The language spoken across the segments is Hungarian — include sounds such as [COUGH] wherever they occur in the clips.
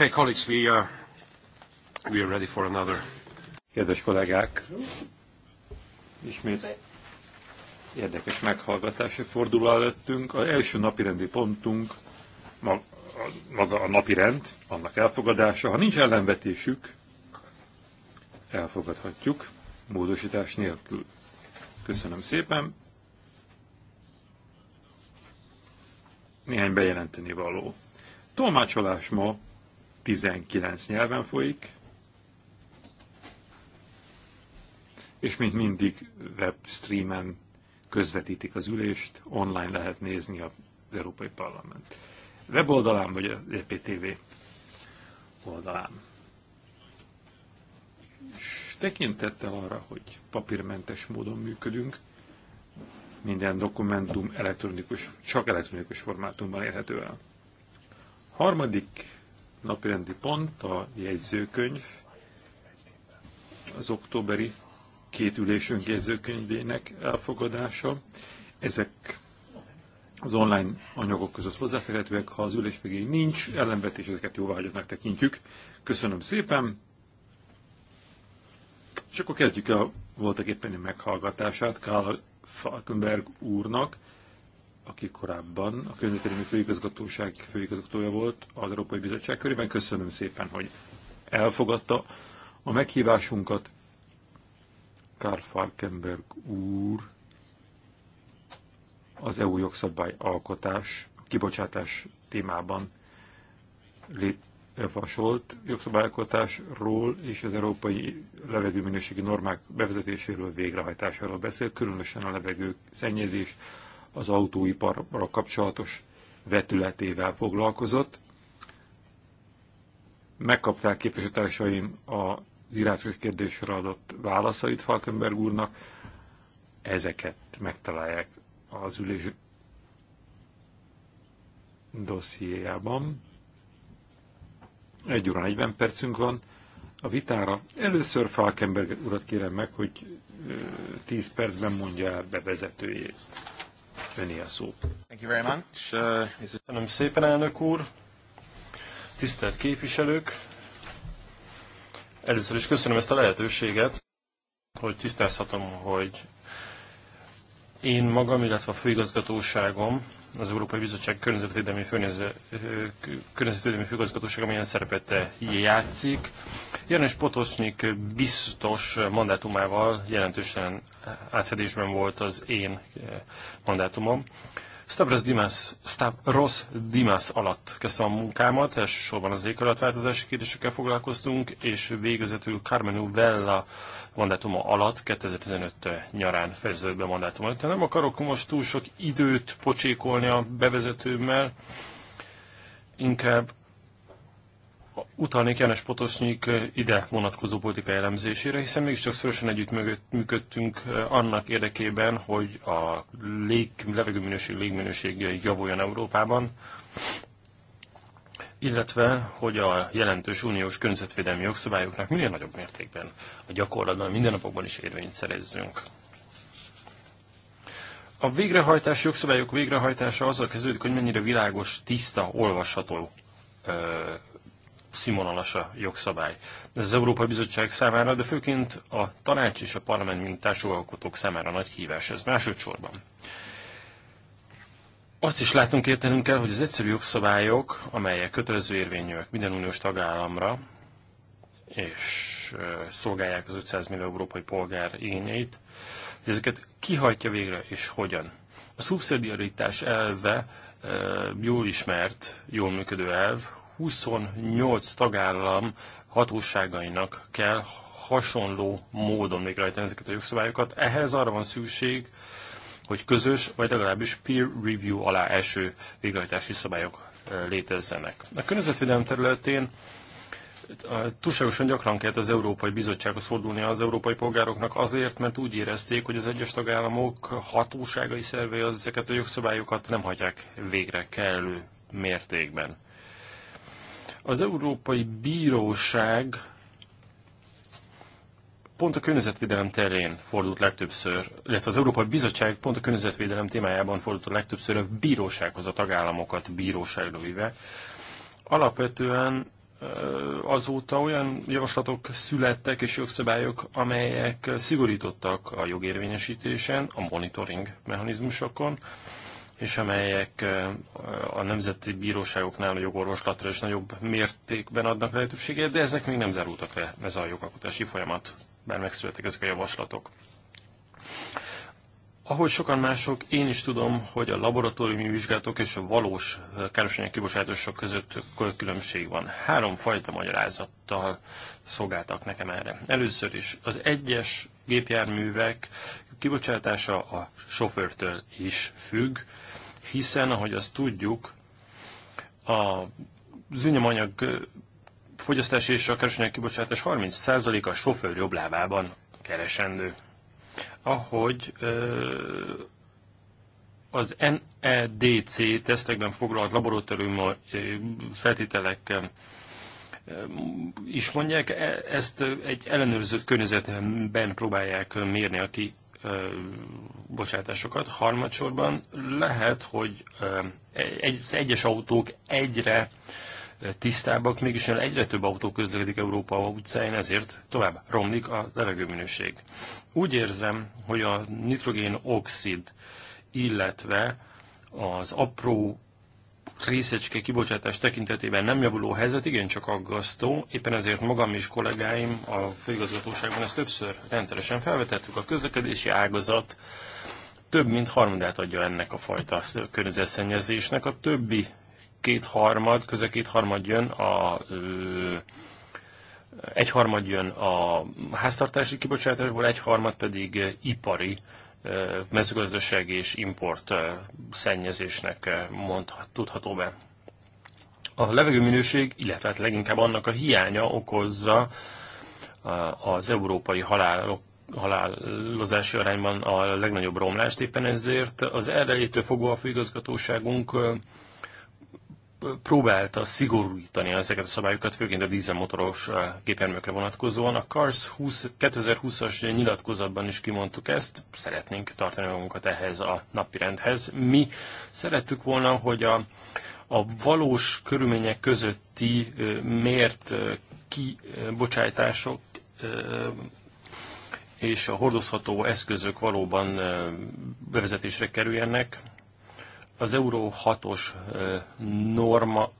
Okay, colleagues, we are, uh, we are ready for another. Kedves kollégák, ismét érdekes meghallgatási forduló előttünk. Az első napirendi pontunk maga a napirend, annak elfogadása. Ha nincs ellenvetésük, elfogadhatjuk módosítás nélkül. Köszönöm szépen. Néhány bejelenteni való. Tolmácsolás ma 19 nyelven folyik, és mint mindig webstreamen közvetítik az ülést, online lehet nézni az Európai Parlament weboldalán, vagy az EPTV oldalán. És tekintettel arra, hogy papírmentes módon működünk, minden dokumentum elektronikus, csak elektronikus formátumban érhető el. Harmadik napirendi pont a jegyzőkönyv, az októberi két ülésünk jegyzőkönyvének elfogadása. Ezek az online anyagok között hozzáférhetőek, ha az ülés végéig nincs, ellenvetéseket jóvágyottnak tekintjük. Köszönöm szépen! És akkor kezdjük el voltak éppen meghallgatását Karl Falkenberg úrnak, aki korábban a Környezetvédelmi Főigazgatóság főigazgatója volt az Európai Bizottság körében. Köszönöm szépen, hogy elfogadta a meghívásunkat. Karl Falkenberg úr, az EU jogszabály alkotás, kibocsátás témában javasolt jogszabályalkotásról és az európai levegőminőségi normák bevezetéséről, végrehajtásáról beszél, különösen a levegő szennyezés, az autóiparra kapcsolatos vetületével foglalkozott. Megkapták képviselőtársaim az írásos kérdésre adott válaszait Falkenberg úrnak. Ezeket megtalálják az ülés dossziéjában. Egy óra 40 percünk van a vitára. Először Falkenberg urat kérem meg, hogy 10 percben mondja el bevezetőjét öné a szó. Thank you very much. Uh, köszönöm szépen, elnök úr. Tisztelt képviselők. Először is köszönöm ezt a lehetőséget, hogy tisztázhatom, hogy én magam, illetve a főigazgatóságom az Európai Bizottság Környezetvédelmi, Környezetvédelmi főgazgatóság, milyen szerepet játszik. Jelenes Potosnyik biztos mandátumával jelentősen átfedésben volt az én eh, mandátumom. Stavros Dimas, Stavros Dimas alatt kezdtem a munkámat, elsősorban az éghajlatváltozási kérdésekkel foglalkoztunk, és végezetül Carmenu Vella mandátuma alatt 2015 nyarán fejeződött be mandátuma. De nem akarok most túl sok időt pocsékolni a bevezetőmmel, inkább utalnék János Potosnyik ide vonatkozó politikai elemzésére, hiszen mégiscsak szorosan együtt mögött működtünk annak érdekében, hogy a lég, levegőminőség, légminőség javuljon Európában, illetve hogy a jelentős uniós környezetvédelmi jogszabályoknak minél nagyobb mértékben a gyakorlatban, mindennapokban is érvényt szerezzünk. A végrehajtás, jogszabályok végrehajtása azzal kezdődik, hogy mennyire világos, tiszta, olvasható színvonalas a jogszabály. Ez az Európai Bizottság számára, de főként a tanács és a parlament, mint társjogalkotók számára nagy hívás ez másodszorban. Azt is látunk értenünk kell, hogy az egyszerű jogszabályok, amelyek kötelező érvényűek minden uniós tagállamra, és szolgálják az 500 millió európai polgár igényeit, hogy ezeket kihajtja végre és hogyan. A szubszidiaritás elve jól ismert, jól működő elv, 28 tagállam hatóságainak kell hasonló módon végrehajtani ezeket a jogszabályokat. Ehhez arra van szükség, hogy közös, vagy legalábbis peer review alá eső végrehajtási szabályok létezzenek. A környezetvédelem területén túlságosan gyakran kellett az Európai Bizottsághoz fordulni az európai polgároknak azért, mert úgy érezték, hogy az egyes tagállamok hatóságai szervei az ezeket a jogszabályokat nem hagyják végre kellő mértékben. Az Európai Bíróság pont a környezetvédelem terén fordult legtöbbször, illetve az Európai Bizottság pont a környezetvédelem témájában fordult a legtöbbször a bírósághoz a tagállamokat bíróságra vive. Alapvetően azóta olyan javaslatok születtek és jogszabályok, amelyek szigorítottak a jogérvényesítésen, a monitoring mechanizmusokon, és amelyek a nemzeti bíróságoknál a jogorvoslatra is nagyobb mértékben adnak lehetőséget, de ezek még nem zárultak le, ez a jogalkotási folyamat, bár megszületek ezek a javaslatok. Ahogy sokan mások, én is tudom, hogy a laboratóriumi vizsgálatok és a valós károsanyag kibocsátások között különbség van. Három fajta magyarázattal szolgáltak nekem erre. Először is az egyes gépjárművek kibocsátása a sofőrtől is függ, hiszen, ahogy azt tudjuk, a az üzemanyag fogyasztás és a keresőanyag kibocsátás 30% a sofőr jobb lábában keresendő. Ahogy az NEDC tesztekben foglalt laboratórium feltételek is mondják, e, ezt egy ellenőrzött környezetben próbálják mérni a ki e, bocsátásokat. Harmadsorban lehet, hogy e, az egyes autók egyre tisztábbak, mégis egyre több autó közlekedik Európa utcáin, ezért tovább romlik a levegőminőség. Úgy érzem, hogy a nitrogén oxid, illetve az apró részecske kibocsátás tekintetében nem javuló helyzet igencsak aggasztó, éppen ezért magam és kollégáim a főigazgatóságban ezt többször rendszeresen felvetettük. A közlekedési ágazat több mint harmadát adja ennek a fajta környezetszennyezésnek, a többi kétharmad, köze kétharmad jön a egyharmad jön a háztartási kibocsátásból, egyharmad pedig ipari mezőgazdasági és import szennyezésnek mondhat, tudható be. A levegőminőség, illetve hát leginkább annak a hiánya okozza az európai halálok halálozási arányban a legnagyobb romlást, éppen ezért az erre létő fogva a főigazgatóságunk próbálta szigorítani ezeket a szabályokat, főként a dízelmotoros eh, gépjárműkre vonatkozóan. A CARS 20, 2020-as nyilatkozatban is kimondtuk ezt, szeretnénk tartani magunkat ehhez a napirendhez. Mi szerettük volna, hogy a, a valós körülmények közötti eh, mért eh, kibocsátások és a hordozható eszközök valóban bevezetésre kerüljenek, az Euró 6-os norma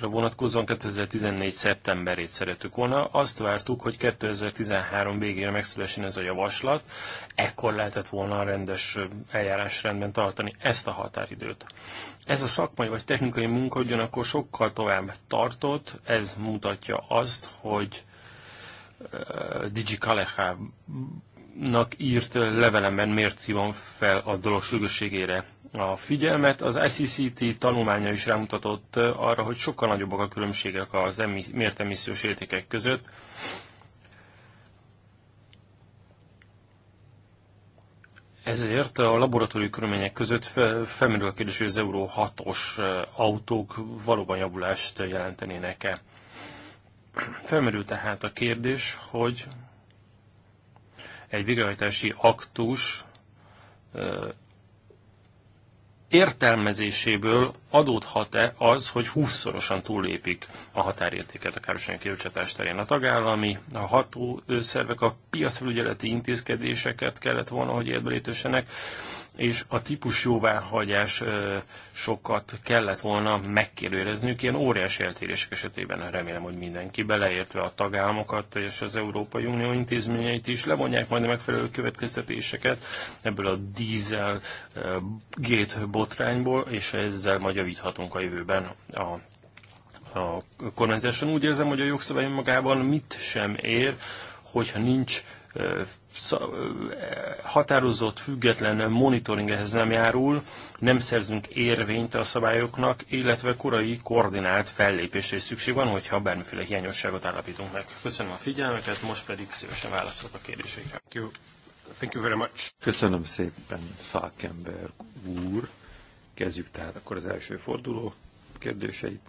vonatkozóan 2014. szeptemberét szeretük volna. Azt vártuk, hogy 2013 végére megszülessen ez a javaslat, ekkor lehetett volna a rendes eljárásrendben tartani ezt a határidőt. Ez a szakmai vagy technikai munka ugyanakkor sokkal tovább tartott, ez mutatja azt, hogy uh, Digi Kaleha nak írt levelemben miért hívom fel a dolog sürgősségére a figyelmet. Az SCCT e tanulmánya is rámutatott arra, hogy sokkal nagyobbak a különbségek az emi, mért emissziós értékek között. Ezért a laboratóriumi körülmények között felmerül a kérdés, hogy az Euró 6-os autók valóban javulást jelentenének-e. Felmerül tehát a kérdés, hogy egy végrehajtási aktus értelmezéséből adódhat-e az, hogy 20-szorosan túllépik a határértéket a károsanyag kibocsátás terén. A tagállami a hatószervek a piacfelügyeleti intézkedéseket kellett volna, hogy életbe és a típus jóváhagyás sokat kellett volna megkérdőjelezniük. Ilyen óriási eltérések esetében remélem, hogy mindenki, beleértve a tagállamokat és az Európai Unió intézményeit is levonják majd a megfelelő következtetéseket ebből a dízel gét botrányból, és ezzel majd javíthatunk a jövőben a a kormányzáson. Úgy érzem, hogy a jogszabály magában mit sem ér, hogyha nincs határozott, független monitoring ehhez nem járul, nem szerzünk érvényt a szabályoknak, illetve korai koordinált fellépésre is szükség van, hogyha bármiféle hiányosságot állapítunk meg. Köszönöm a figyelmeket, most pedig szívesen válaszolok a kérdésekre. Thank you. Thank you very much. Köszönöm szépen, Falkenberg úr. Kezdjük tehát akkor az első forduló kérdéseit.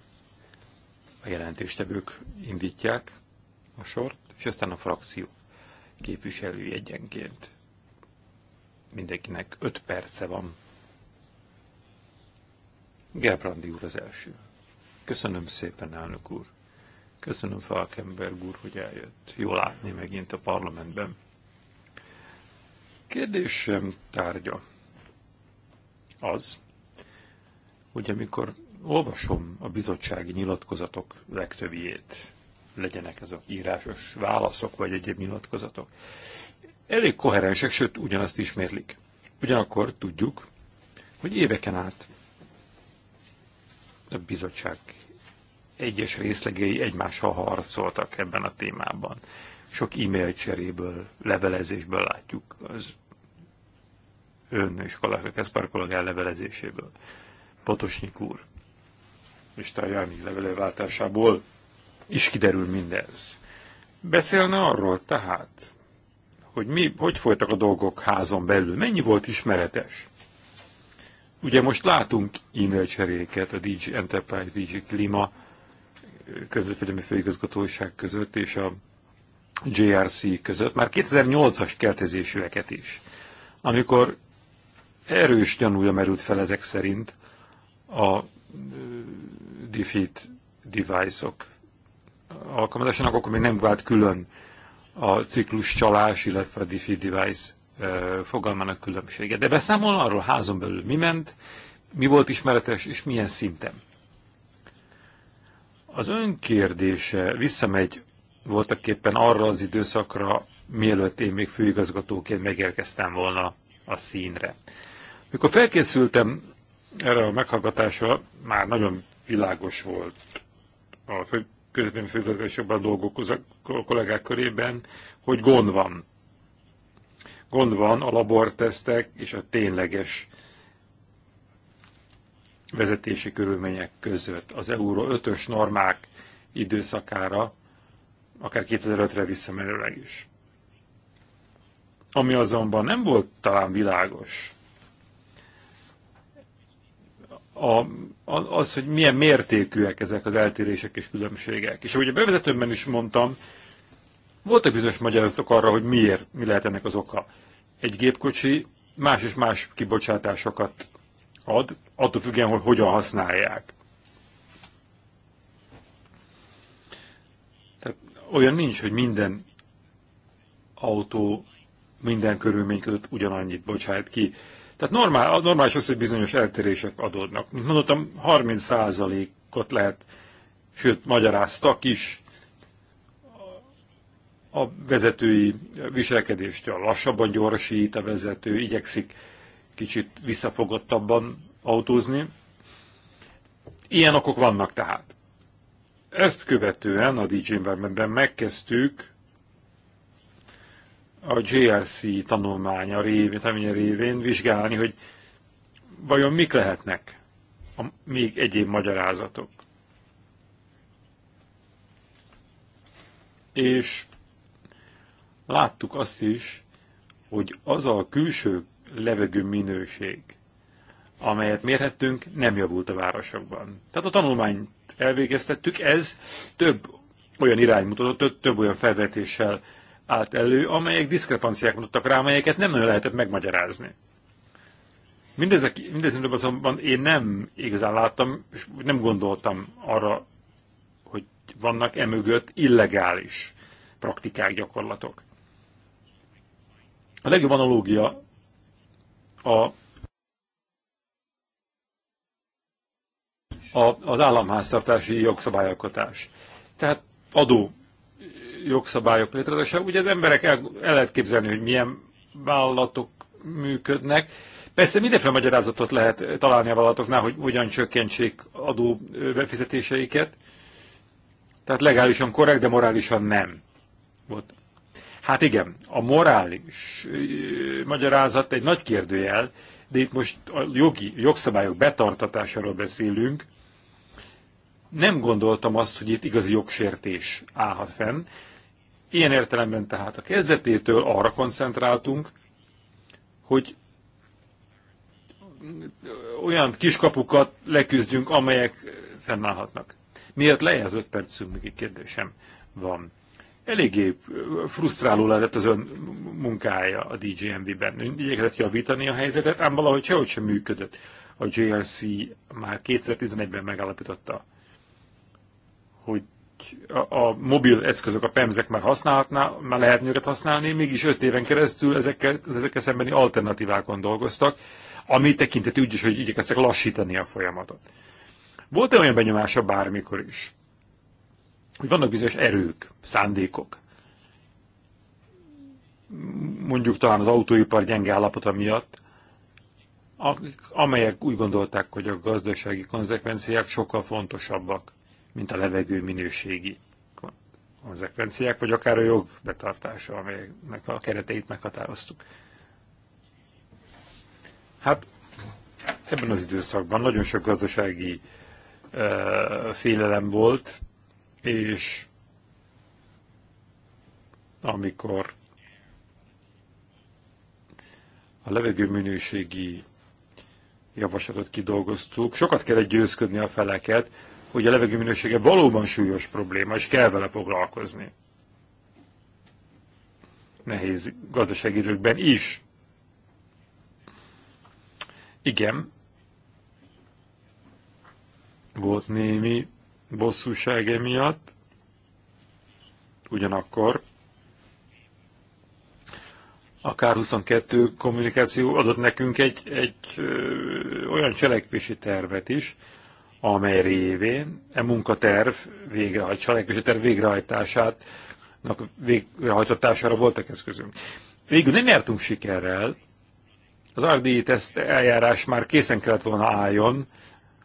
A jelentéstevők indítják a sort, és aztán a frakciók képviselő egyenként. Mindenkinek öt perce van. gerbrandi úr az első. Köszönöm szépen, elnök úr. Köszönöm Falkenberg úr, hogy eljött. Jó látni megint a parlamentben. Kérdésem tárgya az, hogy amikor olvasom a bizottsági nyilatkozatok legtöbbiét, legyenek ez a írásos válaszok, vagy egyéb nyilatkozatok. Elég koherensek, sőt, ugyanazt ismétlik. Ugyanakkor tudjuk, hogy éveken át a bizottság egyes részlegei egymással harcoltak ebben a témában. Sok e-mail cseréből, levelezésből látjuk az ön és kollega, Keszpár kollégá levelezéséből. Potosnyik úr és Tajani leveleváltásából is kiderül mindez. Beszélne arról tehát, hogy mi, hogy folytak a dolgok házon belül, mennyi volt ismeretes. Ugye most látunk e-mail cseréket a DJ Enterprise, DJ Klima eh, közvetlenül főigazgatóság között és a JRC között, már 2008-as keltezésűeket is, amikor erős gyanúja merült fel ezek szerint a eh, defeat device-ok -ok alkalmazásának, akkor még nem vált külön a ciklus csalás, illetve a diffi device fogalmának különbsége. De beszámol arról házon belül mi ment, mi volt ismeretes, és milyen szinten. Az önkérdése visszamegy voltak éppen arra az időszakra, mielőtt én még főigazgatóként megérkeztem volna a színre. Mikor felkészültem erre a meghallgatásra, már nagyon világos volt a közvetlenül dolgok a kollégák körében, hogy gond van. Gond van a labortesztek és a tényleges vezetési körülmények között. Az Euró 5-ös normák időszakára, akár 2005-re visszamenőleg is. Ami azonban nem volt talán világos, a, a, az, hogy milyen mértékűek ezek az eltérések és különbségek. És ahogy a bevezetőmben is mondtam, voltak bizonyos magyarázatok arra, hogy miért, mi lehet ennek az oka. Egy gépkocsi más és más kibocsátásokat ad, attól függően, hogy hogyan használják. Tehát olyan nincs, hogy minden autó minden körülmény között ugyanannyit bocsájt ki. Tehát normál, normális az, hogy bizonyos eltérések adódnak. Mint Mondottam, 30%-ot lehet, sőt, magyaráztak is a vezetői a Lassabban gyorsít a vezető, igyekszik kicsit visszafogottabban autózni. Ilyen okok vannak tehát. Ezt követően a DJ Environment-ben megkezdtük a GRC tanulmánya révén, révén vizsgálni, hogy vajon mik lehetnek a még egyéb magyarázatok. És láttuk azt is, hogy az a külső levegő minőség, amelyet mérhettünk, nem javult a városokban. Tehát a tanulmányt elvégeztettük, ez több olyan iránymutatott, több olyan felvetéssel állt elő, amelyek diszkrepanciák mutattak rá, amelyeket nem nagyon lehetett megmagyarázni. Mindezek, mindezek azonban én nem igazán láttam, és nem gondoltam arra, hogy vannak emögött illegális praktikák, gyakorlatok. A legjobb analógia a a, az államháztartási jogszabályalkotás. Tehát adó jogszabályok létrehozása. Ugye az emberek el, el lehet képzelni, hogy milyen vállalatok működnek. Persze mindenféle magyarázatot lehet találni a vállalatoknál, hogy hogyan csökkentsék adó befizetéseiket. Tehát legálisan korrekt, de morálisan nem. Volt. Hát igen, a morális magyarázat egy nagy kérdőjel, de itt most a jogi, jogszabályok betartatásáról beszélünk. Nem gondoltam azt, hogy itt igazi jogsértés állhat fenn, Ilyen értelemben tehát a kezdetétől arra koncentráltunk, hogy olyan kiskapukat leküzdjünk, amelyek fennállhatnak. Miért lejje az öt percünk, még egy kérdésem van. Eléggé frusztráló lehetett az ön munkája a DJMV-ben. Ön igyekezett javítani a helyzetet, ám valahogy sehogy sem működött. A JRC már 2011-ben megállapította, hogy a, a mobil eszközök, a PEMZek már használhatná, már lehetne őket használni, mégis öt éven keresztül ezekkel, ezekkel szembeni alternatívákon dolgoztak, ami tekintetű úgy is, hogy igyekeztek lassítani a folyamatot. Volt-e olyan benyomása bármikor is, hogy vannak bizonyos erők, szándékok, mondjuk talán az autóipar gyenge állapota miatt, amelyek úgy gondolták, hogy a gazdasági konzekvenciák sokkal fontosabbak, mint a levegő minőségi konzekvenciák, vagy akár a jog betartása, amelynek a kereteit meghatároztuk. Hát ebben az időszakban nagyon sok gazdasági ö, félelem volt, és amikor a levegő minőségi javaslatot kidolgoztuk, sokat kellett győzködni a feleket, hogy a levegő minősége valóban súlyos probléma, és kell vele foglalkozni. Nehéz gazdasági időkben is. Igen, volt némi bosszúság emiatt, ugyanakkor a K22 kommunikáció adott nekünk egy, egy ö, olyan cselekvési tervet is, amely révén e munkaterv végrehajtása, a legkülső terv végrehajtásának végrehajtatására voltak eszközünk. Végül nem jártunk sikerrel, az RDI teszt eljárás már készen kellett volna álljon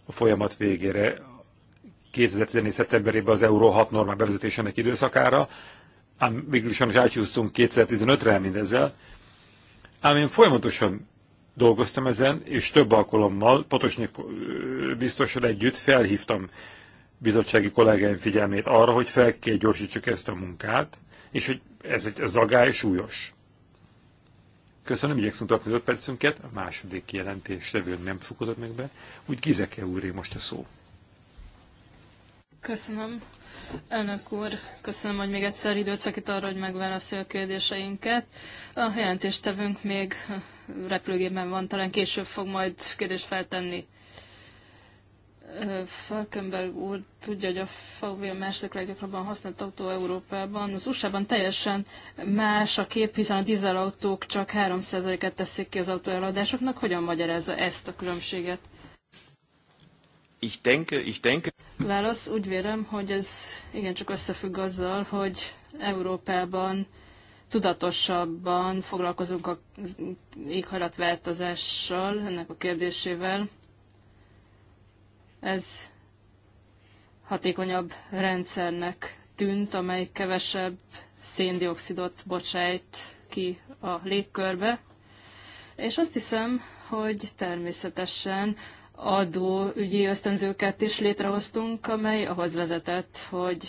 a folyamat végére, 2014. szeptemberében az Euró 6 normál bevezetésének időszakára, ám végül sajnos átsúsztunk 2015-re mindezzel. Ám én folyamatosan dolgoztam ezen, és több alkalommal Potosnyik biztosan együtt felhívtam bizottsági kollégáim figyelmét arra, hogy fel kell gyorsítsuk ezt a munkát, és hogy ez egy ez súlyos. Köszönöm, igyekszünk tartani 5 percünket, a második jelentés levőn nem fogadott meg be, úgy Gizeke úré most a szó. Köszönöm. Elnök úr, köszönöm, hogy még egyszer időt szakít arra, hogy megválaszolja a kérdéseinket. A jelentéstevünk még repülőgében van, talán később fog majd kérdést feltenni. Falkenberg úr tudja, hogy a VW a második leggyakrabban használt autó Európában. Az USA-ban teljesen más a kép, hiszen a dízelautók csak 3%-et teszik ki az autó eladásoknak. Hogyan magyarázza ezt a különbséget? Ich denke, ich denke. Válasz, úgy vélem, hogy ez igencsak összefügg azzal, hogy Európában tudatosabban foglalkozunk a éghajlatváltozással, ennek a kérdésével. Ez hatékonyabb rendszernek tűnt, amely kevesebb széndiokszidot bocsájt ki a légkörbe. És azt hiszem, hogy természetesen adóügyi ösztönzőket is létrehoztunk, amely ahhoz vezetett, hogy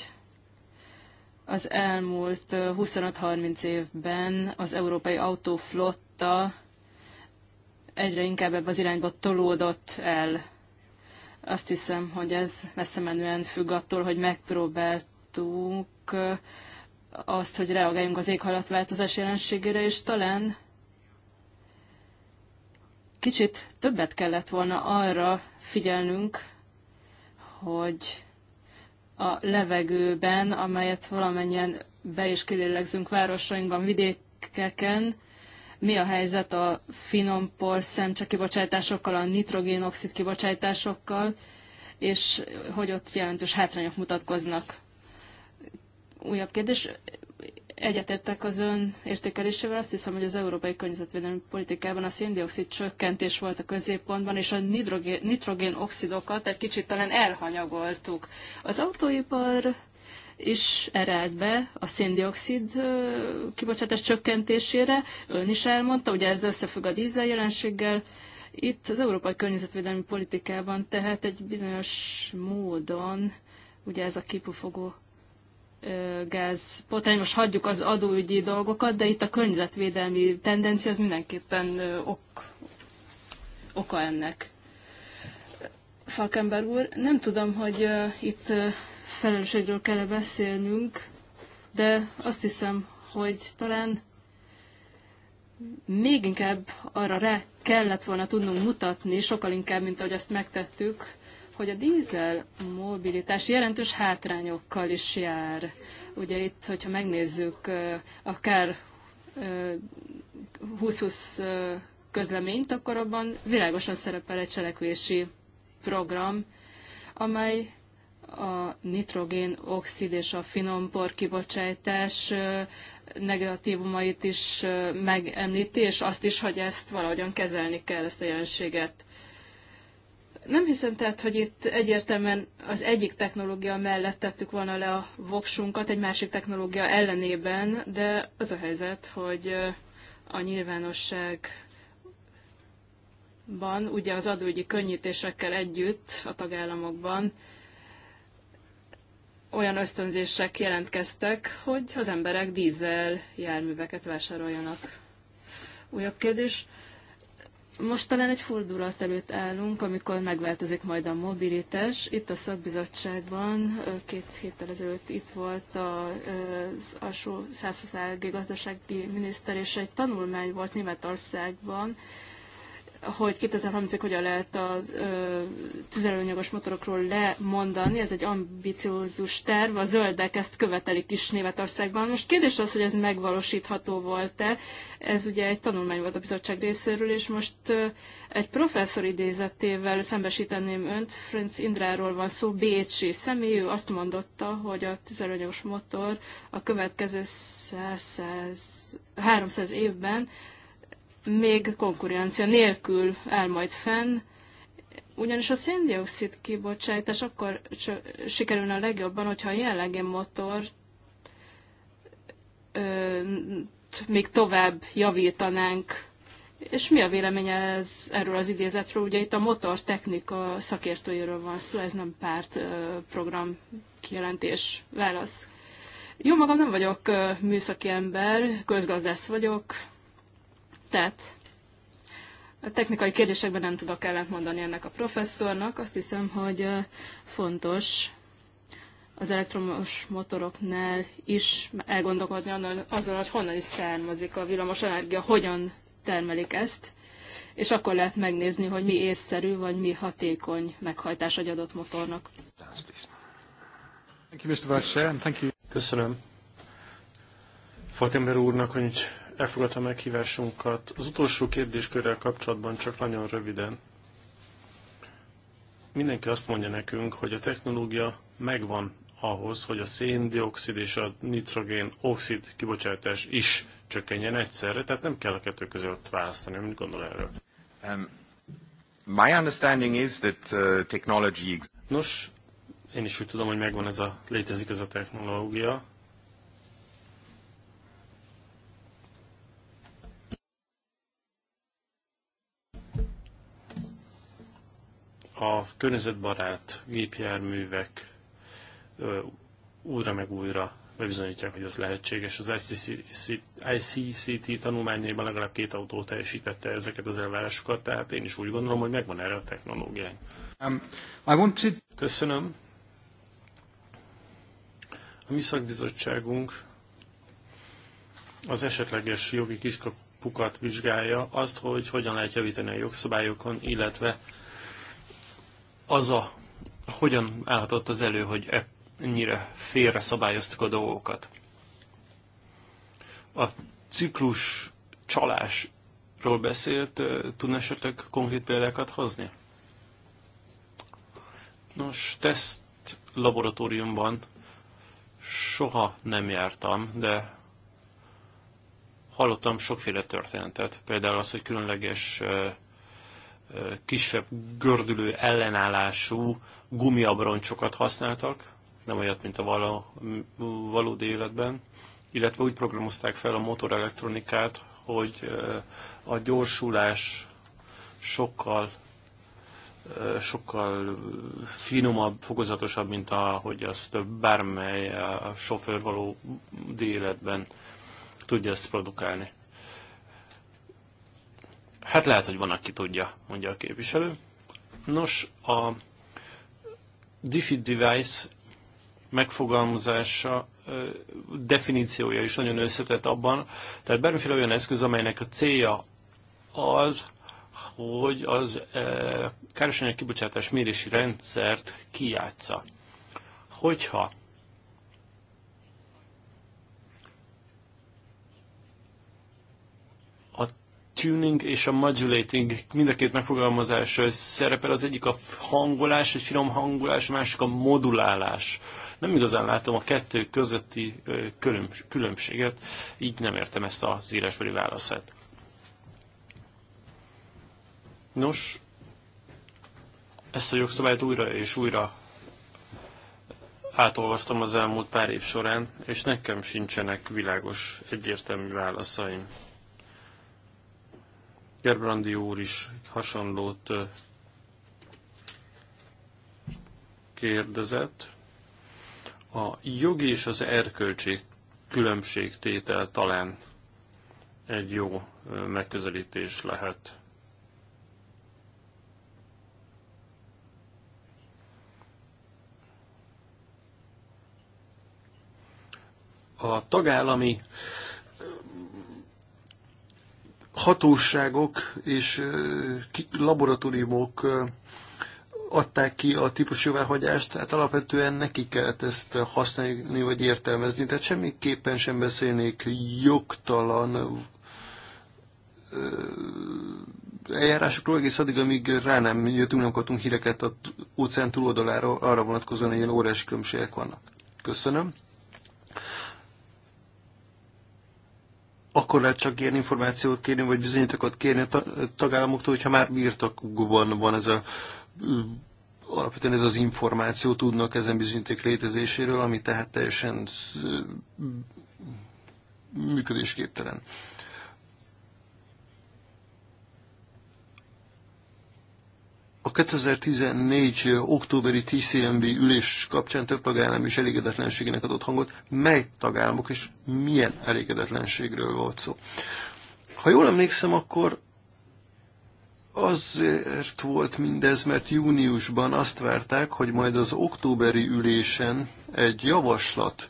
az elmúlt 25-30 évben az európai autóflotta egyre inkább ebbe az irányba tolódott el. Azt hiszem, hogy ez messze menően függ attól, hogy megpróbáltuk azt, hogy reagáljunk az éghajlatváltozás jelenségére, és talán kicsit többet kellett volna arra figyelnünk, hogy a levegőben, amelyet valamennyien be is kilélegzünk városainkban, vidékeken, mi a helyzet a finom porszemcse kibocsátásokkal, a nitrogénoxid kibocsátásokkal, és hogy ott jelentős hátrányok mutatkoznak. Újabb kérdés, Egyetértek az ön értékelésével, azt hiszem, hogy az európai környezetvédelmi politikában a széndiokszid csökkentés volt a középpontban, és a nitrogén, nitrogén oxidokat egy kicsit talán elhanyagoltuk. Az autóipar is erelt be a széndiokszid kibocsátás csökkentésére, ön is elmondta, ugye ez összefügg a dízel jelenséggel, itt az európai környezetvédelmi politikában tehát egy bizonyos módon, ugye ez a kipufogó gáz potrány, most hagyjuk az adóügyi dolgokat, de itt a környezetvédelmi tendencia az mindenképpen ok, oka ennek. falkember úr, nem tudom, hogy itt felelősségről kell -e beszélnünk, de azt hiszem, hogy talán még inkább arra rá kellett volna tudnunk mutatni, sokkal inkább, mint ahogy azt megtettük, hogy a dízel mobilitás jelentős hátrányokkal is jár. Ugye itt, hogyha megnézzük akár 20-20 közleményt, akkor abban világosan szerepel egy cselekvési program, amely a nitrogén oxid és a por kibocsátás negatívumait is megemlíti, és azt is, hogy ezt valahogyan kezelni kell, ezt a jelenséget. Nem hiszem tehát, hogy itt egyértelműen az egyik technológia mellett tettük volna le a voksunkat egy másik technológia ellenében, de az a helyzet, hogy a nyilvánosságban, ugye az adóügyi könnyítésekkel együtt a tagállamokban olyan ösztönzések jelentkeztek, hogy az emberek dízel járműveket vásároljanak. Újabb kérdés. Most talán egy fordulat előtt állunk, amikor megváltozik majd a mobilitás. Itt a szakbizottságban két héttel ezelőtt itt volt az alsó 120 gazdasági miniszter, és egy tanulmány volt Németországban, hogy 2030-ig hogyan lehet a tüzelőanyagos motorokról lemondani. Ez egy ambiciózus terv, a zöldek ezt követelik is Németországban. Most kérdés az, hogy ez megvalósítható volt-e. Ez ugye egy tanulmány volt a bizottság részéről, és most egy professzor idézetével szembesíteném önt. Franz Indráról van szó, Bécsi személy, ő azt mondotta, hogy a tüzelőanyagos motor a következő 100, 300 évben még konkurencia nélkül áll majd fenn, ugyanis a széndiokszid kibocsátás akkor sikerülne a legjobban, hogyha a jelenlegi motor még tovább javítanánk. És mi a véleménye ez, erről az idézetről? Ugye itt a motor technika szakértőjéről van szó, ez nem párt program kijelentés válasz. Jó magam nem vagyok műszaki ember, közgazdász vagyok, tehát a technikai kérdésekben nem tudok mondani ennek a professzornak. Azt hiszem, hogy fontos az elektromos motoroknál is elgondolkodni azon, hogy honnan is származik a villamos energia, hogyan termelik ezt, és akkor lehet megnézni, hogy mi észszerű, vagy mi hatékony meghajtás egy adott motornak. Köszönöm. Fakember úrnak, hogy elfogadta a meghívásunkat. Az utolsó kérdéskörrel kapcsolatban csak nagyon röviden. Mindenki azt mondja nekünk, hogy a technológia megvan ahhoz, hogy a széndiokszid és a nitrogén oxid kibocsátás is csökkenjen egyszerre, tehát nem kell a kettő között választani. Mit gondol erről? Um, my understanding is that uh, technology... Nos, én is úgy tudom, hogy megvan ez a, létezik ez a technológia, a környezetbarát gépjárművek újra meg újra bebizonyítják, hogy ez lehetséges. Az ICCT tanulmányaiban legalább két autó teljesítette ezeket az elvárásokat, tehát én is úgy gondolom, hogy megvan erre a technológiánk. Um, Köszönöm. A mi szakbizottságunk az esetleges jogi kiskapukat vizsgálja, azt, hogy hogyan lehet javítani a jogszabályokon, illetve az a, hogyan állhatott az elő, hogy e- ennyire félre szabályoztuk a dolgokat. A ciklus csalásról beszélt, tudna esetleg konkrét példákat hozni? Nos, teszt laboratóriumban soha nem jártam, de hallottam sokféle történetet. Például az, hogy különleges kisebb gördülő ellenállású gumiabroncsokat használtak, nem olyat, mint a vala, valódi életben, illetve úgy programozták fel a motorelektronikát, hogy a gyorsulás sokkal sokkal finomabb, fokozatosabb, mint ahogy azt bármely a sofőr való életben tudja ezt produkálni. Hát lehet, hogy van, aki tudja, mondja a képviselő. Nos, a Defeat device megfogalmazása, definíciója is nagyon összetett abban, tehát bármiféle olyan eszköz, amelynek a célja az, hogy az károsanyag kibocsátás mérési rendszert kijátsza. Hogyha tuning és a modulating, mind a két megfogalmazás szerepel, az egyik a hangolás, egy finom hangolás, a másik a modulálás. Nem igazán látom a kettő közötti különbséget, így nem értem ezt az írásbeli válaszát. Nos, ezt a jogszabályt újra és újra átolvastam az elmúlt pár év során, és nekem sincsenek világos, egyértelmű válaszaim. Gerbrandi úr is hasonlót kérdezett. A jogi és az erkölcsi különbségtétel talán egy jó megközelítés lehet. A tagállami hatóságok és laboratóriumok adták ki a típus jóváhagyást, tehát alapvetően neki kellett ezt használni vagy értelmezni, tehát semmiképpen sem beszélnék jogtalan eljárásokról egész addig, amíg rá nem jöttünk, nem kaptunk híreket a óceán túloldaláról, arra vonatkozóan, hogy ilyen óriási különbségek vannak. Köszönöm. akkor lehet csak ilyen információt kérni, vagy bizonyítékot kérni a tagállamoktól, hogyha már birtokban van ez a alapvetően ez az információ, tudnak ezen bizonyíték létezéséről, ami tehát teljesen működésképtelen. A 2014. októberi TCMV ülés kapcsán több tagállam is elégedetlenségének adott hangot. Mely tagállamok és milyen elégedetlenségről volt szó? Ha jól emlékszem, akkor azért volt mindez, mert júniusban azt várták, hogy majd az októberi ülésen egy javaslat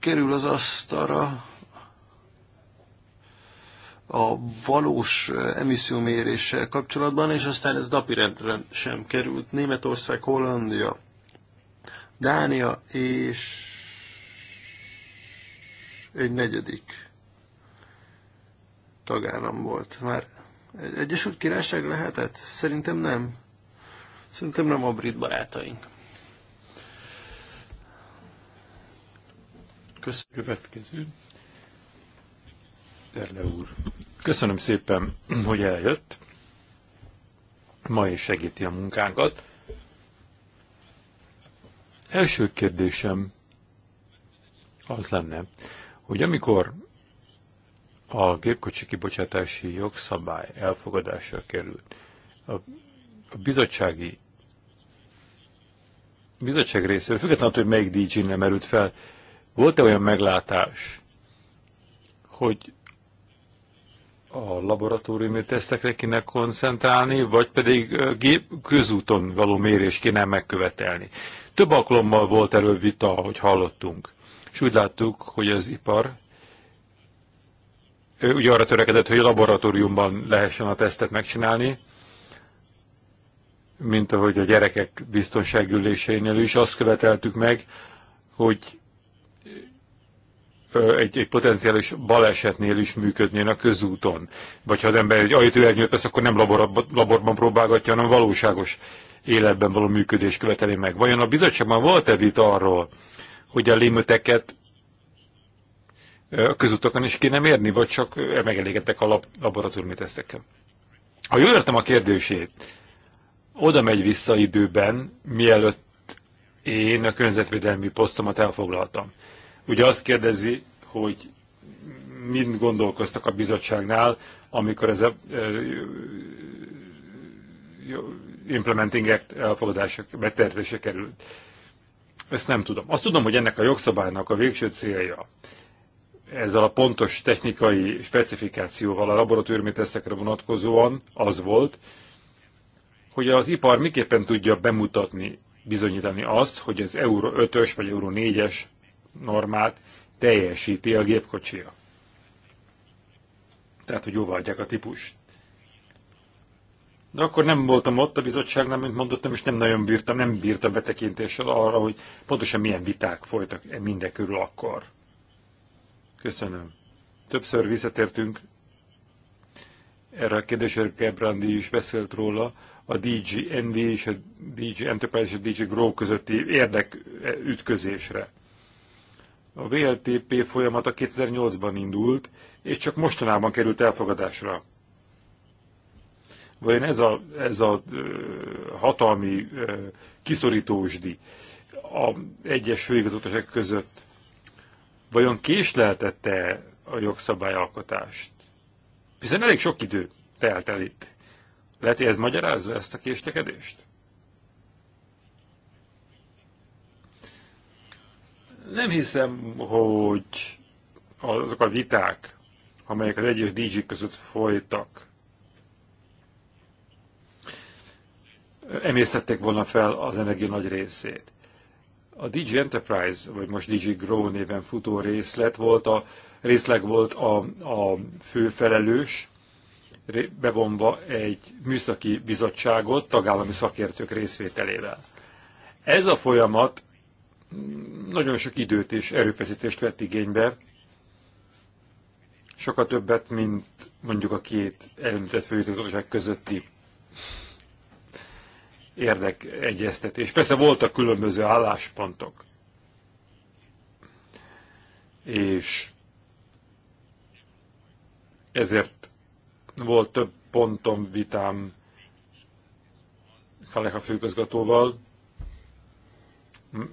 kerül az asztalra, a valós eh, emisszióméréssel kapcsolatban, és aztán ez napirendre sem került. Németország, Hollandia, Dánia és egy negyedik tagállam volt. Már egy Egyesült Királyság lehetett? Szerintem nem. Szerintem nem a brit barátaink. Köszönöm. Következő. Erle úr. Köszönöm szépen, [CLEARS THROAT] hogy eljött. Ma is segíti a munkánkat. Első kérdésem az lenne, hogy amikor a gépkocsi kibocsátási jogszabály elfogadásra került, a, a bizottsági bizottság részéről, függetlenül, hogy melyik DJ nem merült fel, volt-e olyan meglátás, hogy a laboratóriumi tesztekre kéne koncentrálni, vagy pedig gép közúton való mérés kéne megkövetelni. Több alkalommal volt erről vita, ahogy hallottunk. És úgy láttuk, hogy az ipar ugye arra törekedett, hogy a laboratóriumban lehessen a tesztet megcsinálni, mint ahogy a gyerekek biztonságülésénél is azt követeltük meg, hogy egy, egy potenciális balesetnél is működnén a közúton. Vagy ha az ember egy ajtóernyőt vesz, akkor nem laborab, laborban próbálgatja, hanem valóságos életben való működés követeli meg. Vajon a bizottságban volt-e vita arról, hogy a limiteket a közutokon is kéne mérni, vagy csak megelégedtek a lab, laboratóriumi teszteken? Ha jól értem a kérdését, oda megy vissza időben, mielőtt én a környezetvédelmi posztomat elfoglaltam. Ugye azt kérdezi, hogy mind gondolkoztak a bizottságnál, amikor ez a Implementing Act elfogadása, betertése került. Ezt nem tudom. Azt tudom, hogy ennek a jogszabálynak a végső célja ezzel a pontos technikai specifikációval a laboratóriumi tesztekre vonatkozóan az volt, hogy az ipar miképpen tudja bemutatni, bizonyítani azt, hogy az Euro 5-ös vagy Euro 4-es normát teljesíti a gépkocsia. Tehát, hogy jóváhagyják a típust. De akkor nem voltam ott a bizottságnál, mint mondottam, és nem nagyon bírtam, nem bírtam betekintéssel arra, hogy pontosan milyen viták folytak minden körül akkor. Köszönöm. Többször visszatértünk erre a kérdésre, Kebrandi is beszélt róla, a DG Envy és a DG Enterprise és a DG Grow közötti érdekütközésre. Eh, a VLTP folyamata 2008-ban indult, és csak mostanában került elfogadásra. Vajon ez a, ez a hatalmi kiszorítósdi a egyes főigazgatóság között vajon késleltette a jogszabályalkotást? Hiszen elég sok idő telt el itt. Lehet, hogy ez magyarázza ezt a késlekedést? Nem hiszem, hogy azok a viták, amelyek az egyes DJ között folytak, emésztették volna fel az energia nagy részét. A DJ Enterprise, vagy most DJ Grow néven futó részlet volt a, részleg volt a, a főfelelős, bevonva egy műszaki bizottságot tagállami szakértők részvételével. Ez a folyamat nagyon sok időt és erőfeszítést vett igénybe, sokat többet, mint mondjuk a két említett főigazgatóság közötti érdekegyeztetés. Persze voltak különböző álláspontok. És ezért volt több ponton vitám Kaleha főigazgatóval,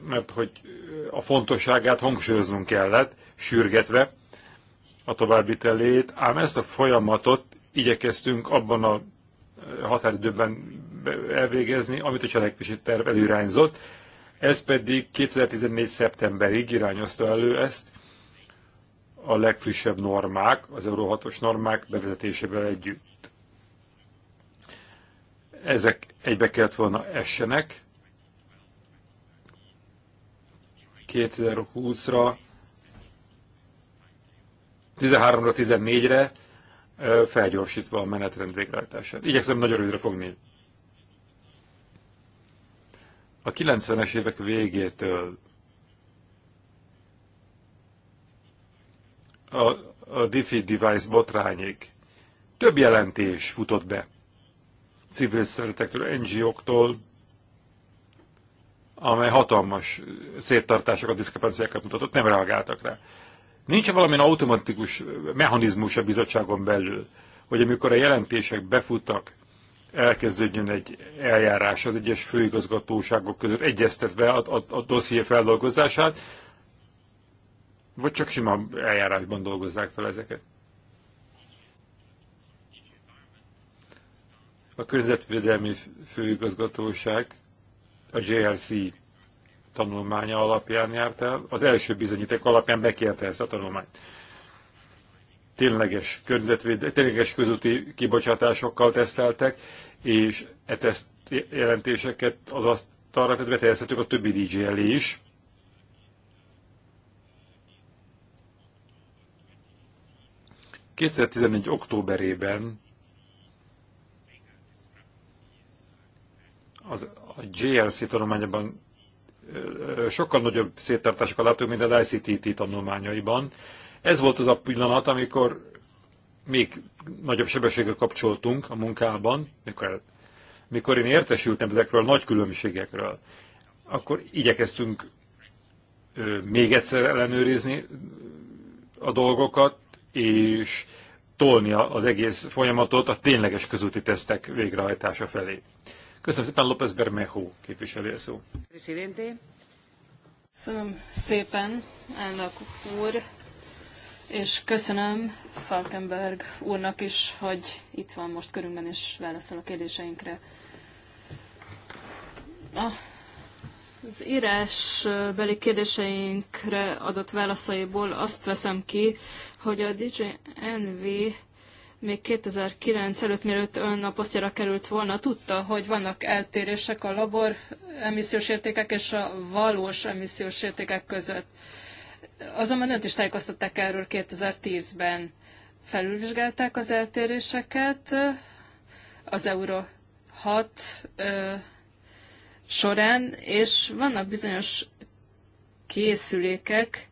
mert hogy a fontosságát hangsúlyoznunk kellett, sürgetve a továbbvitelét, ám ezt a folyamatot igyekeztünk abban a eh, határidőben elvégezni, amit a cselekvési terv előirányzott. Ez pedig 2014. szeptemberig irányozta elő ezt a legfrissebb normák, az Euró 6-os normák bevezetésével együtt. Ezek egybe kellett volna essenek, 2020-ra, 13-ra, 14-re, felgyorsítva a menetrend végrehajtását. Igyekszem nagyon rövidre fogni. A 90-es évek végétől a, a DeFi device botrányig több jelentés futott be civil szeretektől, NGO-któl, amely hatalmas széttartásokat, diszkrepenciákat mutatott, nem reagáltak rá. Nincs valamilyen automatikus mechanizmus a bizottságon belül, hogy amikor a jelentések befutnak, elkezdődjön egy eljárás az egyes főigazgatóságok között egyeztetve a, a, a dosszié feldolgozását, vagy csak sima eljárásban dolgozzák fel ezeket? A közvetvédelmi főigazgatóság a JLC tanulmánya alapján járt el, az első bizonyíték alapján bekérte ezt a tanulmányt. Tényleges, tényleges közúti kibocsátásokkal teszteltek, és e teszt jelentéseket az asztalra, tehát beteljesztettük a többi DJ elé is. ...2014. októberében az a JRC tanulmányában sokkal nagyobb széttartásokat látunk, mint az ICTT tanulmányaiban. Ez volt az a pillanat, amikor még nagyobb sebességgel kapcsoltunk a munkában, mikor, mikor én értesültem ezekről a nagy különbségekről, akkor igyekeztünk még egyszer ellenőrizni a dolgokat, és tolni az egész folyamatot a tényleges közúti tesztek végrehajtása felé. Köszönöm szépen, López Bermejo képviselő szó. Köszönöm szépen, elnök úr, és köszönöm Falkenberg úrnak is, hogy itt van most körünkben és válaszol a kérdéseinkre. az írásbeli kérdéseinkre adott válaszaiból azt veszem ki, hogy a DJ NV még 2009 előtt, mielőtt ön a posztjára került volna, tudta, hogy vannak eltérések a labor emissziós értékek és a valós emissziós értékek között. Azonban önt is tájékoztatták erről 2010-ben. Felülvizsgálták az eltéréseket az Euro 6 ö, során, és vannak bizonyos készülékek,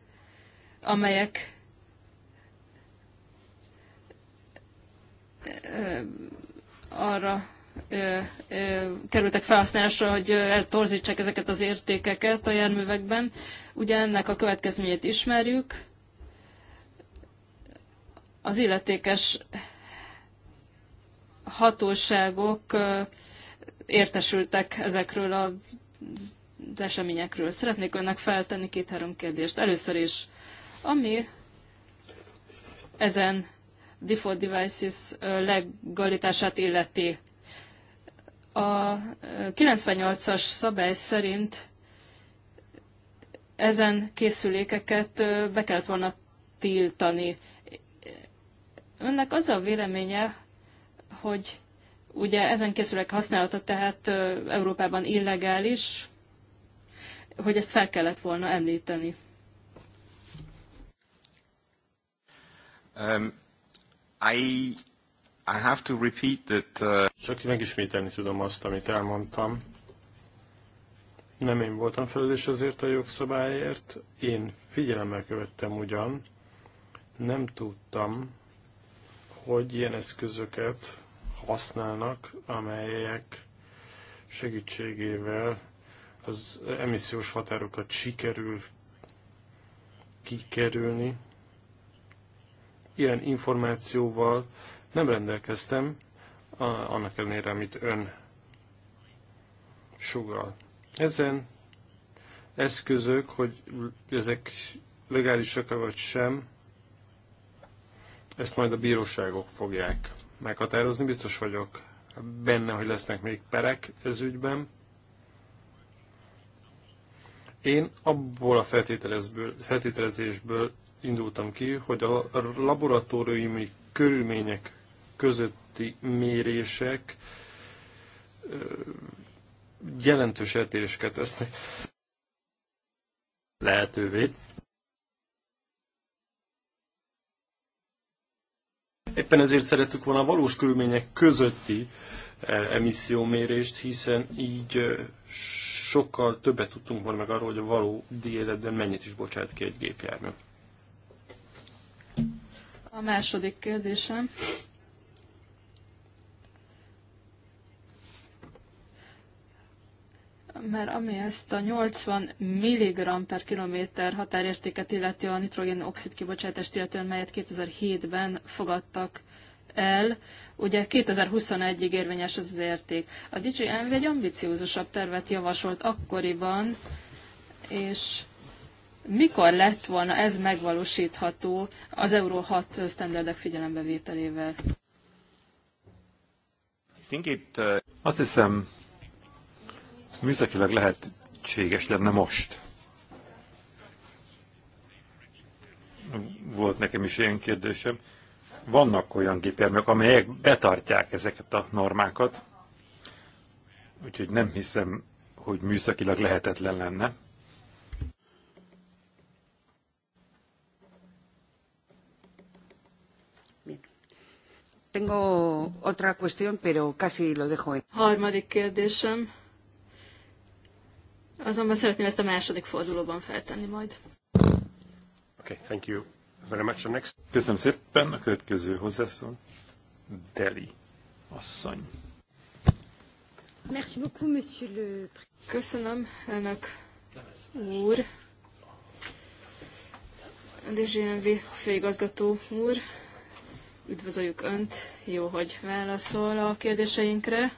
amelyek arra ö, ö, kerültek felhasználásra, hogy eltorzítsák ezeket az értékeket a járművekben. Ugye ennek a következményét ismerjük. Az illetékes hatóságok ö, értesültek ezekről a, az eseményekről. Szeretnék önnek feltenni két-három kérdést. Először is, ami ezen default devices legalitását illeti. A 98-as szabály szerint ezen készülékeket be kellett volna tiltani. Önnek az a véleménye, hogy ugye ezen készülék használata tehát Európában illegális, hogy ezt fel kellett volna említeni. Um, I, I have to repeat that... Uh... Csak megismételni tudom azt, amit elmondtam. Nem én voltam felelős azért a jogszabályért, én figyelemmel követtem ugyan, nem tudtam, hogy ilyen eszközöket használnak, amelyek segítségével az emissziós határokat sikerül kikerülni, Ilyen információval nem rendelkeztem, annak ellenére, amit ön sugal. Ezen eszközök, hogy ezek legálisak -e vagy sem, ezt majd a bíróságok fogják meghatározni. Biztos vagyok benne, hogy lesznek még perek ez ügyben. Én abból a feltételezésből indultam ki, hogy a laboratóriumi körülmények közötti mérések jelentős eltéréseket tesznek lehetővé. Éppen ezért szerettük volna a valós körülmények közötti emissziómérést, hiszen így sokkal többet tudtunk volna meg arról, hogy a való életben mennyit is bocsát ki egy gépjármű. A második kérdésem. mert ami ezt a 80 mg per kilométer határértéket illeti a nitrogén oxid kibocsátást illetően, melyet 2007-ben fogadtak el, ugye 2021-ig érvényes ez az érték. A DJMV egy ambiciózusabb tervet javasolt akkoriban, és mikor lett volna ez megvalósítható az Euró 6 standardek figyelembevételével? Uh, Azt hiszem, műszakilag lehetséges lenne most. Volt nekem is ilyen kérdésem. Vannak olyan gépjárműek, amelyek betartják ezeket a normákat, úgyhogy nem hiszem, hogy műszakilag lehetetlen lenne. Tengo otra cuestión, pero casi lo dejo en. Harmadik kérdésem. Azonban szeretném ezt a második fordulóban feltenni majd. Okay, thank you very much. The next. Köszönöm szépen. A következő hozzászól. Deli asszony. Merci beaucoup, monsieur le... Köszönöm, elnök úr. DGMV főigazgató úr, Üdvözöljük Önt, jó, hogy válaszol a kérdéseinkre.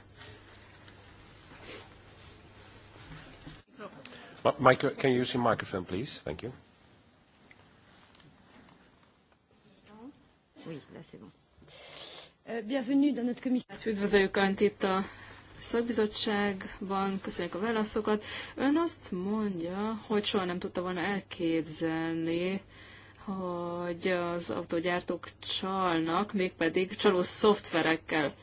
Michael, can you use your microphone, please? Thank you. Oui, là c'est bon. Euh, bienvenue dans notre commission. Hát üdvözöljük Önt itt a szakbizottságban, köszönjük a válaszokat. Ön azt mondja, hogy soha nem tudta volna elképzelni, hogy az autógyártók csalnak, mégpedig csaló szoftverekkel.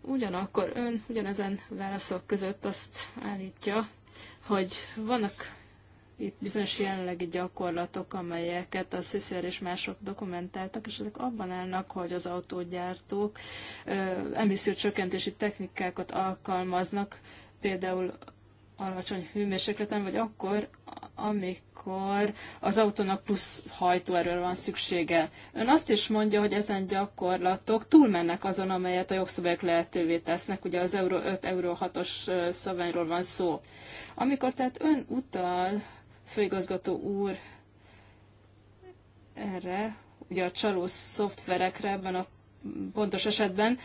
Ugyanakkor ön ugyanezen válaszok között azt állítja, hogy vannak itt bizonyos jelenlegi gyakorlatok, amelyeket a CCR és mások dokumentáltak, és ezek abban állnak, hogy az autógyártók emissziócsökkentési technikákat alkalmaznak, például alacsony hőmérsékleten, vagy akkor, amik amikor az autónak plusz hajtóerőre van szüksége. Ön azt is mondja, hogy ezen gyakorlatok túlmennek azon, amelyet a jogszabályok lehetővé tesznek. Ugye az Euró 5, Euró 6-os szabályról van szó. Amikor tehát ön utal, főigazgató úr, erre, ugye a csaló szoftverekre ebben a pontos esetben,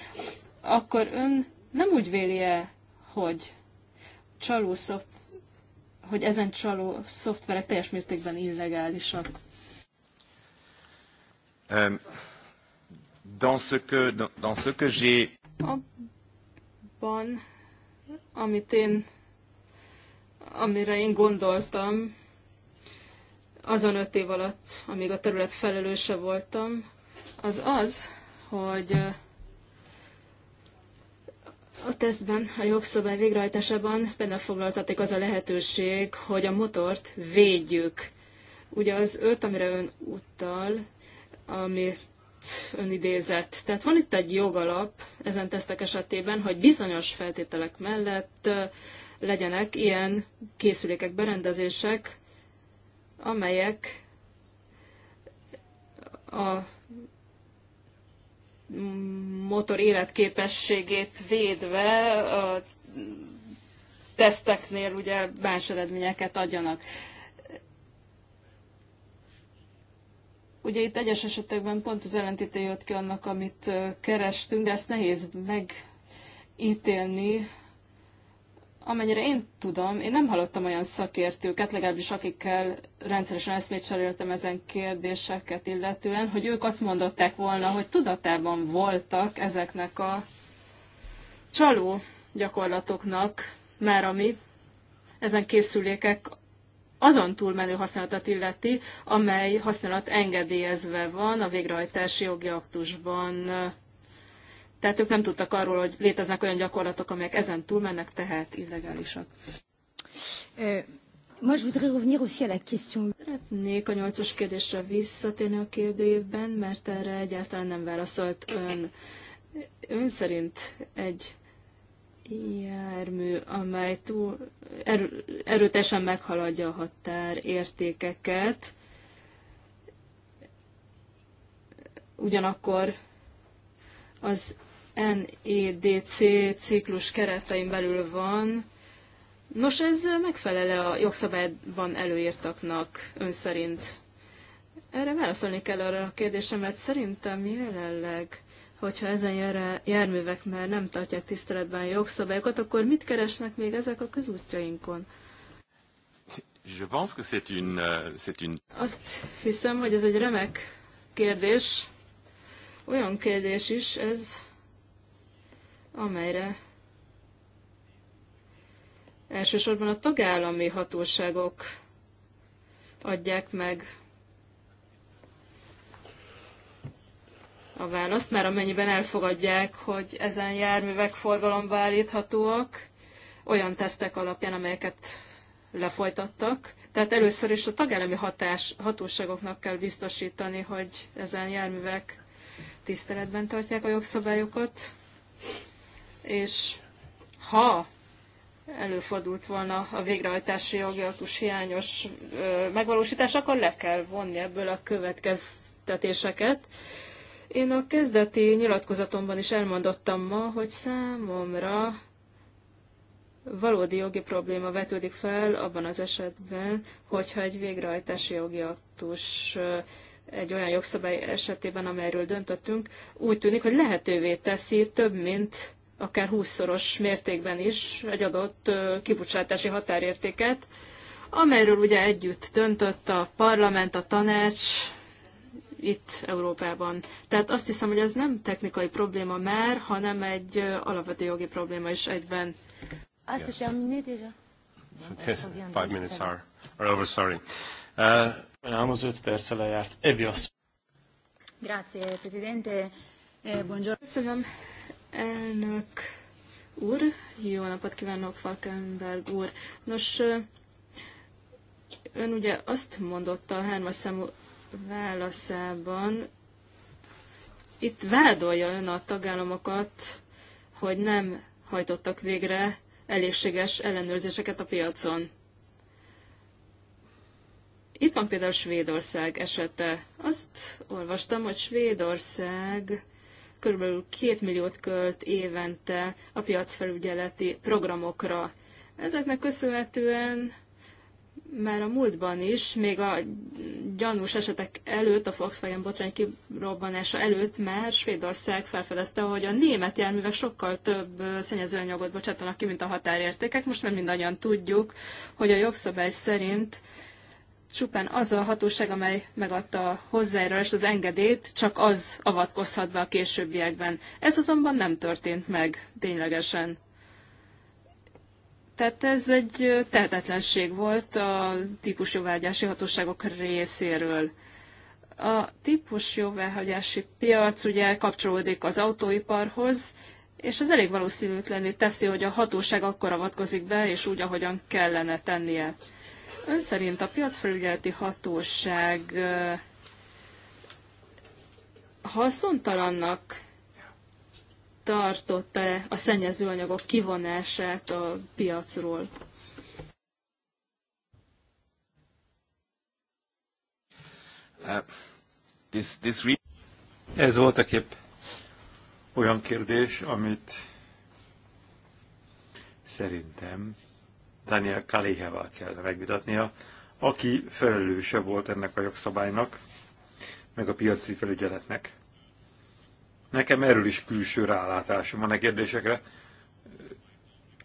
akkor ön nem úgy véli -e, hogy csaló szoftver hogy ezen csaló szoftverek teljes mértékben illegálisak. Um, dans ce que, dans ce que Abban, amit én, amire én gondoltam, azon öt év alatt, amíg a terület felelőse voltam, az az, hogy a tesztben, a jogszabály végrehajtásában benne foglaltatik az a lehetőség, hogy a motort védjük. Ugye az öt, amire ön utal, amit ön idézett. Tehát van itt egy jogalap ezen tesztek esetében, hogy bizonyos feltételek mellett legyenek ilyen készülékek, berendezések, amelyek a motor életképességét védve a teszteknél ugye más eredményeket adjanak. Ugye itt egyes esetekben pont az ellentéte jött ki annak, amit kerestünk, de ezt nehéz megítélni, amennyire én tudom, én nem hallottam olyan szakértőket, legalábbis akikkel rendszeresen eszmét cseréltem ezen kérdéseket illetően, hogy ők azt mondották volna, hogy tudatában voltak ezeknek a csaló gyakorlatoknak, már ami ezen készülékek azon túlmenő használatát illeti, amely használat engedélyezve van a végrehajtási jogi aktusban tehát ők nem tudtak arról, hogy léteznek olyan gyakorlatok, amelyek ezen túlmennek, tehát illegálisak. Euh, moi, je voudrais revenir aussi à la question. Szeretnék a nyolcas kérdésre visszatérni a kérdőjében, mert erre egyáltalán nem válaszolt ön. Ön szerint egy jármű, amely túl erő, erőteljesen meghaladja a határ értékeket, ugyanakkor az NEDC ciklus keretein belül van. Nos, ez megfelele a jogszabályban előírtaknak ön szerint? Erre válaszolni kell arra a kérdésre, mert szerintem jelenleg, hogyha ezen jár járművek már nem tartják tiszteletben a jogszabályokat, akkor mit keresnek még ezek a közútjainkon? Je pense que c'est une, c'est une... Azt hiszem, hogy ez egy remek kérdés. Olyan kérdés is ez, amelyre elsősorban a tagállami hatóságok adják meg a választ, már amennyiben elfogadják, hogy ezen járművek forgalomba állíthatóak, olyan tesztek alapján, amelyeket lefolytattak. Tehát először is a tagállami hatás, hatóságoknak kell biztosítani, hogy ezen járművek tiszteletben tartják a jogszabályokat és ha előfordult volna a végrehajtási jogi aktus hiányos megvalósítás, akkor le kell vonni ebből a következtetéseket. Én a kezdeti nyilatkozatomban is elmondottam ma, hogy számomra valódi jogi probléma vetődik fel abban az esetben, hogyha egy végrehajtási jogi aktus egy olyan jogszabály esetében, amelyről döntöttünk, úgy tűnik, hogy lehetővé teszi több mint akár 20-szoros mértékben is egy adott kibocsátási határértéket, amelyről ugye együtt döntött a parlament, a tanács, itt Európában. Tehát azt hiszem, hogy ez nem technikai probléma már, hanem egy alapvető jogi probléma is egyben. Azt ah, is [LAUGHS] Yes, five minutes are, are over, sorry. Uh, Grazie, Presidente. Eh, buongiorno. Elnök úr, jó napot kívánok, Falkenberg úr. Nos, ön ugye azt mondotta a hármas számú válaszában, itt vádolja ön a tagállamokat, hogy nem hajtottak végre elégséges ellenőrzéseket a piacon. Itt van például Svédország esete. Azt olvastam, hogy Svédország körülbelül 2 milliót költ évente a piacfelügyeleti programokra. Ezeknek köszönhetően már a múltban is, még a gyanús esetek előtt, a Volkswagen botrány kirobbanása előtt már Svédország felfedezte, hogy a német járművek sokkal több szennyezőanyagot bocsátanak ki, mint a határértékek. Most már mindannyian tudjuk, hogy a jogszabály szerint csupán az a hatóság, amely megadta a hozzájárulást, az engedélyt, csak az avatkozhat be a későbbiekben. Ez azonban nem történt meg ténylegesen. Tehát ez egy tehetetlenség volt a típusjóvágyási hatóságok részéről. A típusjóváhagyási piac ugye kapcsolódik az autóiparhoz, és ez elég valószínűtlenné teszi, hogy a hatóság akkor avatkozik be, és úgy, ahogyan kellene tennie. Ön szerint a piacfelügyeleti hatóság haszontalannak tartotta-e a szennyezőanyagok kivonását a piacról? Ez volt a Ez olyan kérdés, amit szerintem Daniel Kaléhevá kell megvitatnia, aki felelőse volt ennek a jogszabálynak, meg a piaci felügyeletnek. Nekem erről is külső rálátásom van a kérdésekre.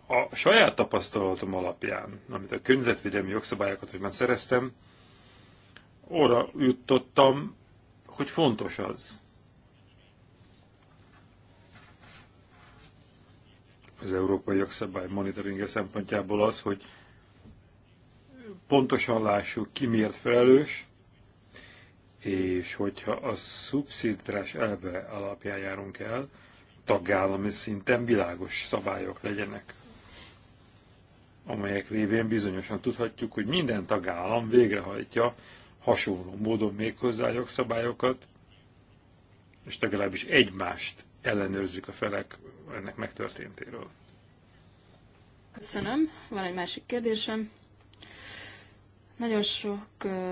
A saját tapasztalatom alapján, amit a környezetvédelmi jogszabályokat is már szereztem, arra jutottam, hogy fontos az, az európai jogszabály monitoringja szempontjából az, hogy pontosan lássuk, ki miért felelős, és hogyha a szubszidrás elve alapján járunk el, tagállami szinten világos szabályok legyenek, amelyek révén bizonyosan tudhatjuk, hogy minden tagállam végrehajtja hasonló módon méghozzá jogszabályokat, és legalábbis egymást ellenőrzik a felek ennek megtörténtéről. Köszönöm. Van egy másik kérdésem. Nagyon sok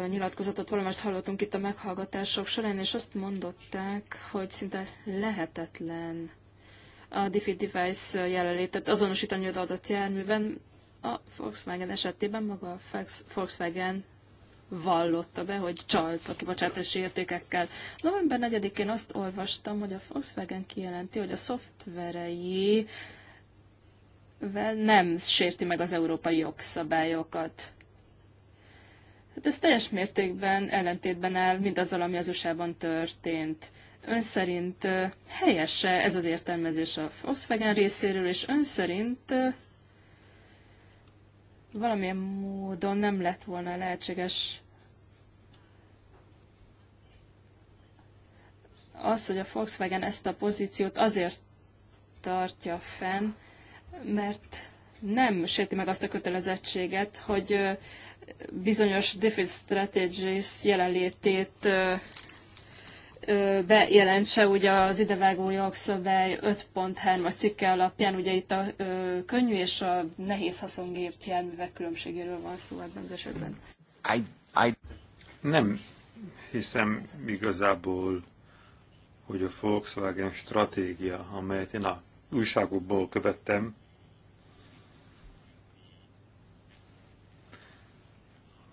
nyilatkozatot valamást hallottunk itt a meghallgatások során, és azt mondották, hogy szinte lehetetlen a Diffie Device jelenlétet azonosítani az adott járműben. A Volkswagen esetében maga a Volkswagen vallotta be, hogy csalt a kibocsátási értékekkel. November 4-én azt olvastam, hogy a Volkswagen kijelenti, hogy a szoftverei nem sérti meg az európai jogszabályokat. Hát ez teljes mértékben ellentétben áll azzal, ami az usa történt. Ön szerint eh, helyese ez az értelmezés a Volkswagen részéről, és ön szerint eh, valamilyen módon nem lett volna lehetséges az, hogy a Volkswagen ezt a pozíciót azért tartja fenn, mert nem sérti meg azt a kötelezettséget, hogy bizonyos defense strategies jelenlétét bejelentse ugye az idevágó jogszabály 5.3-as cikke alapján, ugye itt a ö, könnyű és a nehéz haszongép jelművek különbségéről van szó ebben az esetben. I, I... Nem hiszem igazából, hogy a Volkswagen stratégia, amelyet én a újságokból követtem,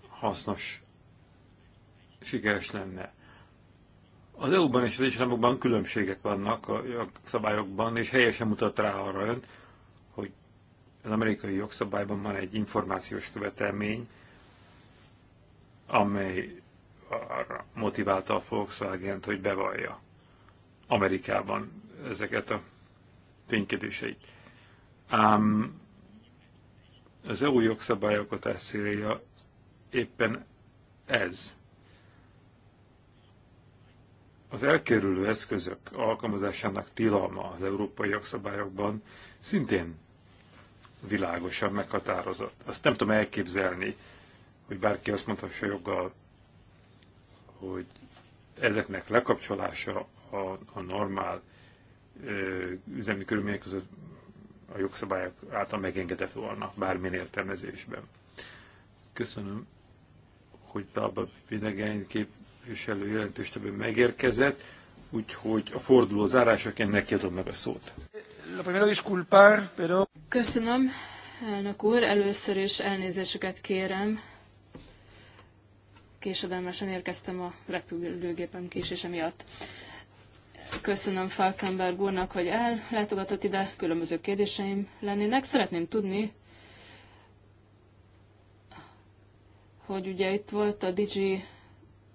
hasznos, sikeres lenne az EU-ban és az Egyesülemokban különbségek vannak a jogszabályokban, és helyesen mutat rá arra ön, hogy az amerikai jogszabályban van egy információs követelmény, amely arra motiválta a volkswagen hogy bevallja Amerikában ezeket a ténykedéseit. Ám az EU jogszabályokat eszélje éppen ez. Az elkerülő eszközök alkalmazásának tilalma az európai jogszabályokban szintén világosan meghatározott. Azt nem tudom elképzelni, hogy bárki azt mondhassa joggal, hogy ezeknek lekapcsolása a, a normál ö, üzemi körülmények között a jogszabályok által megengedett volna bármilyen értelmezésben. Köszönöm, hogy talpa Videgen képviselő jelentőstevő megérkezett, úgyhogy a forduló zárásaként neki adom meg a szót. Köszönöm, elnök úr. Először is elnézésüket kérem. Késedelmesen érkeztem a repülőgépen késése miatt. Köszönöm Falkenberg úrnak, hogy ellátogatott ide, különböző kérdéseim lennének. Szeretném tudni, hogy ugye itt volt a Digi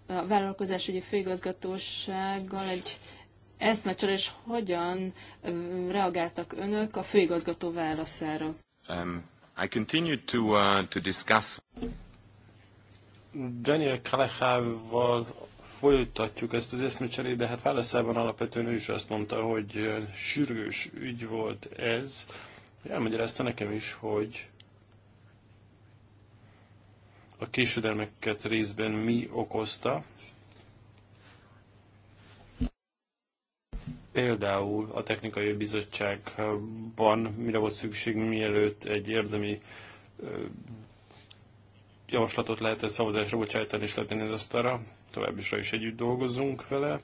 a vállalkozásügyi főigazgatósággal egy eszmecsere, és hogyan reagáltak önök a főigazgató válaszára? Um, I continue to, uh, to discuss. Daniel Kalehával folytatjuk ezt az eszmecserét, de hát válaszában alapvetően ő is azt mondta, hogy sürgős ügy volt ez. Elmagyarázta nekem is, hogy a késődelmeket részben mi okozta. Például a technikai bizottságban mire volt szükség, mielőtt egy érdemi javaslatot lehetett szavazásra bocsájtani és letenni az asztalra, továbbisra is együtt dolgozunk vele.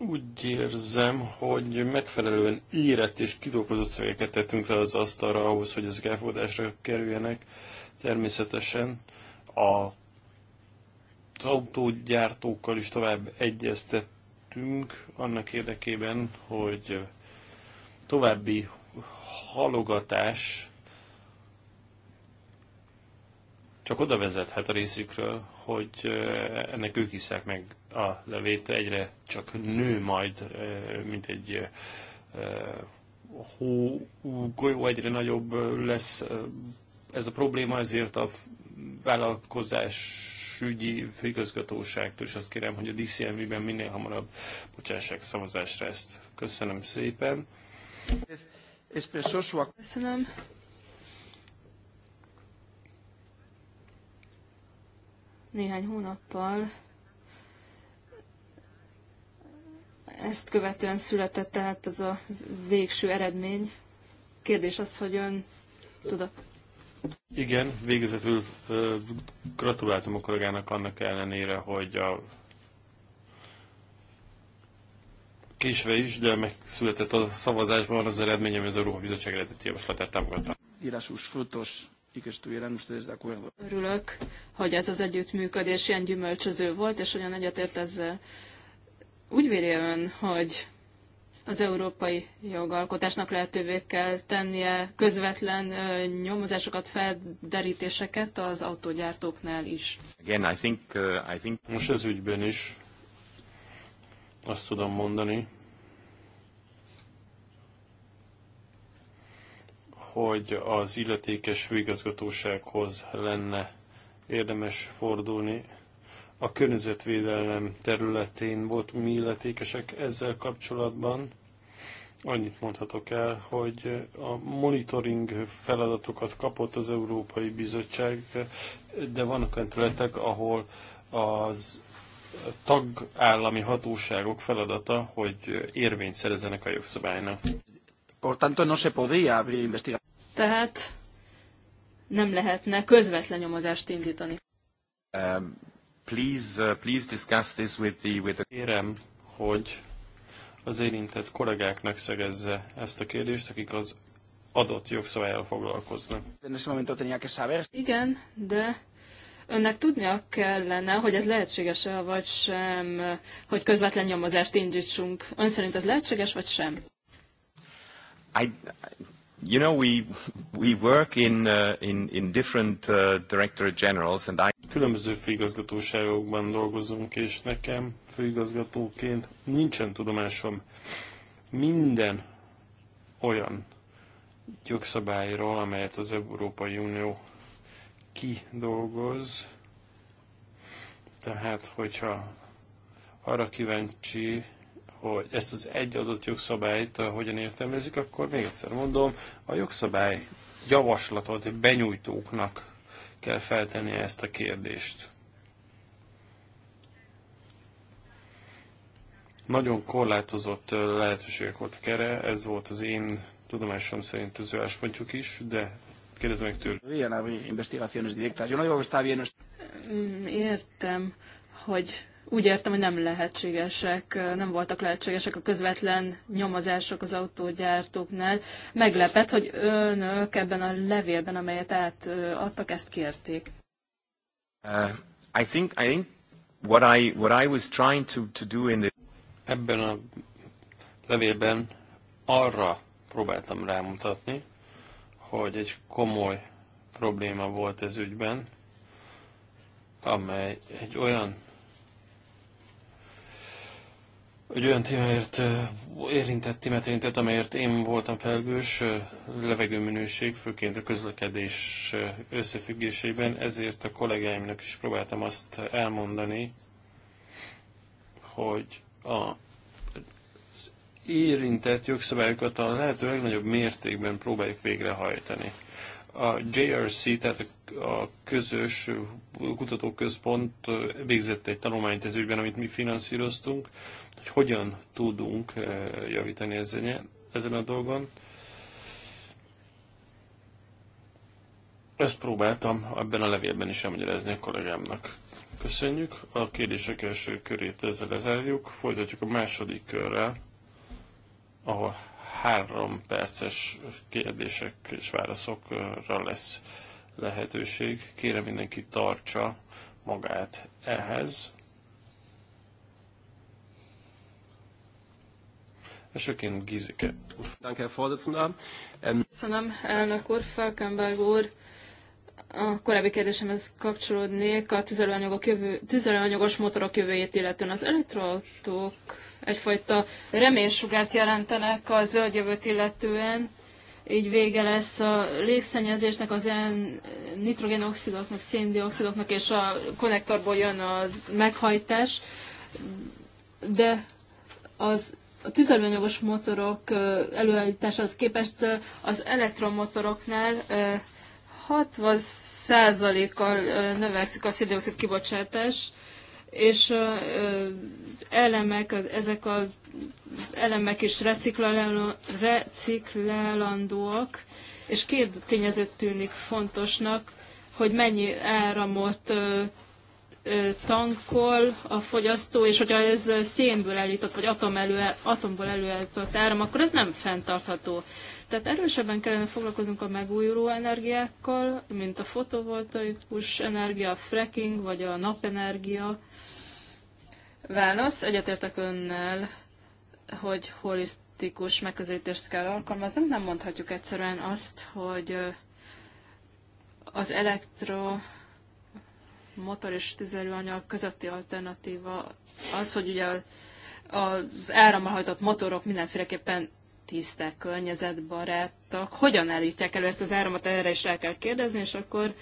Úgy érzem, hogy megfelelően érett és kidolgozott szövegeket tettünk le az asztalra ahhoz, hogy ezek elfogadásra kerüljenek. Természetesen a az autógyártókkal is tovább egyeztettünk annak érdekében, hogy további halogatás csak oda vezethet a részükről, hogy ennek ők hiszek meg a levét, egyre csak nő majd, mint egy hó golyó egyre nagyobb lesz ez a probléma, ezért a vállalkozás ügyi főigazgatóságtól is azt kérem, hogy a DCMV-ben minél hamarabb bocsássák szavazásra ezt. Köszönöm szépen. Köszönöm. néhány hónappal ezt követően született tehát ez a végső eredmény. Kérdés az, hogy ön tud Igen, végezetül gratuláltam a kollégának annak ellenére, hogy a késve is, de megszületett a szavazásban az eredmény, ami az Európa Bizottság eredeti javaslatát támogatta. Írásos, fontos y que estuvieran ustedes de acuerdo. Örülök, hogy ez az együttműködés ilyen gyümölcsöző volt, és olyan egyetért ezzel. Úgy véli ön, hogy az európai jogalkotásnak lehetővé kell tennie közvetlen nyomozásokat, felderítéseket az autógyártóknál is. Again, I think, uh, I think... Most ez ügyben is azt tudom mondani, hogy az illetékes főigazgatósághoz lenne érdemes fordulni. A környezetvédelem területén volt mi illetékesek ezzel kapcsolatban. Annyit mondhatok el, hogy a monitoring feladatokat kapott az Európai Bizottság, de vannak olyan területek, ahol az tagállami hatóságok feladata, hogy érvényt szerezzenek a jogszabálynak. Por tanto, no se podía abrir investigación tehát nem lehetne közvetlen nyomozást indítani. Um, please, uh, please discuss this with the, with the... Kérem, hogy az érintett kollégáknak szegezze ezt a kérdést, akik az adott jogszabályjal foglalkoznak. Igen, de önnek tudnia kellene, hogy ez lehetséges-e vagy sem, hogy közvetlen nyomozást indítsunk. Ön szerint ez lehetséges vagy sem? I, You know, we, we work in, uh, in, in different uh, directorate generals and I... Különböző főigazgatóságokban dolgozunk, és nekem főigazgatóként nincsen tudomásom minden olyan jogszabályról, amelyet az Európai Unió kidolgoz. Tehát, hogyha arra kíváncsi hogy ezt az egy adott jogszabályt eh, hogyan értelmezik, akkor még egyszer mondom, a jogszabály javaslatot benyújtóknak kell feltenni ezt a kérdést. Nagyon korlátozott eh, lehetőségek volt erre, ez volt az én tudomásom szerint az ő álláspontjuk is, de kérdezem meg tőle. investigaciones directas. Értem, hogy úgy értem, hogy nem lehetségesek, nem voltak lehetségesek a közvetlen nyomozások az autógyártóknál. Meglepett, hogy önök ebben a levélben, amelyet átadtak, ezt kérték. Ebben a levélben arra próbáltam rámutatni, hogy egy komoly probléma volt ez ügyben, amely egy olyan egy olyan témáért érintett, témát érintett, amelyért én voltam felelős levegőminőség, főként a közlekedés összefüggésében, ezért a kollégáimnak is próbáltam azt elmondani, hogy a érintett jogszabályokat a lehető legnagyobb mértékben próbáljuk végrehajtani. A JRC, tehát a közös kutatóközpont végzett egy tanulmányt ez ügyben, amit mi finanszíroztunk, hogy hogyan tudunk javítani ezen, ezen a dolgon. Ezt próbáltam ebben a levélben is elmagyarázni a kollégámnak. Köszönjük. A kérdések első körét ezzel lezárjuk. Folytatjuk a második körrel, ahol három perces kérdések és válaszokra lesz lehetőség. Kérem mindenki tartsa magát ehhez. Elsőként Gizike. Ähm, Köszönöm, elnök úr, Falkenberg úr. A korábbi kérdésemhez kapcsolódnék a tüzelőanyagok jövő, tüzelőanyagos motorok jövőjét, illetően az elektroautók egyfajta reménysugát jelentenek a zöld jövőt illetően. Így vége lesz a légszennyezésnek, az ilyen nitrogénoxidoknak, széndioxidoknak, és a konnektorból jön a meghajtás. De az a tüzelőanyagos motorok az képest az elektromotoroknál 60%-kal növekszik a széndioxid kibocsátás, és az elemek, ezek az elemek is reciklálandóak, és két tényezőt tűnik fontosnak, hogy mennyi áramot tankol a fogyasztó, és hogyha ez szénből eljutott, vagy atom elő, atomból előállított áram, akkor ez nem fenntartható. Tehát erősebben kellene foglalkozunk a megújuló energiákkal, mint a fotovoltaikus energia, a fracking, vagy a napenergia. Válasz, egyetértek önnel, hogy holisztikus megközelítést kell alkalmazni. Nem mondhatjuk egyszerűen azt, hogy az elektro motor és tüzelőanyag közötti alternatíva az, hogy ugye az árammal hajtott motorok mindenféleképpen tiszták, környezetbarátak. Hogyan állítják elő ezt az áramot, erre is rá kell kérdezni, és akkor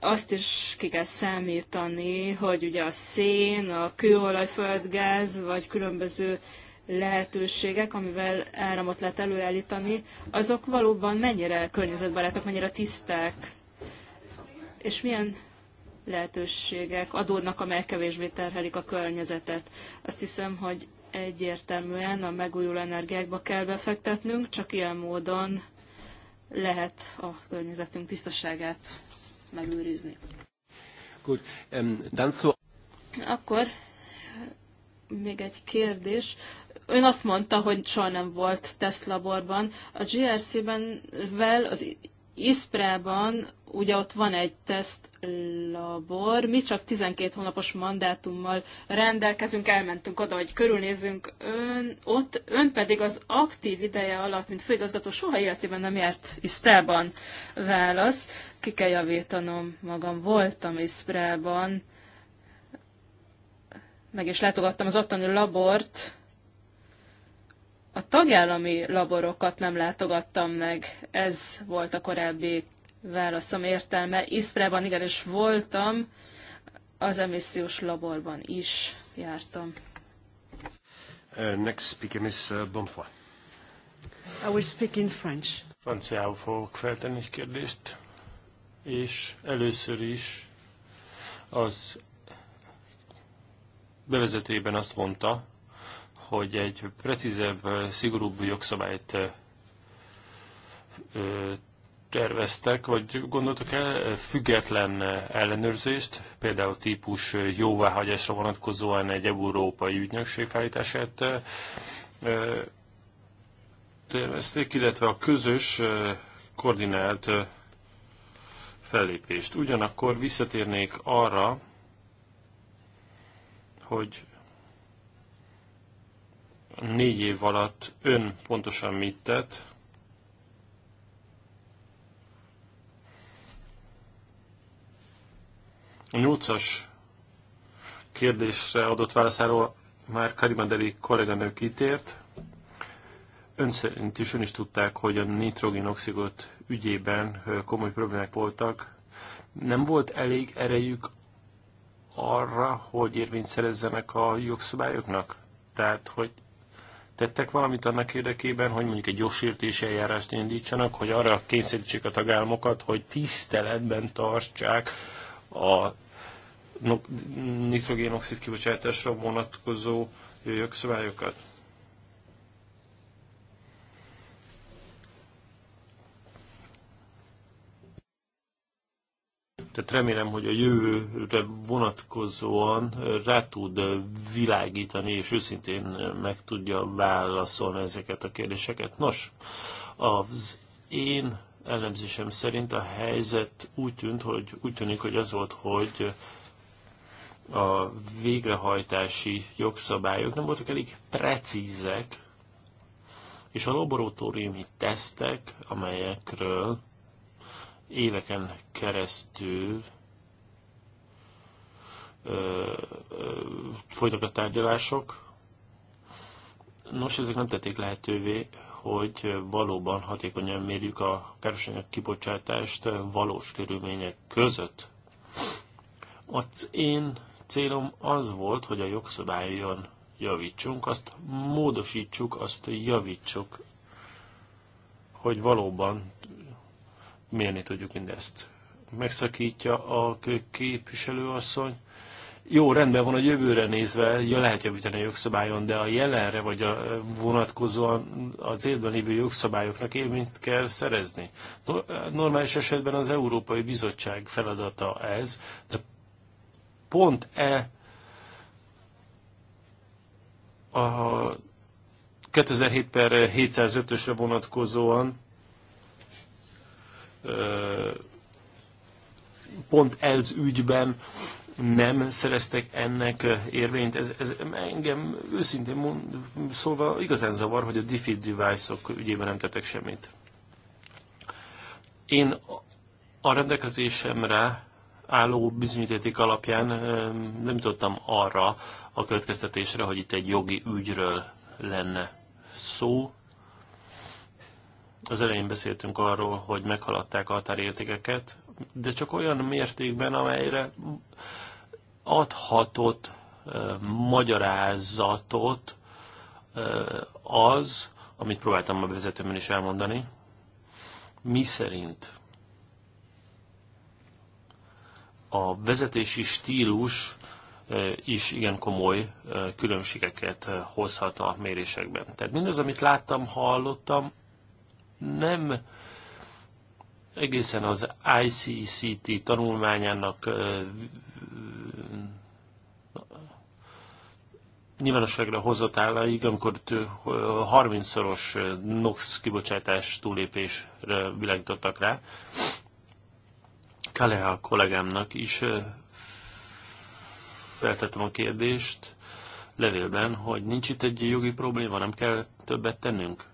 azt is ki kell számítani, hogy ugye a szén, a kőolaj, földgáz, vagy különböző lehetőségek, amivel áramot lehet előállítani, azok valóban mennyire környezetbarátok, mennyire tiszták és milyen lehetőségek adódnak, amelyek kevésbé terhelik a környezetet. Azt hiszem, hogy egyértelműen a megújuló energiákba kell befektetnünk, csak ilyen módon lehet a környezetünk tisztaságát megőrizni. Good. Um, so... Akkor még egy kérdés. Ön azt mondta, hogy soha nem volt tesztlaborban. A GRC-ben vel az Iszprában ugye ott van egy tesztlabor, mi csak 12 hónapos mandátummal rendelkezünk, elmentünk oda, hogy körülnézzünk ön, ott, ön pedig az aktív ideje alatt, mint főigazgató, soha életében nem járt Iszprában. Válasz, ki kell javítanom magam, voltam Iszprában, meg is látogattam az ottani labort, a tagállami laborokat nem látogattam meg, ez volt a korábbi válaszom értelme. Iszprában igenis voltam, az emissziós laborban is jártam. Uh, next speaker is uh, Bonfoy. I will speak in French. Franciául fogok feltenni egy kérdést, és először is az bevezetőjében azt mondta, hogy egy precízebb, szigorúbb jogszabályt terveztek, vagy gondoltak el független ellenőrzést, például típus jóváhagyásra vonatkozóan egy európai ügynökség felállítását tervezték, illetve a közös koordinált fellépést. Ugyanakkor visszatérnék arra, hogy négy év alatt ön pontosan mit tett, A nyolcas kérdésre adott válaszáról már Karimandeli kolléganő kitért. Ön szerint is ön is tudták, hogy a nitrogénoxigot ügyében komoly problémák voltak. Nem volt elég erejük arra, hogy érvényt szerezzenek a jogszabályoknak? Tehát, hogy Tettek valamit annak érdekében, hogy mondjuk egy jogsértés eljárást indítsanak, hogy arra kényszerítsék a tagállamokat, hogy tiszteletben tartsák a nitrogénoxid kibocsátásra vonatkozó jogszabályokat? Tehát remélem, hogy a jövőre vonatkozóan rá tud világítani, és őszintén meg tudja válaszolni ezeket a kérdéseket. Nos, az én elemzésem szerint a helyzet úgy tűnt, hogy úgy tűnik, hogy az volt, hogy a végrehajtási jogszabályok nem voltak elég precízek, és a laboratóriumi tesztek, amelyekről éveken keresztül folytak a tárgyalások. Nos, ezek nem tették lehetővé, hogy valóban hatékonyan mérjük a károsanyag kibocsátást valós körülmények között. Az én célom az volt, hogy a jogszabályon javítsunk, azt módosítsuk, azt javítsuk, hogy valóban mérni tudjuk mindezt. Megszakítja a asszony. Jó, rendben van, a jövőre nézve ja, lehet javítani a jogszabályon, de a jelenre vagy a vonatkozóan az életben lévő jogszabályoknak élményt kell szerezni. Normális esetben az Európai Bizottság feladata ez, de pont e a 2007 per 705-ösre vonatkozóan pont ez ügyben nem szereztek ennek érvényt. Ez, ez engem őszintén mond, szólva igazán zavar, hogy a defeat device-ok -ok ügyében nem tettek semmit. Én a rendelkezésemre álló bizonyíték alapján nem jutottam arra a következtetésre, hogy itt egy jogi ügyről lenne szó. Az elején beszéltünk arról, hogy meghaladták a határértékeket, de csak olyan mértékben, amelyre adhatott magyarázatot az, amit próbáltam a vezetőmben is elmondani, mi szerint a vezetési stílus is igen komoly különbségeket hozhat a mérésekben. Tehát mindaz, amit láttam, hallottam, nem egészen az ICCT tanulmányának nyilvánosságra hozott állalig, amikor 30-szoros NOx kibocsátás túlépésre világítottak rá. Kaleha kollégámnak is feltettem a kérdést levélben, hogy nincs itt egy jogi probléma, nem kell többet tennünk?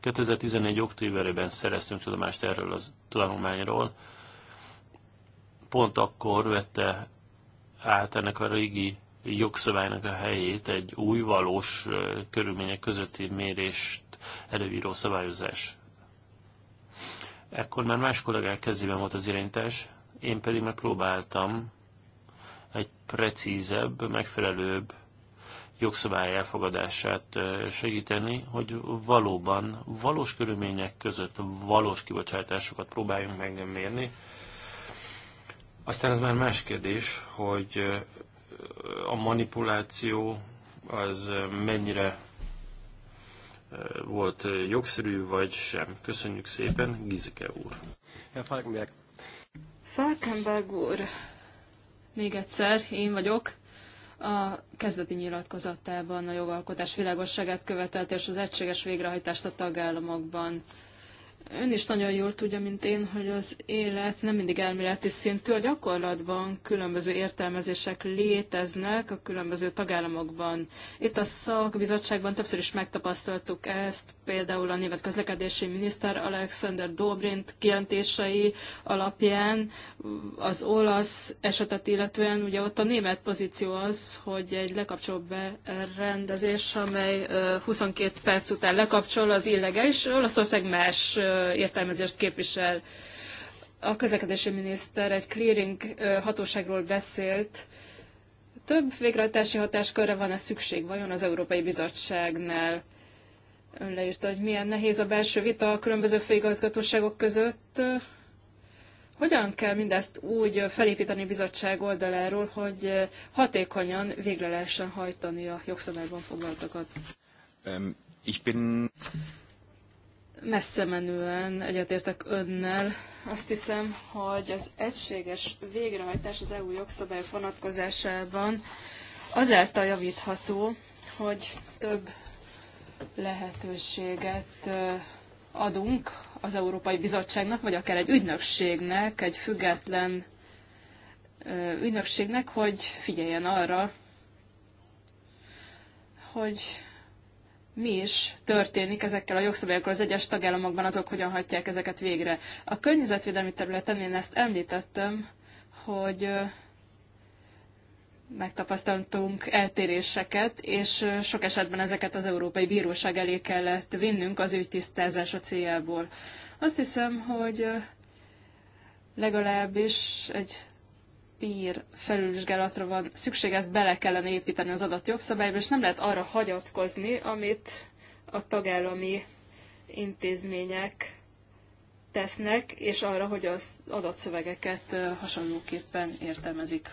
2011. októberében szereztünk tudomást erről az tanulmányról. Pont akkor vette át ennek a régi jogszabálynak a helyét egy új valós körülmények közötti mérést előíró szabályozás. Ekkor már más kollégák kezében volt az irányítás, én pedig megpróbáltam egy precízebb, megfelelőbb jogszabály elfogadását segíteni, hogy valóban valós körülmények között valós kibocsátásokat próbáljunk megmérni. Aztán ez már más kérdés, hogy a manipuláció az mennyire volt jogszerű, vagy sem. Köszönjük szépen, Gizike úr. Herr Falkenberg. Falkenberg úr, még egyszer, én vagyok. A kezdeti nyilatkozatában a jogalkotás világosságát követelt és az egységes végrehajtást a tagállamokban. Ön is nagyon jól tudja, mint én, hogy az élet nem mindig elméleti szintű. A gyakorlatban különböző értelmezések léteznek a különböző tagállamokban. Itt a szakbizottságban többször is megtapasztaltuk ezt, például a német közlekedési miniszter Alexander Dobrint kijelentései alapján az olasz esetet illetően, ugye ott a német pozíció az, hogy egy lekapcsoló berendezés, amely 22 perc után lekapcsol, az illegális, Olaszország más értelmezést képvisel. A közlekedési miniszter egy clearing hatóságról beszélt. Több végrehajtási hatáskörre van-e szükség vajon az Európai Bizottságnál? Ön leírta, hogy milyen nehéz a belső vita a különböző főigazgatóságok között. Hogyan kell mindezt úgy felépíteni bizottság oldaláról, hogy hatékonyan végre lehessen hajtani a jogszabályban foglaltakat? Um, ich bin messze menően egyetértek önnel. Azt hiszem, hogy az egységes végrehajtás az EU jogszabályok vonatkozásában azáltal javítható, hogy több lehetőséget adunk az Európai Bizottságnak, vagy akár egy ügynökségnek, egy független ügynökségnek, hogy figyeljen arra, hogy mi is történik ezekkel a jogszabályokkal az egyes tagállamokban, azok hogyan hagyják ezeket végre. A környezetvédelmi területen én ezt említettem, hogy megtapasztaltunk eltéréseket, és sok esetben ezeket az Európai Bíróság elé kellett vinnünk az ügy tisztázása céljából. Azt hiszem, hogy legalábbis egy papír felülvizsgálatra van szükség, ezt bele kellene építeni az adott jogszabályba, és nem lehet arra hagyatkozni, amit a tagállami intézmények tesznek, és arra, hogy az adatszövegeket hasonlóképpen értelmezik.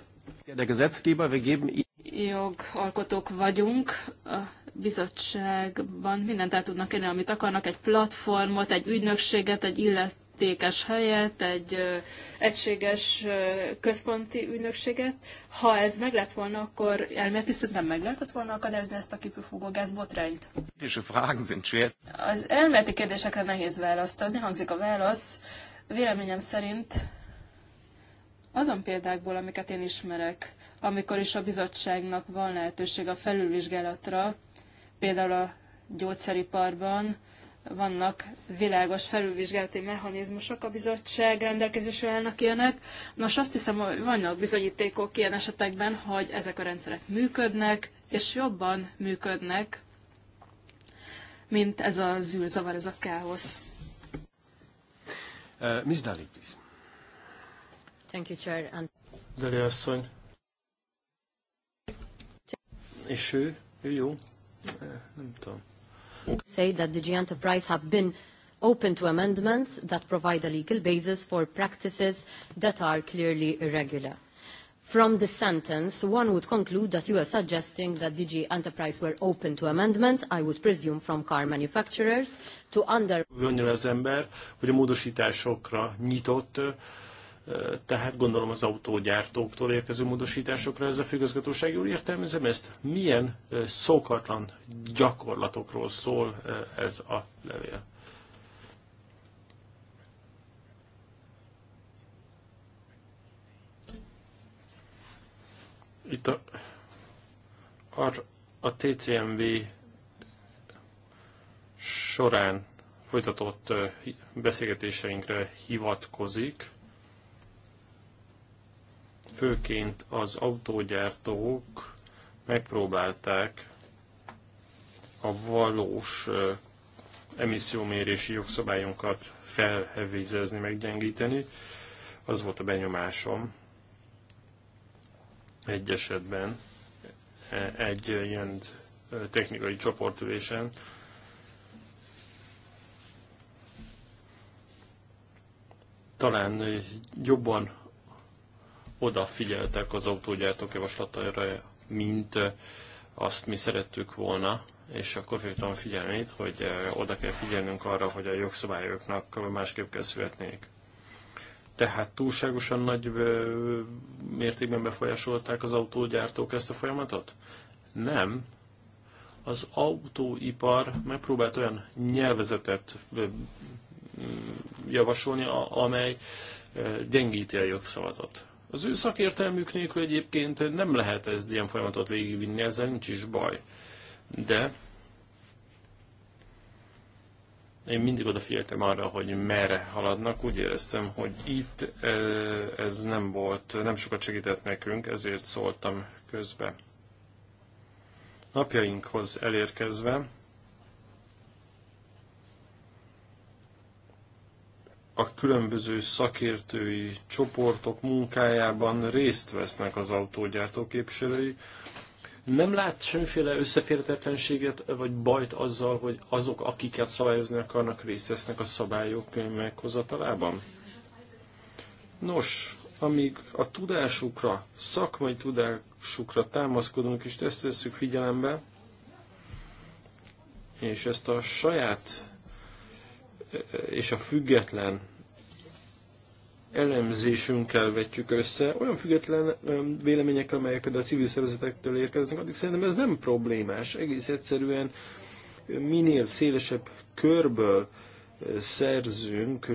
jogalkotók vagyunk, a bizottságban mindent el tudnak élni, amit akarnak, egy platformot, egy ügynökséget, egy illet illetékes helyet egy egységes központi ügynökséget. Ha ez meg lett volna, akkor elméleti nem meg lehetett volna akadályozni ezt a kipufogó gázbotrányt. Az elméleti kérdésekre nehéz választ adni, hangzik a válasz. Véleményem szerint azon példákból, amiket én ismerek, amikor is a bizottságnak van lehetőség a felülvizsgálatra, például a gyógyszeriparban, vannak világos felülvizsgálati mechanizmusok a bizottság rendelkezésre állnak ilyenek. Nos, azt hiszem, hogy vannak bizonyítékok ilyen esetekben, hogy ezek a rendszerek működnek, és jobban működnek, mint ez a zűrzavar, ez a káosz. Uh, Ms. Dali, please. Thank you, Chair. And... Dali asszony. És ő? Ő jó? Nem tudom. Say that the G enterprise have been open to amendments that provide a legal basis for practices that are clearly irregular. From the sentence, one would conclude that you are suggesting that DG Enterprise were open to amendments, I would presume from car manufacturers, to under... az ember, hogy a módosításokra nyitott, tehát gondolom az autógyártóktól érkező módosításokra ez a főgazgatóság jól értelmezem ezt. Milyen szokatlan gyakorlatokról szól ez a levél? Itt a, a, a TCMV során folytatott beszélgetéseinkre hivatkozik főként az autógyártók megpróbálták a valós emissziómérési jogszabályunkat felhevizezni, meggyengíteni. Az volt a benyomásom egy esetben, e, egy ilyen technikai csoportülésen, talán jobban odafigyeltek az autógyártók javaslataira, mint azt mi szerettük volna, és akkor fogtam figyelmét, hogy oda kell figyelnünk arra, hogy a jogszabályoknak másképp kell születnék. Tehát túlságosan nagy mértékben befolyásolták az autógyártók ezt a folyamatot? Nem. Az autóipar megpróbált olyan nyelvezetet javasolni, amely gyengíti a jogszavatot. Az ő szakértelmük nélkül egyébként nem lehet ez ilyen folyamatot végigvinni, ezzel nincs is baj. De én mindig odafigyeltem arra, hogy merre haladnak. Úgy éreztem, hogy itt ez nem volt, nem sokat segített nekünk, ezért szóltam közbe. Napjainkhoz elérkezve a különböző szakértői csoportok munkájában részt vesznek az autógyártó képviselői. Nem lát semmiféle összeférhetetlenséget vagy bajt azzal, hogy azok, akiket szabályozni akarnak, részt vesznek a szabályok meghozatalában? Nos, amíg a tudásukra, szakmai tudásukra támaszkodunk és ezt veszük figyelembe, és ezt a saját és a független elemzésünkkel vetjük össze, olyan független vélemények, amelyek például a civil szervezetektől érkeznek, addig szerintem ez nem problémás. Egész egyszerűen minél szélesebb körből szerzünk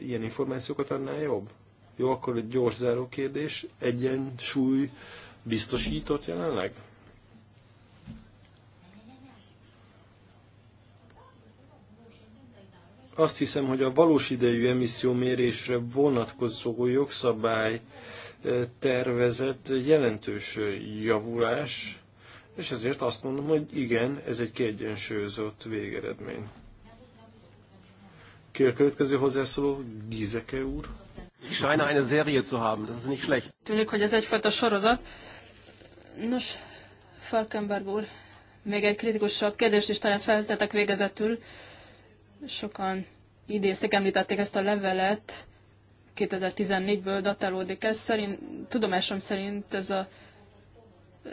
ilyen információkat, annál jobb. Jó, akkor egy gyors záró kérdés. Egyensúly biztosított jelenleg? Azt hiszem, hogy a valós idejű emissziómérésre vonatkozó jogszabály e, tervezett jelentős javulás, és ezért azt mondom, hogy igen, ez egy kiegyensúlyozott végeredmény. Ki a következő hozzászóló? Gizeke úr. Ich scheine eine Serie zu haben, das ist nicht schlecht. Tűnik, hogy ez egyfajta sorozat. Nos, Falkenberg úr, még egy kritikusabb kérdést is talán feltetek végezetül. Sokan idézték, említették ezt a levelet, 2014-ből datálódik ez. Szerint, tudomásom szerint ez a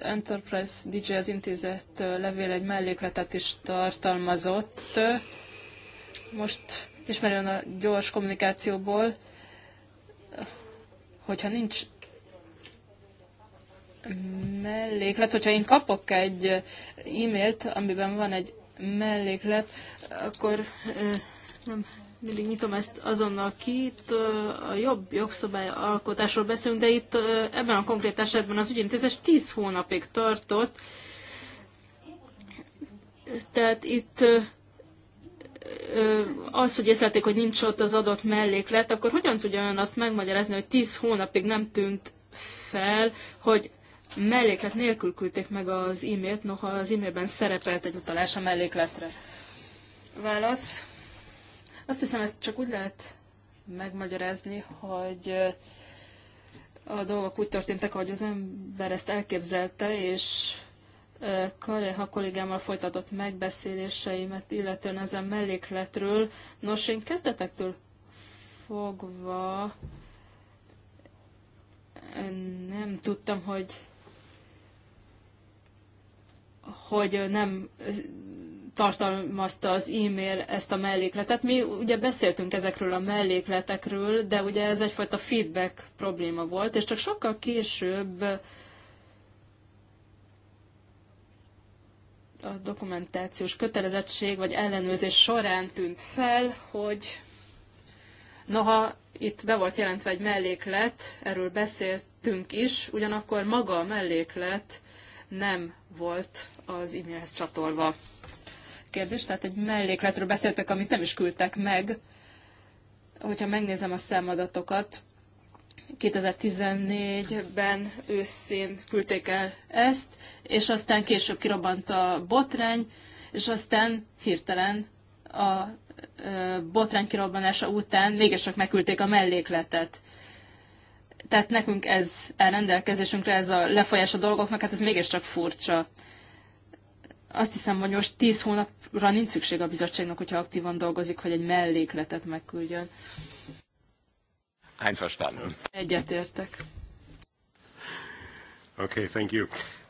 Enterprise DJ az intézet levél egy mellékletet is tartalmazott. Most ismerően a gyors kommunikációból, hogyha nincs melléklet, hogyha én kapok egy e-mailt, amiben van egy melléklet, akkor nem mindig nyitom ezt azonnal ki. Itt a jobb jogszabályalkotásról beszélünk, de itt ebben a konkrét esetben az ügyintézés 10 hónapig tartott. Tehát itt az, hogy észlelték, hogy nincs ott az adott melléklet, akkor hogyan tudja ön azt megmagyarázni, hogy 10 hónapig nem tűnt fel, hogy melléklet nélkül küldték meg az e-mailt, noha az e-mailben szerepelt egy utalás a mellékletre. Válasz. Azt hiszem, ezt csak úgy lehet megmagyarázni, hogy a dolgok úgy történtek, ahogy az ember ezt elképzelte, és Kaleha kollégámmal folytatott megbeszéléseimet, illetően ezen mellékletről. Nos, én kezdetektől fogva nem tudtam, hogy hogy nem tartalmazta az e-mail ezt a mellékletet. Mi ugye beszéltünk ezekről a mellékletekről, de ugye ez egyfajta feedback probléma volt, és csak sokkal később a dokumentációs kötelezettség vagy ellenőrzés során tűnt fel, hogy noha itt be volt jelentve egy melléklet, erről beszéltünk is, ugyanakkor maga a melléklet nem volt az e-mailhez csatolva. Kérdés, tehát egy mellékletről beszéltek, amit nem is küldtek meg. Hogyha megnézem a számadatokat, 2014-ben őszén küldték el ezt, és aztán később kirobbant a botrány, és aztán hirtelen a botrány kirobbanása után mégis csak megküldték a mellékletet tehát nekünk ez elrendelkezésünkre, ez a lefolyás a dolgoknak, hát ez mégiscsak furcsa. Azt hiszem, hogy most tíz hónapra nincs szükség a bizottságnak, hogyha aktívan dolgozik, hogy egy mellékletet megküldjön. Einverstanden. Egyetértek. Okay, thank you.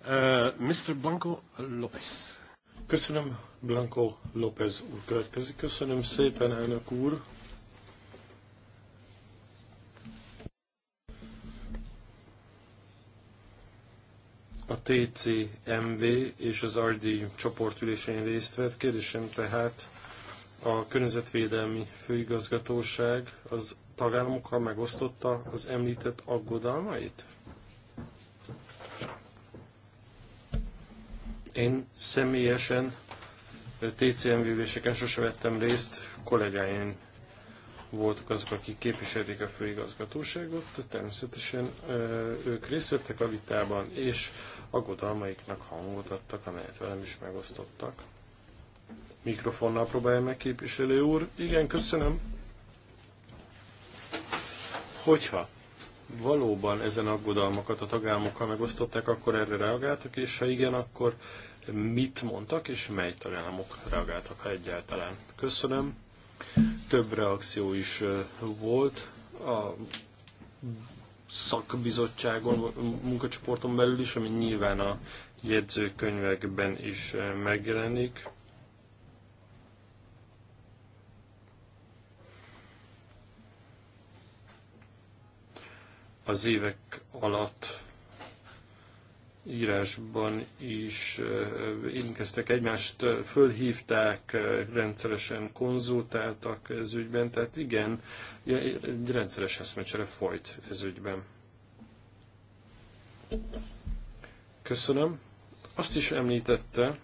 Uh, Mr. Blanco López. Köszönöm, Blanco López úr következik. Köszönöm szépen, elnök úr. a TCMV és az RD csoportülésén részt vett. Kérdésem tehát a Környezetvédelmi Főigazgatóság az tagállamokkal megosztotta az említett aggodalmait? Én személyesen TCMV-véseken sose vettem részt, kollégáim voltak azok, akik képviselték a főigazgatóságot, természetesen ők részt vettek a vitában, és aggodalmaiknak hangot adtak, amelyet velem is megosztottak. Mikrofonnal próbálja meg, képviselő úr. Igen, köszönöm. Hogyha valóban ezen aggodalmakat a tagállamokkal megosztották, akkor erre reagáltak, és ha igen, akkor mit mondtak, és mely tagállamok reagáltak, ha egyáltalán. Köszönöm. Több reakció is volt. A szakbizottságon, munkacsoporton belül is, ami nyilván a jegyzőkönyvekben is eh, megjelenik. Az évek alatt írásban is eh, érintkeztek egymást, eh, fölhívták, eh, rendszeresen konzultáltak ez ügyben, tehát igen, egy rendszeres eszmecsere folyt ez ügyben. Köszönöm. Azt is említette,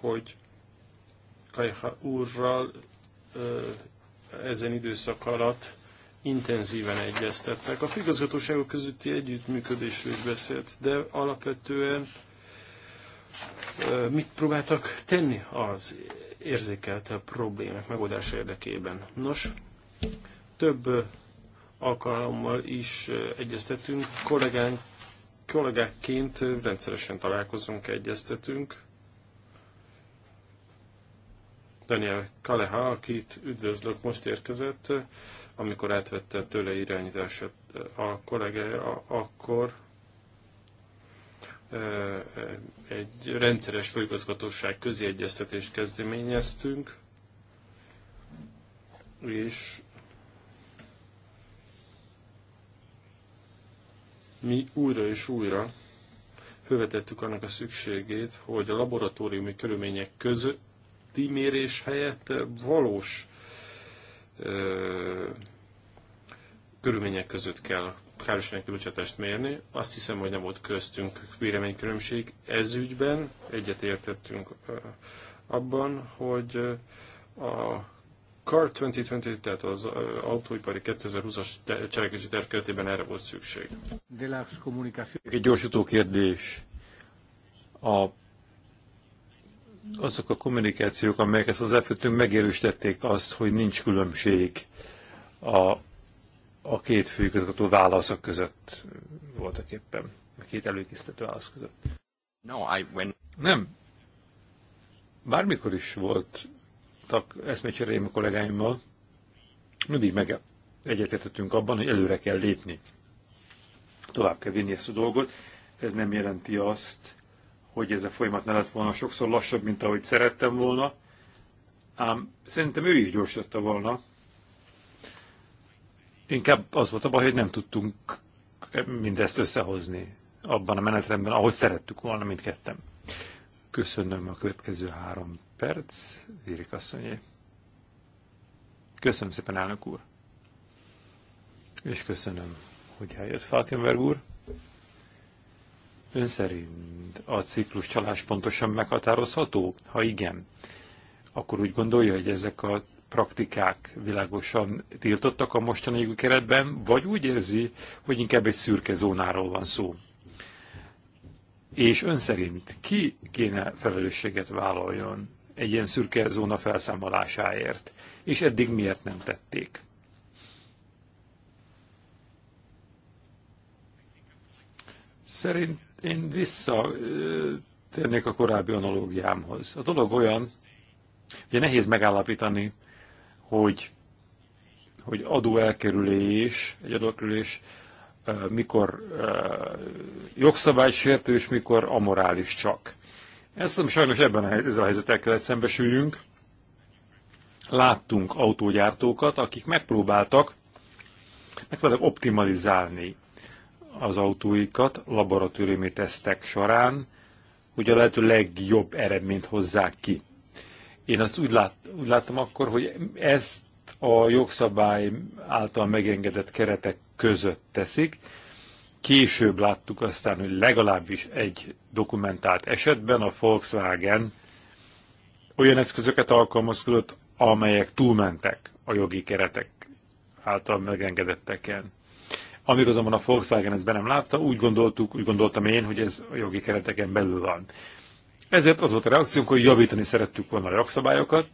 hogy Kajha úrral ezen időszak alatt intenzíven egyeztettek. A főigazgatóságok közötti együttműködésről is beszélt, de alapvetően mit próbáltak tenni az érzékelt problémák megoldása érdekében? Nos, több alkalommal is egyeztetünk, kollégánk, kollégákként rendszeresen találkozunk, egyeztetünk. Daniel Kaleha, akit üdvözlök, most érkezett, amikor átvette tőle irányítását a kollégája, akkor egy rendszeres főigazgatóság közéegyeztetést kezdeményeztünk, és mi újra és újra fővetettük annak a szükségét, hogy a laboratóriumi körülmények közötti mérés helyett valós ö, körülmények között kell károsanyag kibocsátást mérni. Azt hiszem, hogy nem volt köztünk véleménykülönbség ez ügyben. Egyetértettünk abban, hogy a CAR 2020, tehát az autóipari 2020-as cselekvési terv keretében erre volt szükség. Egy gyorsító kérdés. A azok a kommunikációk, amelyeket hozzáfűtünk, megerősítették azt, hogy nincs különbség a, a két főigazgató válaszok között voltak éppen, a két előkészítő válasz között. No, I went... Nem. Bármikor is voltak eszmecseréim a kollégáimmal, mindig meg egyetértettünk abban, hogy előre kell lépni. Tovább kell vinni ezt a dolgot. Ez nem jelenti azt, hogy ez a folyamat ne lett volna sokszor lassabb, mint ahogy szerettem volna, ám szerintem ő is gyorsította volna. Inkább az volt a baj, hogy nem tudtunk mindezt összehozni abban a menetrendben, ahogy szerettük volna mindketten. Köszönöm a következő három perc, Vérik asszonyé. Köszönöm szépen, elnök úr. És köszönöm, hogy eljött Falkenberg úr. Ön szerint a ciklus csalás pontosan meghatározható? Ha igen, akkor úgy gondolja, hogy ezek a praktikák világosan tiltottak a mostani keretben, vagy úgy érzi, hogy inkább egy szürke zónáról van szó? És ön szerint ki kéne felelősséget vállaljon egy ilyen szürke zóna felszámolásáért? És eddig miért nem tették? Szerint én visszatérnék a korábbi analógiámhoz. A dolog olyan, hogy nehéz megállapítani, hogy, hogy elkerülés, egy adókerülés, mikor jogszabálysértő, és mikor amorális csak. Ezt sajnos ebben a, ezzel a helyzettel kellett szembesüljünk. Láttunk autógyártókat, akik megpróbáltak, megpróbáltak optimalizálni az autóikat laboratóriumi tesztek során, hogy a lehető legjobb eredményt hozzák ki. Én azt úgy, lát, úgy láttam akkor, hogy ezt a jogszabály által megengedett keretek között teszik. Később láttuk aztán, hogy legalábbis egy dokumentált esetben a Volkswagen olyan eszközöket alkalmazkodott, amelyek túlmentek a jogi keretek által megengedetteken. Amikor azonban a Volkswagen ezt be nem látta, úgy gondoltuk, úgy gondoltam én, hogy ez a jogi kereteken belül van. Ezért az volt a reakciónk, hogy javítani szerettük volna a jogszabályokat.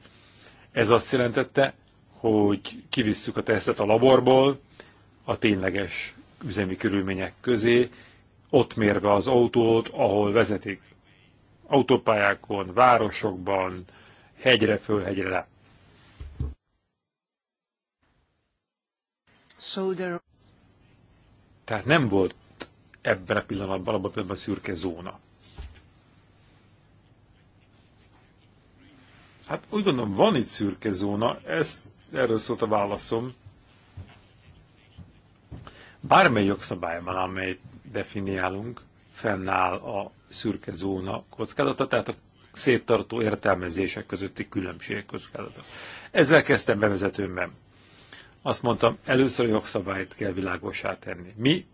Ez azt jelentette, hogy kivisszük a tesztet a laborból a tényleges üzemi körülmények közé, ott mérve az autót, ahol vezetik. Autópályákon, városokban, hegyre föl, hegyre le. So tehát nem volt ebben a pillanatban, abban a pillanatban szürke zóna. Hát úgy gondolom, van itt szürke zóna, ez, erről szólt a válaszom. Bármely jogszabályban, amely definiálunk, fennáll a szürke zóna kockázata, tehát a széttartó értelmezések közötti különbség kockázata. Ezzel kezdtem bevezetőmben. Azt mondtam, először a jogszabályt kell világosá tenni. Mi?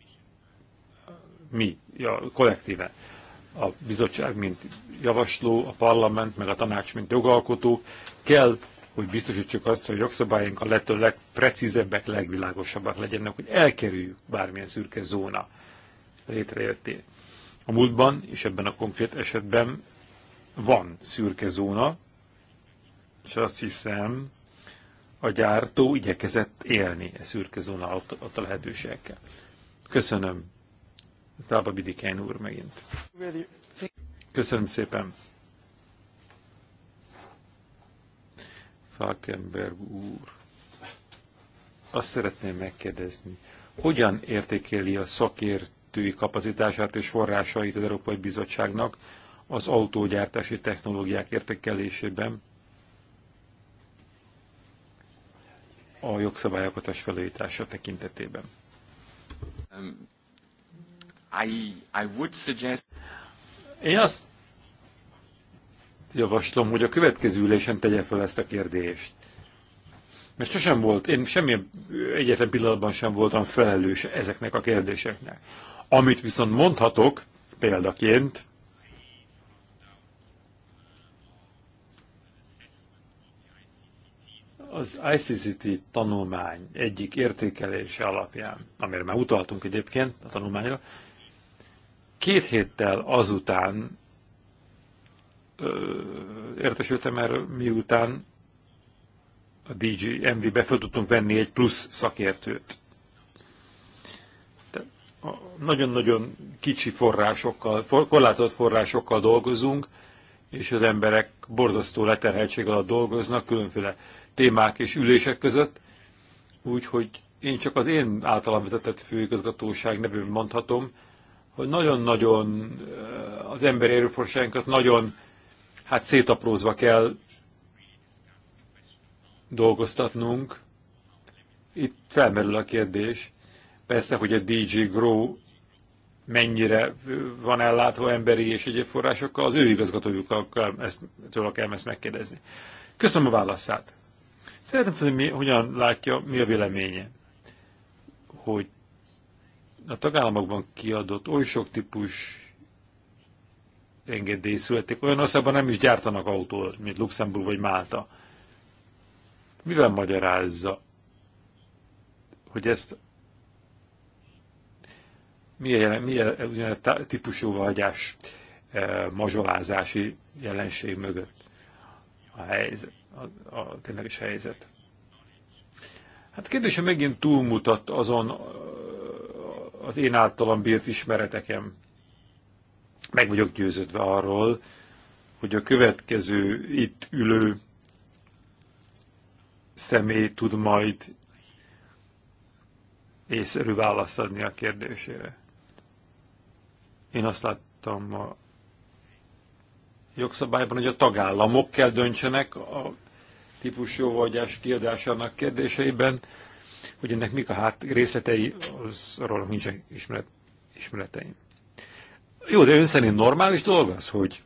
Mi? Ja, kollektíve. A bizottság, mint javasló, a parlament, meg a tanács, mint jogalkotó kell, hogy biztosítsuk azt, hogy a jogszabályunk a lehető legprecízebbek, legvilágosabbak legyenek, hogy elkerüljük bármilyen szürke zóna létrejöttét. A múltban, és ebben a konkrét esetben van szürke zóna, és azt hiszem, a gyártó igyekezett élni a e szürke zóna ott a lehetőségekkel. Köszönöm. Tába Bidikány úr megint. Köszönöm szépen. Falkenberg úr. Azt szeretném megkérdezni, hogyan értékeli a szakértői kapacitását és forrásait az Európai Bizottságnak az autógyártási technológiák értékelésében, a jogszabályalkotás felújítása tekintetében? Um, I, I would suggest... Én azt javaslom, hogy a következő ülésen tegye fel ezt a kérdést. Mert sosem volt, én semmilyen egyetlen pillanatban sem voltam felelős ezeknek a kérdéseknek. Amit viszont mondhatok példaként, az ICCT tanulmány egyik értékelése alapján, amire már utaltunk egyébként a tanulmányra, két héttel azután ö, értesültem erről, miután a DJ MV-be fel tudtunk venni egy plusz szakértőt. Nagyon-nagyon kicsi forrásokkal, for, korlátozott forrásokkal dolgozunk, és az emberek borzasztó leterheltség alatt dolgoznak, különféle témák és ülések között, úgyhogy én csak az én általam vezetett főigazgatóság nevében mondhatom, hogy nagyon-nagyon eh, az emberi erőforrásainkat nagyon hát szétaprózva kell dolgoztatnunk. Itt felmerül a kérdés, persze, hogy a DJ Grow mennyire van ellátva emberi és egyéb forrásokkal, az ő igazgatójukkal kell ezt, tőle kell ezt megkérdezni. Köszönöm a válaszát! Szeretném tudni, mi, hogyan látja, mi a véleménye, hogy a tagállamokban kiadott oly sok típus engedély születik, olyan országban nem is gyártanak autót, mint Luxemburg vagy Málta. Mivel magyarázza, hogy ezt milyen, milyen, milyen típusú vagyás eh, mazsolázási jelenség mögött a helyzet? a, a tényleges helyzet. Hát kérdésem megint túlmutat azon az én általam bírt ismereteken. Meg vagyok győződve arról, hogy a következő itt ülő személy tud majd észszerű választ adni a kérdésére. Én azt láttam a jogszabályban, hogy a tagállamok kell döntsenek a típus jóhagyás kiadásának kérdéseiben, hogy ennek mik a hát részletei, az arról nincsen ismeret, ismereteim. Jó, de ön szerint normális dolog az, hogy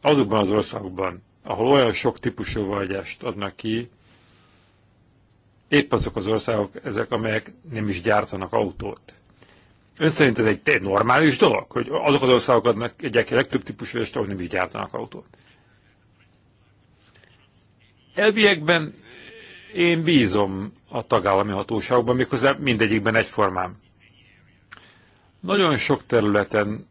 azokban az országokban, ahol olyan sok típusú jóvágyást adnak ki, épp azok az országok ezek, amelyek nem is gyártanak autót. Ön szerint ez egy, egy normális dolog, hogy azok az országok adnak egyek legtöbb típusú és ahol nem is gyártanak autót? Elviekben én bízom a tagállami hatóságokban, miközben mindegyikben egyformán. Nagyon sok területen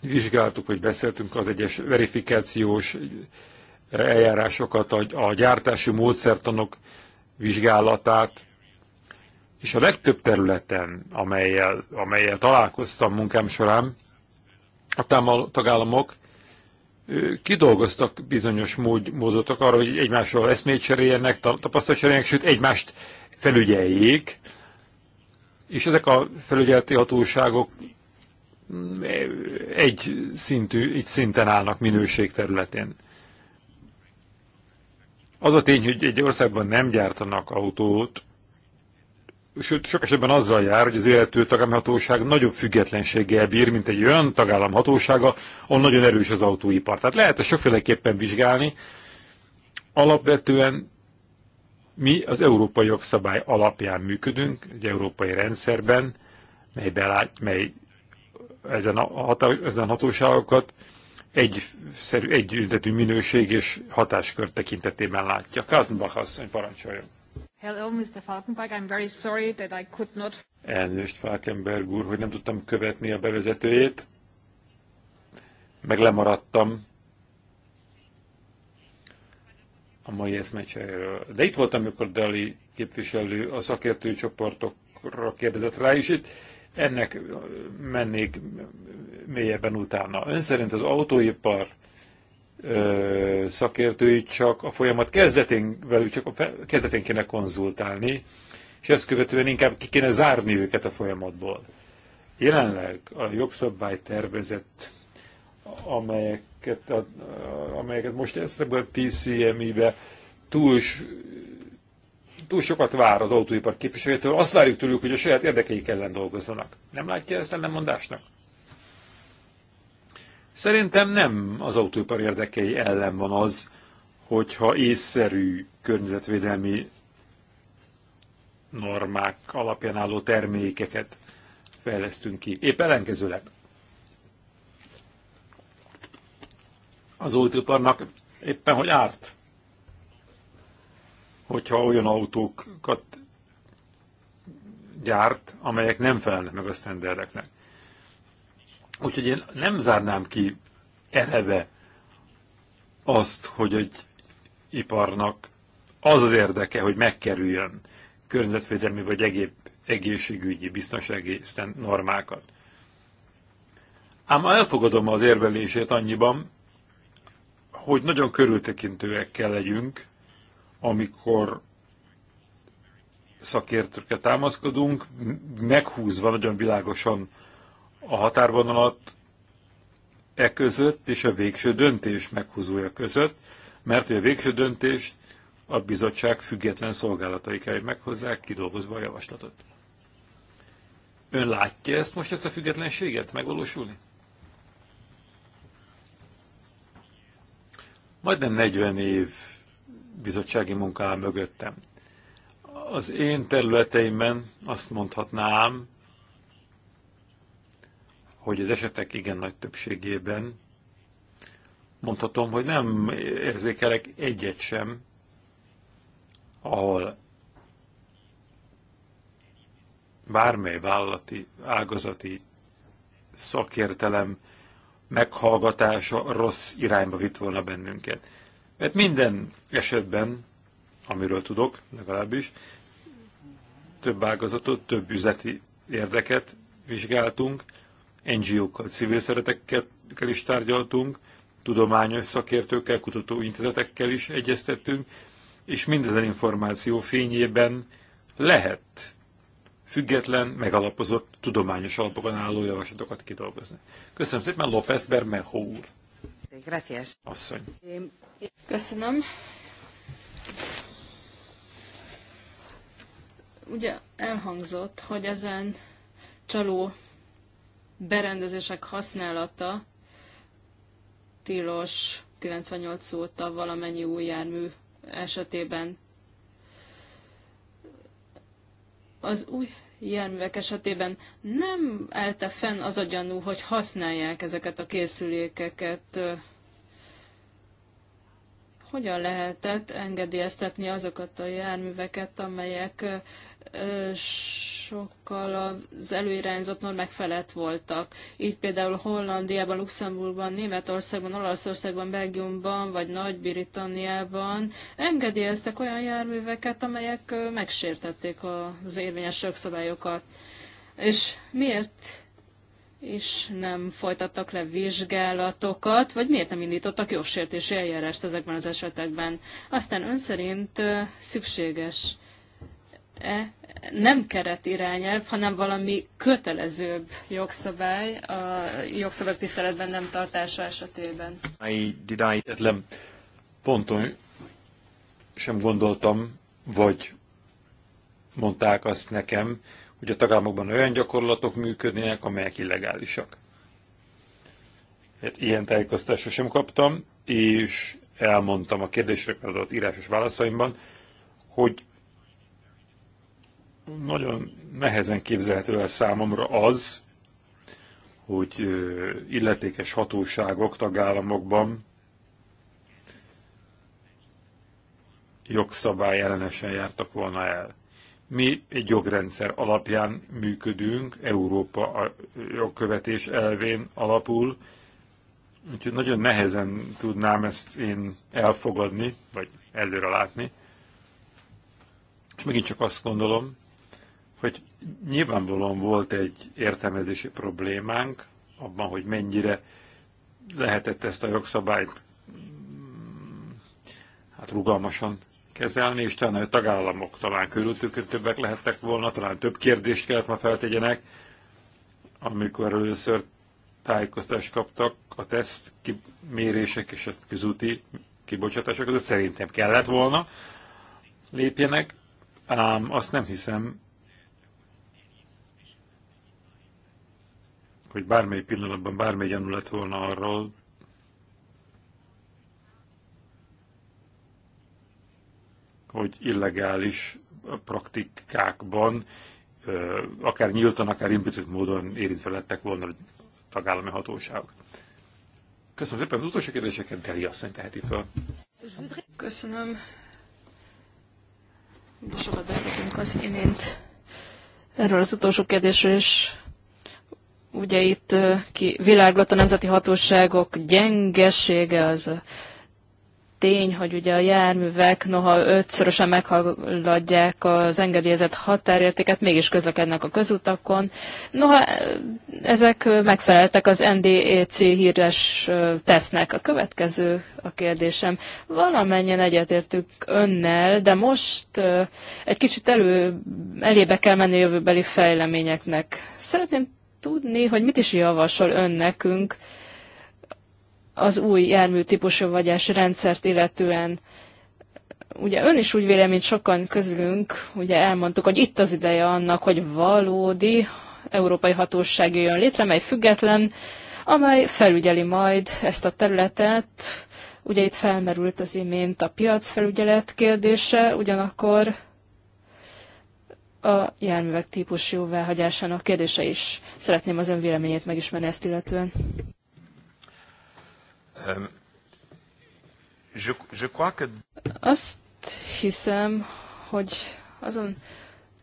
vizsgáltuk, hogy beszéltünk az egyes verifikációs eljárásokat, a, a gyártási módszertanok vizsgálatát, és a legtöbb területen, amelyel, amelyel találkoztam munkám során, a tagállamok kidolgoztak bizonyos mód, módotok arra, hogy egymásról eszmét cseréljenek, tapasztalat cseréljenek, sőt egymást felügyeljék, és ezek a felügyeleti hatóságok mm, e, egy, szintű, egy szinten állnak minőség területén. Az a tény, hogy egy országban nem gyártanak autót, sőt, sok esetben azzal jár, hogy az élető tagállamhatóság nagyobb függetlenséggel bír, mint egy olyan tagállamhatósága, ahol nagyon erős az autóipar. Tehát lehet ezt sokféleképpen vizsgálni. Alapvetően mi az európai jogszabály alapján működünk, egy európai rendszerben, mely, belát, mely ezen, a hatá, ezen hatóságokat egy, egy minőség és hatáskör tekintetében látja. Kaltenbach asszony, parancsoljon! Hello, Mr. Falkenberg, I'm very sorry that I could not... Elnőst, Falkenberg úr, hogy nem tudtam követni a bevezetőjét. Meg lemaradtam a mai eszmecseréről. De itt voltam, amikor Dali képviselő a csoportokra kérdezett rá, és itt ennek mennék mélyebben utána. Ön szerint az autóipar szakértői csak a folyamat kezdetén, velük csak a kezdetén kéne konzultálni, és ezt követően inkább ki kéne zárni őket a folyamatból. Jelenleg a jogszabály tervezett, amelyeket, a, amelyeket most ezt a TCMI-be túl, túl sokat vár az autóipar képviselőtől, azt várjuk tőlük, hogy a saját érdekeik ellen dolgozzanak. Nem látja ezt ellenmondásnak? Szerintem nem az autóipar érdekei ellen van az, hogyha észszerű környezetvédelmi normák alapján álló termékeket fejlesztünk ki. Épp ellenkezőleg. Az autóiparnak éppen hogy árt, hogyha olyan autókat gyárt, amelyek nem felelnek meg a sztenderdeknek. Úgyhogy én nem zárnám ki eleve azt, hogy egy iparnak az az érdeke, hogy megkerüljön környezetvédelmi vagy egyéb egészségügyi, biztonsági normákat. Ám elfogadom az érvelését annyiban, hogy nagyon körültekintőek kell legyünk, amikor szakértőket támaszkodunk, meghúzva nagyon világosan a határvonalat e között és a végső döntés meghúzója között, mert hogy a végső döntést a bizottság független szolgálatai kell, hogy meghozzák, kidolgozva a javaslatot. Ön látja ezt most, ezt a függetlenséget megvalósulni? Majdnem 40 év bizottsági munkám mögöttem. Az én területeimben azt mondhatnám, hogy az esetek igen nagy többségében mondhatom, hogy nem érzékelek egyet sem, ahol bármely vállalati, ágazati szakértelem meghallgatása rossz irányba vitt volna bennünket. Mert minden esetben, amiről tudok legalábbis, több ágazatot, több üzleti érdeket vizsgáltunk, NGO-kkal, civil szeretekkel is tárgyaltunk, tudományos szakértőkkel, kutatóintézetekkel is egyeztettünk, és mindezen információ fényében lehet független, megalapozott, tudományos alapokon álló javaslatokat kidolgozni. Köszönöm szépen, López Bermejo úr. Gracias. Asszony. Köszönöm. Ugye elhangzott, hogy ezen csaló berendezések használata tilos 98 óta valamennyi új jármű esetében. Az új járművek esetében nem elte fenn az a gyanú, hogy használják ezeket a készülékeket. Hogyan lehetett engedélyeztetni azokat a járműveket, amelyek sokkal az előirányzott normák felett voltak. Így például Hollandiában, Luxemburgban, Németországban, Olaszországban, Belgiumban vagy Nagy-Britanniában engedélyeztek olyan járműveket, amelyek megsértették az érvényes jogszabályokat. És miért és nem folytattak le vizsgálatokat, vagy miért nem indítottak jogsértési eljárást ezekben az esetekben. Aztán ön szerint szükséges -e nem irányelv, hanem valami kötelezőbb jogszabály a jogszabály tiszteletben nem tartása esetében. I did I... ponton sem gondoltam, vagy mondták azt nekem, hogy a tagállamokban olyan gyakorlatok működnének, amelyek illegálisak. Hát ilyen tájékoztatást sem kaptam, és elmondtam a kérdésre adott írásos válaszaimban, hogy nagyon nehezen képzelhető el számomra az, hogy illetékes hatóságok tagállamokban jogszabály ellenesen jártak volna el. Mi egy jogrendszer alapján működünk, Európa a jogkövetés elvén alapul, úgyhogy nagyon nehezen tudnám ezt én elfogadni, vagy előre látni. És megint csak azt gondolom, hogy nyilvánvalóan volt egy értelmezési problémánk abban, hogy mennyire lehetett ezt a jogszabályt mm, hát rugalmasan kezelni, és talán a tagállamok talán körültük, többek lehettek volna, talán több kérdést kellett ma feltegyenek, amikor először tájékoztást kaptak a teszt mérések és a közúti kibocsátások között, szerintem kellett volna lépjenek, ám azt nem hiszem, hogy bármely pillanatban bármely gyanú lett volna arról, hogy illegális praktikákban, akár nyíltan, akár implicit módon érintve lettek volna a tagállami hatóságok. Köszönöm szépen az utolsó kérdéseket, Deli asszony teheti fel. Köszönöm. De sokat beszéltünk az imént erről az utolsó kérdésről, és Ugye itt ki, világlott a nemzeti hatóságok gyengesége az tény, hogy ugye a járművek noha ötszörösen meghaladják az engedélyezett határértéket, mégis közlekednek a közutakon. Noha ezek megfeleltek az NDEC híres tesznek. A következő a kérdésem. Valamennyien egyetértük önnel, de most egy kicsit elő, elébe kell menni a jövőbeli fejleményeknek. Szeretném tudni, hogy mit is javasol ön nekünk az új járműtípusú vagyás rendszert illetően. Ugye ön is úgy vélem, mint sokan közülünk, ugye elmondtuk, hogy itt az ideje annak, hogy valódi európai hatóság jön létre, mely független, amely felügyeli majd ezt a területet. Ugye itt felmerült az imént a piacfelügyelet kérdése, ugyanakkor a járművek típus jóváhagyásának kérdése is. Szeretném az ön véleményét megismerni ezt illetően. Um, je, je crois que... Azt hiszem, hogy azon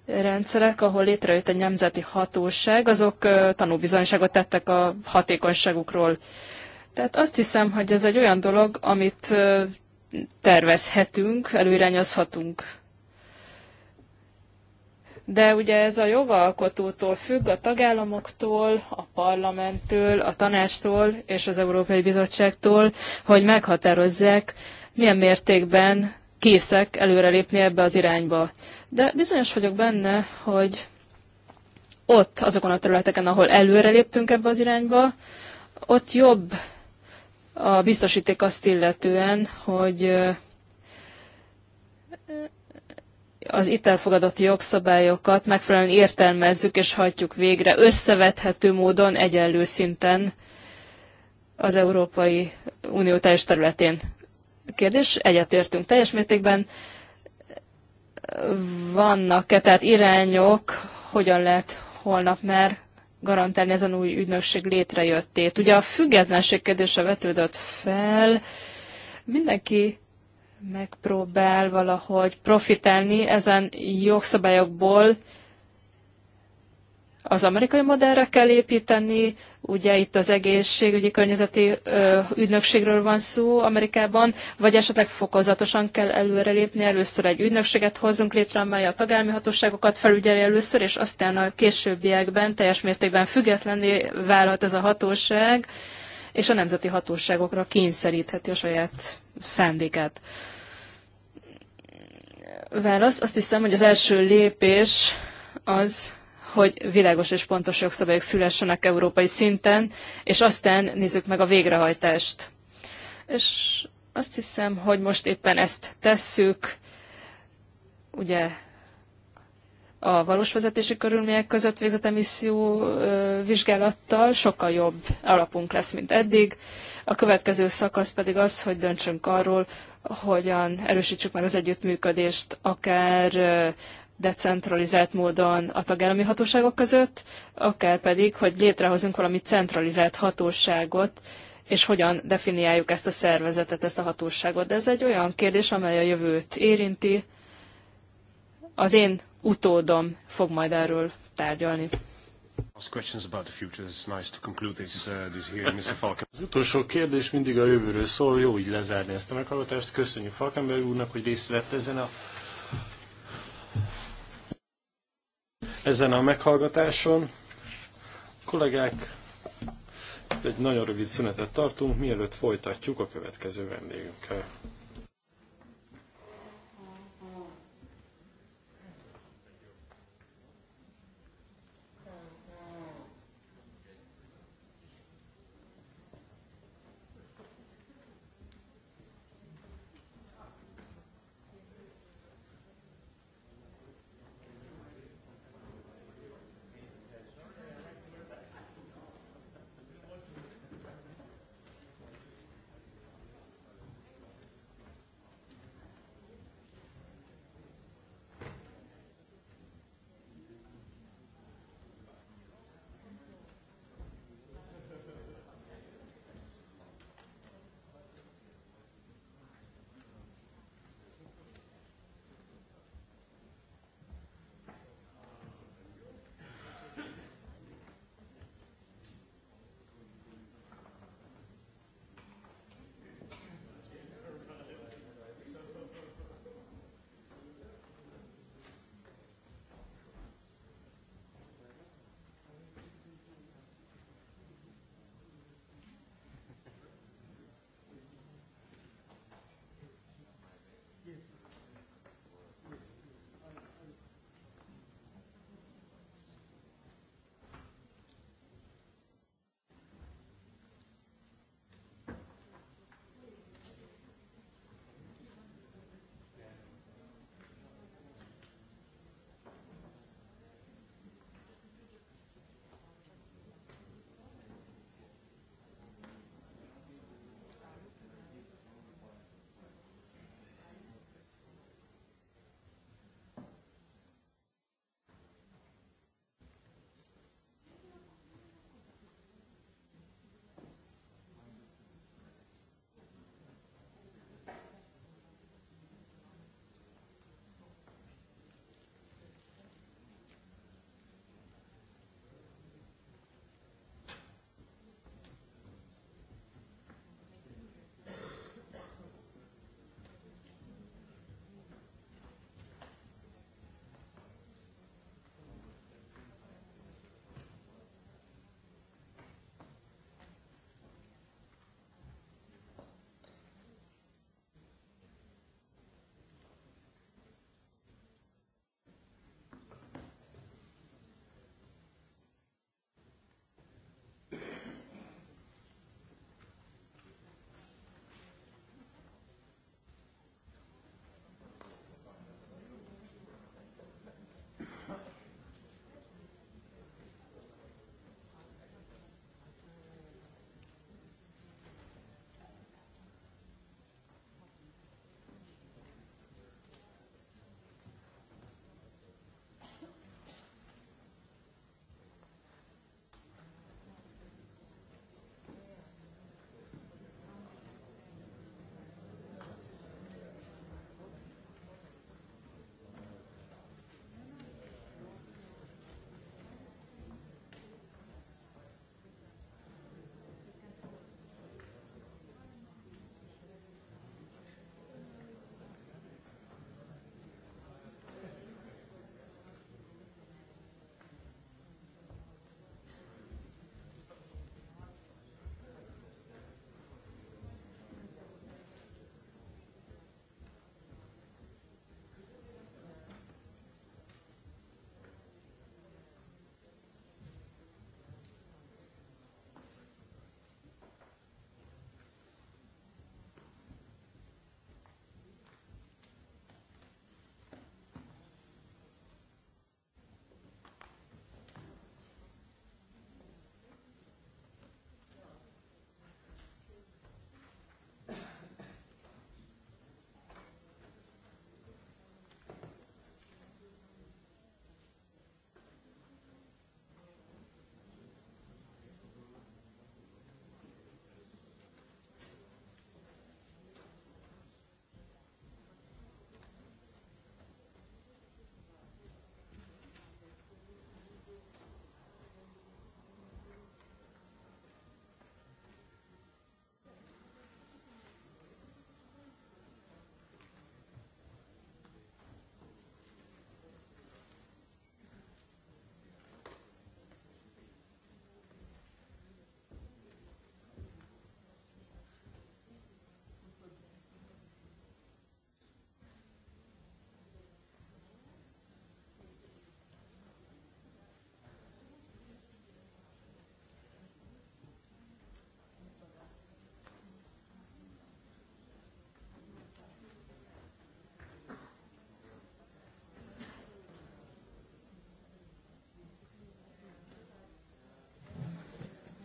rendszerek, ahol létrejött egy nemzeti hatóság, azok tanúbizonyságot tettek a hatékonyságukról. Tehát azt hiszem, hogy ez egy olyan dolog, amit tervezhetünk, előirányozhatunk de ugye ez a jogalkotótól függ, a tagállamoktól, a parlamenttől, a tanástól és az Európai Bizottságtól, hogy meghatározzák, milyen mértékben készek előrelépni ebbe az irányba. De bizonyos vagyok benne, hogy ott, azokon a területeken, ahol előreléptünk ebbe az irányba, ott jobb a biztosíték azt illetően, hogy az itt elfogadott jogszabályokat megfelelően értelmezzük és hajtjuk végre összevethető módon egyenlő szinten az Európai Unió teljes területén. Kérdés, egyetértünk teljes mértékben. Vannak-e tehát irányok, hogyan lehet holnap már garantálni ezen új ügynökség létrejöttét? Ugye a függetlenség kérdése vetődött fel, mindenki megpróbál valahogy profitálni ezen jogszabályokból, az amerikai modellre kell építeni, ugye itt az egészségügyi környezeti ö, ügynökségről van szó Amerikában, vagy esetleg fokozatosan kell előrelépni, először egy ügynökséget hozzunk létre, amely a tagállami hatóságokat felügyeli először, és aztán a későbbiekben teljes mértékben függetlenné válhat ez a hatóság, és a nemzeti hatóságokra kényszerítheti a saját szándékát válasz. Azt hiszem, hogy az első lépés az, hogy világos és pontos jogszabályok szülessenek európai szinten, és aztán nézzük meg a végrehajtást. És azt hiszem, hogy most éppen ezt tesszük. Ugye a valós vezetési körülmények között végzett emisszió vizsgálattal sokkal jobb alapunk lesz, mint eddig. A következő szakasz pedig az, hogy döntsünk arról, hogyan erősítsük meg az együttműködést, akár decentralizált módon a tagállami hatóságok között, akár pedig, hogy létrehozunk valami centralizált hatóságot, és hogyan definiáljuk ezt a szervezetet, ezt a hatóságot. De ez egy olyan kérdés, amely a jövőt érinti, az én utódom fog majd erről tárgyalni. Uh, [LAUGHS] az utolsó kérdés mindig a jövőről szól, jó így lezárni ezt a meghallgatást. Köszönjük Falkenberg úrnak, hogy részt vett ezen a ezen a meghallgatáson. Kollégák, egy nagyon rövid szünetet tartunk, mielőtt folytatjuk a következő vendégünkkel.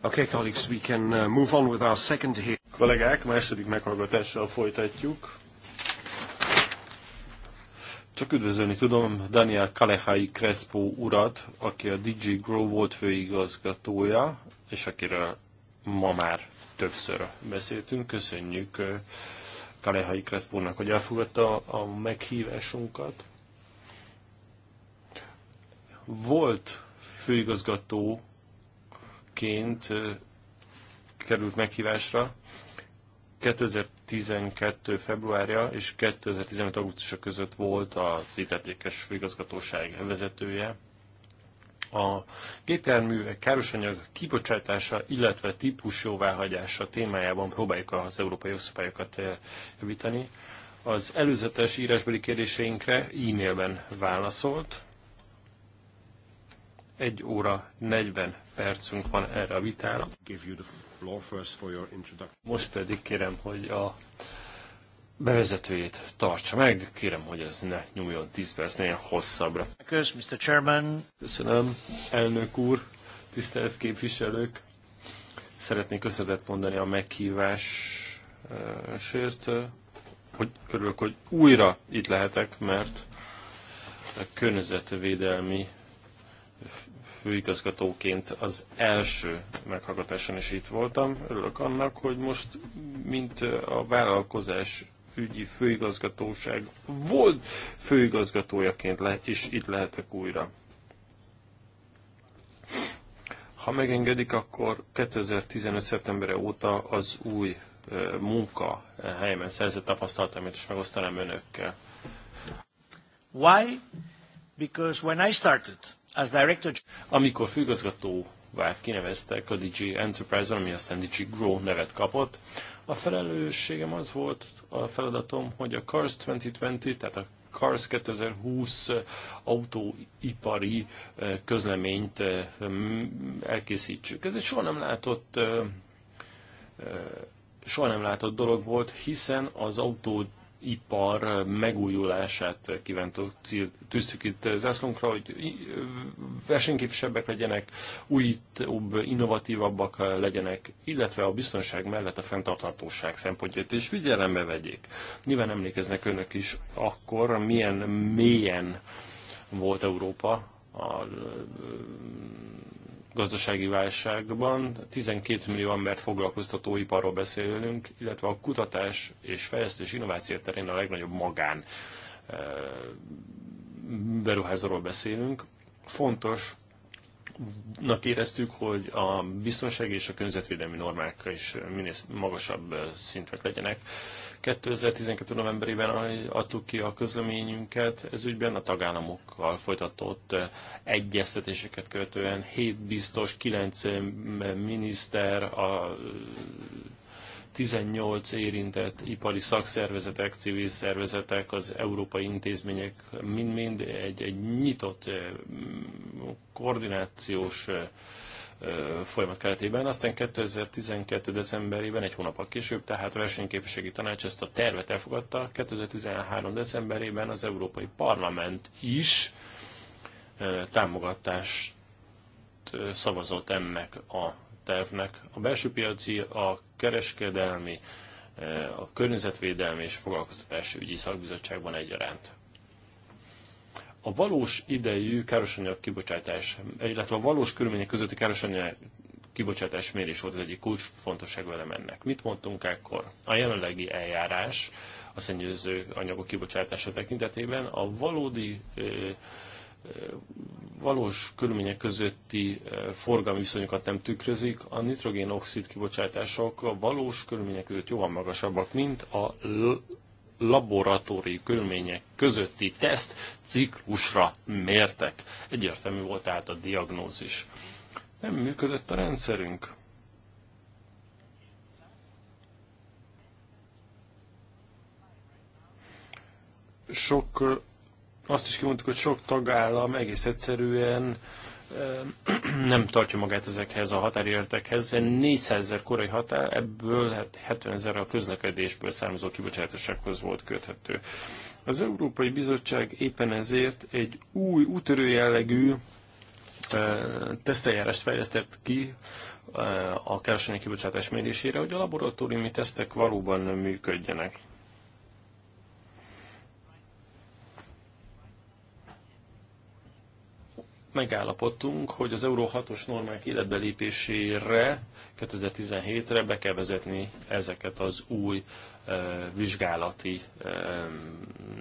Okay, colleagues, we can uh, move on with our second hearing. Kollégák, második meghallgatással folytatjuk. Csak üdvözölni tudom Daniel Kalehai Crespo urat, aki a DG Grow volt főigazgatója, és akiről ma már többször beszéltünk. Köszönjük uh, Kalehai Crespónak, hogy elfogadta a meghívásunkat. Volt főigazgató elnökként került meghívásra. 2012. februárja és 2015. augusztusa között volt az illetékes főigazgatóság vezetője. A gépjárművek károsanyag kibocsátása, illetve típus jóváhagyása témájában próbáljuk az európai jogszabályokat javítani. Az előzetes írásbeli kérdéseinkre e-mailben válaszolt, 1 óra 40 percünk van erre a vitára. Most pedig kérem, hogy a bevezetőjét tartsa meg. Kérem, hogy ez ne nyúljon 10 percnél hosszabbra. Kösz, Mr. Chairman. Köszönöm, elnök úr, tisztelt képviselők. Szeretnék köszönetet mondani a meghívásért, hogy örülök, hogy újra itt lehetek, mert a környezetvédelmi főigazgatóként az első meghallgatáson is itt voltam. Örülök annak, hogy most, mint a vállalkozás ügyi főigazgatóság volt főigazgatójaként le, és itt lehetek újra. Ha megengedik, akkor 2015. szeptembere óta az új munka helyemen szerzett tapasztalatomat is megosztanám önökkel. Why? Because when I started, amikor vált kineveztek a DG enterprise ben ami aztán DG Grow nevet kapott, a felelősségem az volt a feladatom, hogy a Cars 2020, tehát a Cars 2020 autóipari eh, közleményt eh, elkészítsük. Ez egy soha nem látott eh, soha nem látott dolog volt, hiszen az autó ipar megújulását kívántuk, tűztük itt zászlónkra, hogy versenyképesebbek legyenek, újítóbb, innovatívabbak legyenek, illetve a biztonság mellett a fenntarthatóság szempontját is figyelembe vegyék. Nyilván emlékeznek önök is akkor, milyen mélyen volt Európa a gazdasági válságban 12 millió embert foglalkoztató iparról beszélünk, illetve a kutatás és fejlesztés innováció terén a legnagyobb magán eh, beruházóról beszélünk. Fontos fontosnak éreztük, hogy a biztonsági és a környezetvédelmi normák is minél magasabb eh, szintek legyenek. 2012. novemberében adtuk ki a közleményünket, ez ügyben a tagállamokkal folytatott eh, egyeztetéseket követően 7 biztos, 9 eh, miniszter, a 18 eh, érintett ipari szakszervezetek, civil szervezetek, az európai intézmények mind-mind egy, egy nyitott koordinációs folyamat keretében. Aztán 2012. decemberében, egy hónap később, tehát a versenyképességi tanács ezt a tervet elfogadta. 2013. decemberében az Európai Parlament is támogatást szavazott ennek a tervnek. A belső piaci, a kereskedelmi, a környezetvédelmi és foglalkoztatási ügyi szakbizottságban egyaránt a valós idejű károsanyag kibocsátás, illetve a valós körülmények közötti károsanyag kibocsátás mérés volt az egyik kulcsfontosságú elem ennek. Mit mondtunk ekkor? A jelenlegi eljárás a szennyező anyagok kibocsátása tekintetében a valódi valós körülmények közötti forgalmi viszonyokat nem tükrözik, a nitrogén-oxid kibocsátások a valós körülmények között jóval magasabbak, mint a laboratóriumi körülmények közötti teszt ciklusra mértek. Egyértelmű volt tehát a diagnózis. Nem működött a rendszerünk. Sok, azt is kimondtuk, hogy sok tagállam egész egyszerűen [CLEARS THROAT] nem tartja magát ezekhez a határértekhez. 400 ezer korai határ, ebből hát 70 ezer a közlekedésből származó kibocsátásokhoz volt köthető. Az Európai Bizottság éppen ezért egy új, útörő jellegű teszteljárást fejlesztett ki a károsanyag kibocsátás mérésére, hogy a laboratóriumi tesztek valóban működjenek. megállapodtunk, hogy az Euró 6-os normák életbelépésére 2017-re be kell vezetni ezeket az új eh, vizsgálati eh,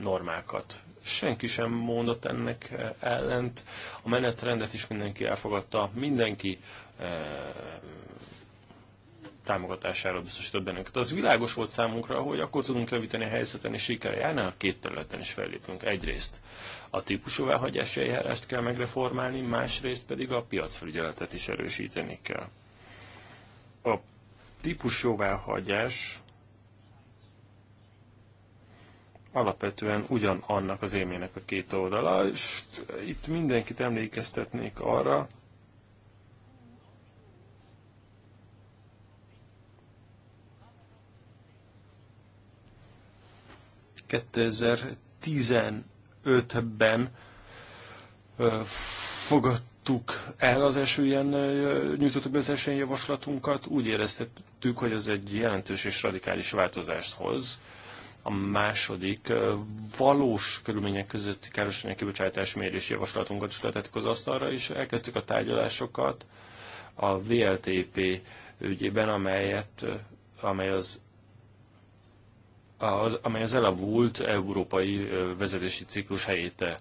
normákat. Senki sem mondott ennek eh, ellent. A menetrendet is mindenki elfogadta, mindenki támogatásáról biztosított bennünket. Az világos volt számunkra, hogy akkor tudunk javítani a helyzeten, és sikerre járni, a két területen is fellépünk. Egyrészt a típusú eljárást kell megreformálni, másrészt pedig a piacfelügyeletet is erősíteni kell. A típusúváhagyás jóváhagyás alapvetően ugyanannak az élménynek a két oldala, és itt mindenkit emlékeztetnék arra, 2015-ben fogadtuk el az első ilyen, nyújtottuk be az első ilyen javaslatunkat, úgy éreztettük, hogy ez egy jelentős és radikális változást hoz. A második valós körülmények közötti károsanyag kibocsátás mérés javaslatunkat is letettük az asztalra, és elkezdtük a tárgyalásokat a VLTP ügyében, amelyet, amely az az, amely az elavult európai vezetési ciklus helyét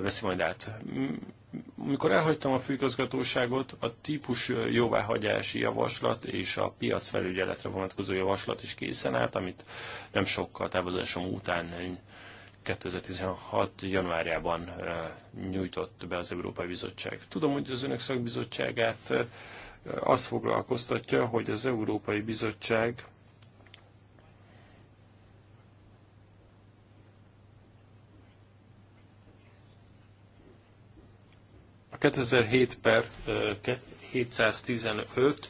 veszi majd át. Mikor elhagytam a főigazgatóságot, a típus jóváhagyási javaslat és a piacfelügyeletre vonatkozó javaslat is készen állt, amit nem sokkal távozásom után 2016. januárjában nyújtott be az Európai Bizottság. Tudom, hogy az Önök szakbizottságát az foglalkoztatja, hogy az Európai Bizottság A 2007 per 715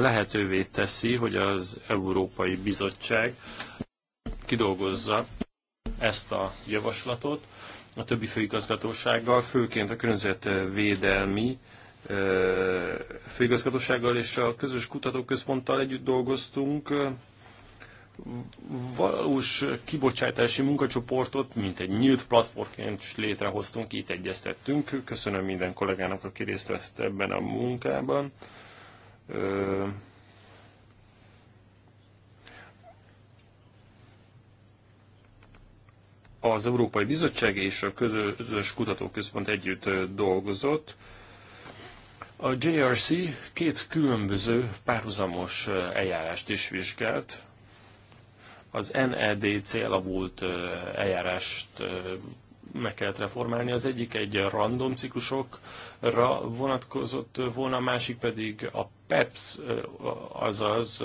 lehetővé teszi, hogy az Európai Bizottság kidolgozza ezt a javaslatot a többi főigazgatósággal, főként a környezetvédelmi főigazgatósággal és a közös kutatóközponttal együtt dolgoztunk valós kibocsátási munkacsoportot, mint egy nyílt platformként is létrehoztunk, itt egyeztettünk. Köszönöm minden kollégának, aki részt vett ebben a munkában. Az Európai Bizottság és a Közös Kutatóközpont együtt dolgozott. A JRC két különböző párhuzamos eljárást is vizsgált, az NEDC célavult eljárást meg kellett reformálni. Az egyik egy random ciklusokra vonatkozott volna, a másik pedig a PEPS, azaz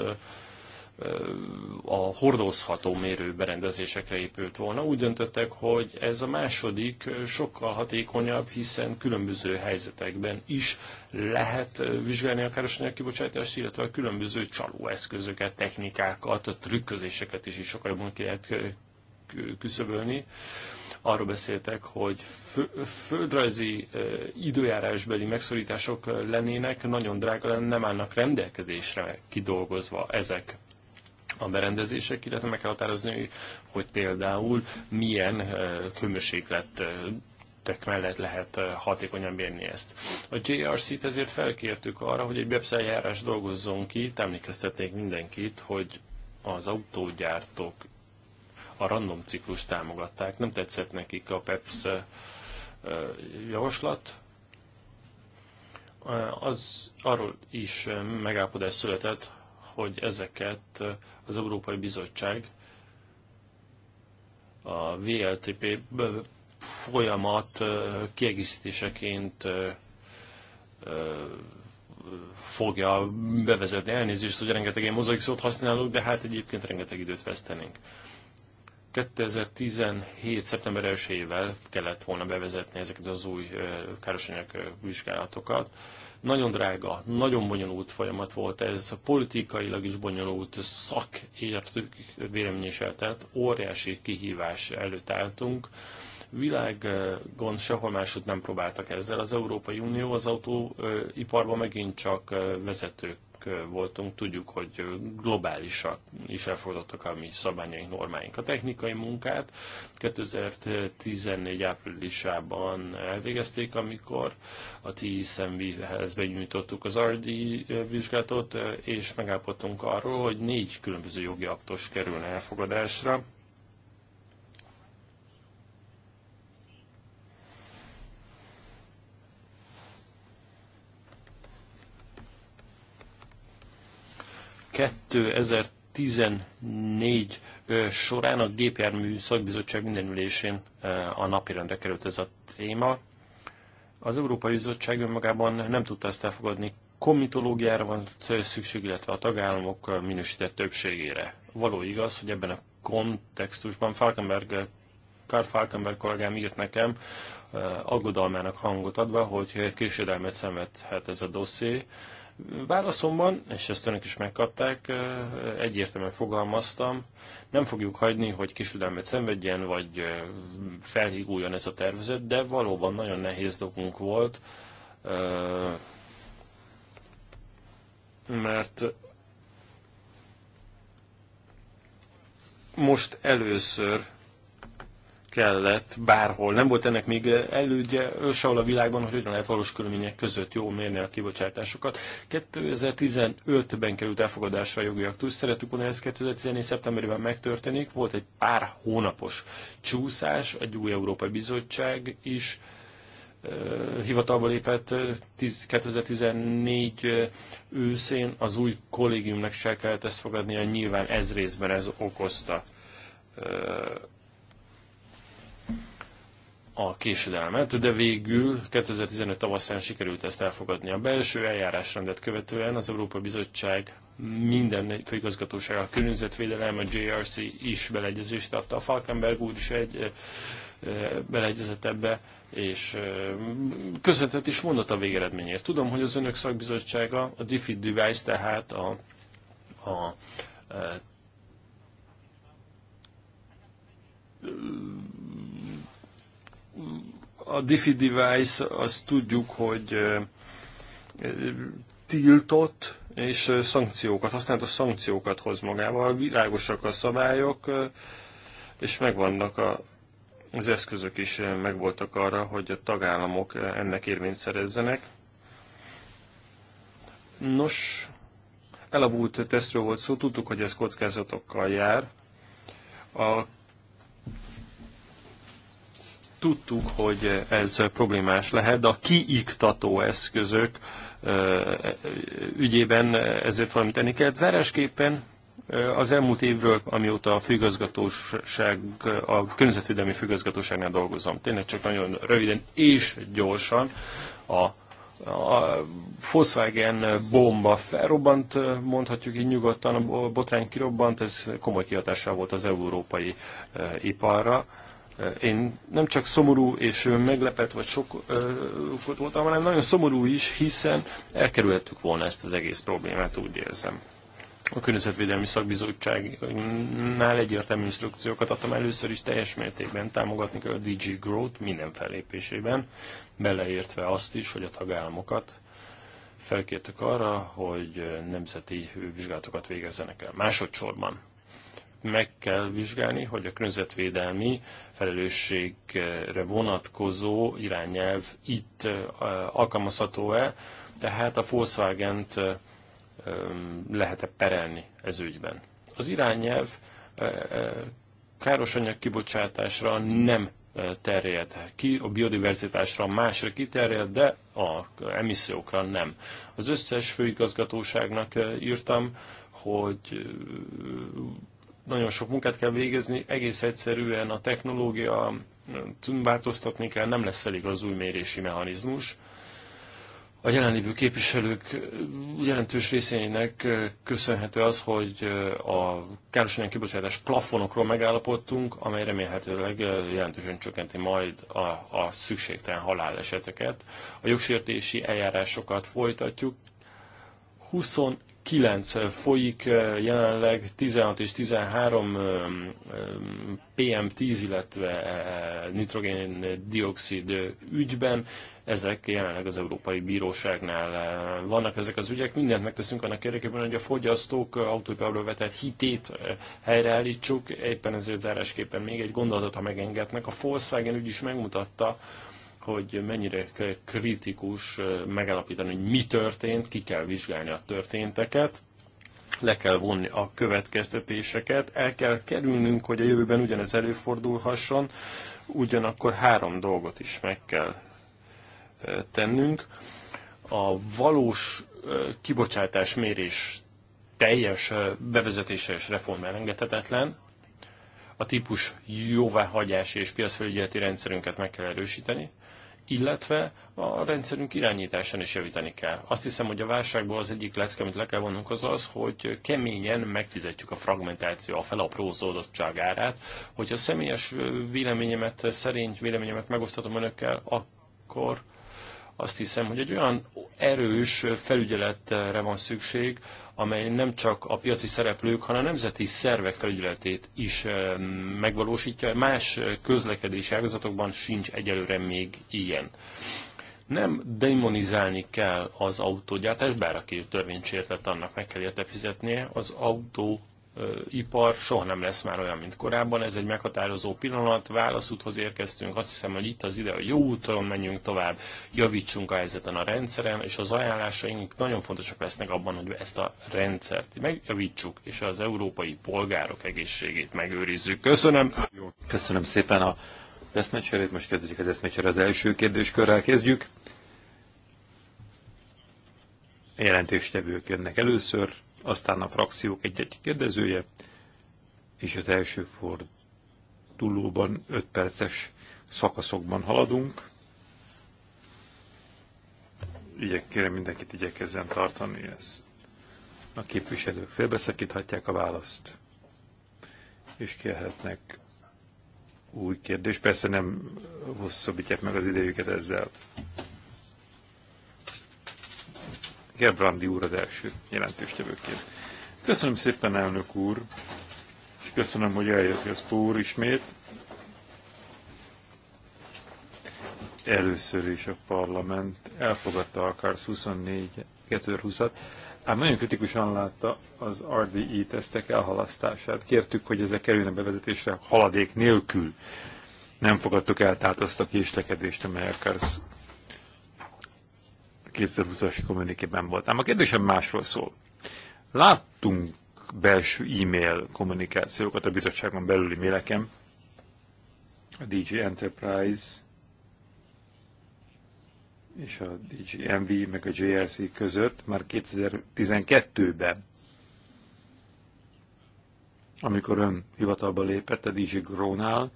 a hordozható mérőberendezésekre épült volna. Úgy döntöttek, hogy ez a második sokkal hatékonyabb, hiszen különböző helyzetekben is lehet vizsgálni a károsanyag kibocsátást, illetve a különböző csalóeszközöket, technikákat, trükközéseket is, is sokkal jobban ki lehet küszöbölni. Arról beszéltek, hogy földrajzi időjárásbeli megszorítások lennének, nagyon drága lenne, nem állnak rendelkezésre kidolgozva ezek a berendezések, illetve meg kell határozni, hogy például milyen kömöséklet eh, tek mellett lehet eh, hatékonyan bírni ezt. A JRC-t ezért felkértük arra, hogy egy webszájárás dolgozzon ki, emlékeztetnék mindenkit, hogy az autógyártók a random ciklus támogatták, nem tetszett nekik a PEPS eh, javaslat, az arról is megállapodás született, hogy ezeket az Európai Bizottság a VLTP folyamat kiegészítéseként fogja bevezetni. Elnézést, hogy rengeteg ilyen mozaik szót használunk, de hát egyébként rengeteg időt vesztenénk. 2017. szeptember 1 kellett volna bevezetni ezeket az új károsanyag vizsgálatokat. Nagyon drága, nagyon bonyolult folyamat volt ez, a politikailag is bonyolult szakértők véleményeseltet, óriási kihívás előtt álltunk. Világon sehol máshogy nem próbáltak ezzel. Az Európai Unió az autóiparban megint csak vezetők voltunk, tudjuk, hogy globálisak is elfogadottak a mi szabályaink, normáink. A technikai munkát 2014 áprilisában elvégezték, amikor a TSMV-hez benyújtottuk az RD vizsgátot, és megállapodtunk arról, hogy négy különböző jogi aktus kerülne elfogadásra, 2014 során a gépjármű szakbizottság minden ülésén a napirendre került ez a téma. Az Európai Bizottság önmagában nem tudta ezt elfogadni. Komitológiára van szükség, illetve a tagállamok minősített többségére. Való igaz, hogy ebben a kontextusban Falkenberg, Karl Falkenberg kollégám írt nekem, aggodalmának hangot adva, hogy késődelmet szenvedhet ez a dosszé Válaszomban, és ezt önök is megkapták, egyértelműen fogalmaztam, nem fogjuk hagyni, hogy kisüdelmet szenvedjen, vagy felhíguljon ez a tervezet, de valóban nagyon nehéz dolgunk volt, mert most először kellett bárhol. Nem volt ennek még elődje sehol a világban, hogy hogyan lehet valós körülmények között jó mérni a kibocsátásokat. 2015-ben került elfogadásra a jogi aktus, szeretük volna ez 2014. szeptemberében megtörténik. Volt egy pár hónapos csúszás, egy új Európai Bizottság is hivatalba lépett 2014 őszén, az új kollégiumnak se kellett ezt fogadnia, nyilván ez részben ez okozta a késedelmet, de végül 2015 tavaszán sikerült ezt elfogadni. A belső eljárásrendet követően az Európai Bizottság minden főigazgatóság, a környezetvédelem, a JRC is beleegyezést adta. A Falkenberg úr is egy beleegyezett ebbe, és köszöntet is mondott a végeredményért. Tudom, hogy az önök szakbizottsága, a Diffid Device, tehát a, a, a a Diffy device, azt tudjuk, hogy tiltott és szankciókat, a szankciókat hoz magával, világosak a szabályok, és megvannak a, az eszközök is megvoltak arra, hogy a tagállamok ennek érvényt szerezzenek. Nos, elavult tesztről volt szó, tudtuk, hogy ez kockázatokkal jár. A Tudtuk, hogy ez problémás lehet, de a kiiktató eszközök ügyében ezért valamit tenni kell. Zárásképpen az elmúlt évről, amióta a főgazgatóság, a környezetvédelmi főgazgatóságnál dolgozom, tényleg csak nagyon röviden és gyorsan a a Volkswagen bomba felrobbant, mondhatjuk így nyugodtan, a botrány kirobbant, ez komoly kihatással volt az európai iparra. Én nem csak szomorú és meglepet vagy sokkot voltam, hanem nagyon szomorú is, hiszen elkerülhettük volna ezt az egész problémát, úgy érzem. A Környezetvédelmi Szakbizottságnál egyértelmű instrukciókat adtam először is teljes mértékben támogatni kell a DG Growth minden fellépésében, beleértve azt is, hogy a tagállamokat felkértük arra, hogy nemzeti vizsgálatokat végezzenek el. Másodszorban meg kell vizsgálni, hogy a környezetvédelmi felelősségre vonatkozó irányelv itt alkalmazható-e, tehát a volkswagen lehet-e perelni ez ügyben. Az irányelv káros anyag kibocsátásra nem terjed ki, a biodiverzitásra másra kiterjed, de a emissziókra nem. Az összes főigazgatóságnak írtam, hogy nagyon sok munkát kell végezni, egész egyszerűen a technológia mm, változtatni kell, nem lesz elég az új mérési mechanizmus. A jelenlévő képviselők mm, jelentős részének köszönhető az, hogy a károsanyag kibocsátás plafonokról megállapodtunk, amely remélhetőleg jelentősen csökkenti majd a, a szükségtelen haláleseteket. A jogsértési eljárásokat folytatjuk. 20 9 folyik, jelenleg 16 és 13 PM10, illetve nitrogén-dioxid ügyben. Ezek jelenleg az Európai Bíróságnál vannak ezek az ügyek. Mindent megteszünk annak érdekében, hogy a fogyasztók autópályáról vetett hitét helyreállítsuk. Éppen ezért zárásképpen még egy gondolatot, ha megengednek. A Volkswagen ügy is megmutatta, hogy mennyire kritikus eh, megállapítani, hogy mi történt, ki kell vizsgálni a történteket, le kell vonni a következtetéseket, el kell kerülnünk, hogy a jövőben ugyanez előfordulhasson, ugyanakkor három dolgot is meg kell eh, tennünk. A valós eh, kibocsátás mérés teljes bevezetése és reform elengedhetetlen, a típus jóváhagyás és piacfelügyeleti rendszerünket meg kell erősíteni, illetve a rendszerünk irányításán is javítani kell. Azt hiszem, hogy a válságból az egyik lecke, amit le kell vonnunk, az az, hogy keményen megfizetjük a fragmentáció, a felaprózódottság árát. Hogyha személyes véleményemet, szerint véleményemet megosztatom önökkel, akkor azt hiszem, hogy egy olyan erős felügyeletre van szükség, amely nem csak a piaci szereplők, hanem a nemzeti szervek felügyeletét is eh, megvalósítja. Más közlekedési ágazatokban sincs egyelőre még ilyen. Nem demonizálni kell az autógyártást, bár aki törvényt sértett, annak meg kell érte fizetnie. Az autó ipar soha nem lesz már olyan, mint korábban. Ez egy meghatározó pillanat, válaszúthoz érkeztünk, azt hiszem, hogy itt az ide a jó úton menjünk tovább, javítsunk a helyzeten a rendszeren, és az ajánlásaink nagyon fontosak lesznek abban, hogy ezt a rendszert megjavítsuk, és az európai polgárok egészségét megőrizzük. Köszönöm! Köszönöm szépen a eszmecserét, most kezdjük az eszmecserét az első kérdéskörrel kezdjük. Jelentéstevők jönnek először, aztán a frakciók egy-egy kérdezője, és az első fordulóban 5 perces szakaszokban haladunk. Igyek, kérem mindenkit igyekezzen tartani ezt. A képviselők félbeszakíthatják a választ, és kérhetnek új kérdést. Persze nem hosszabbítják meg az idejüket ezzel. Gerbrandi úr az első jelentéstevőként. Köszönöm szépen, elnök úr, és köszönöm, hogy eljött ez úr ismét. Először is a parlament elfogadta a CARS 24 2020-at, ám nagyon kritikusan látta az RDI tesztek elhalasztását. Kértük, hogy ezek kerülne bevezetésre haladék nélkül. Nem fogadtuk el, tehát azt a késlekedést, amely a CARS 2020-as kommunikében volt. Ám a kérdésem másról szól. Láttunk belső e-mail kommunikációkat a bizottságon belüli méleken, a DG Enterprise és a DG MV meg a JRC között már 2012-ben, amikor ön hivatalba lépett a DG Grónál,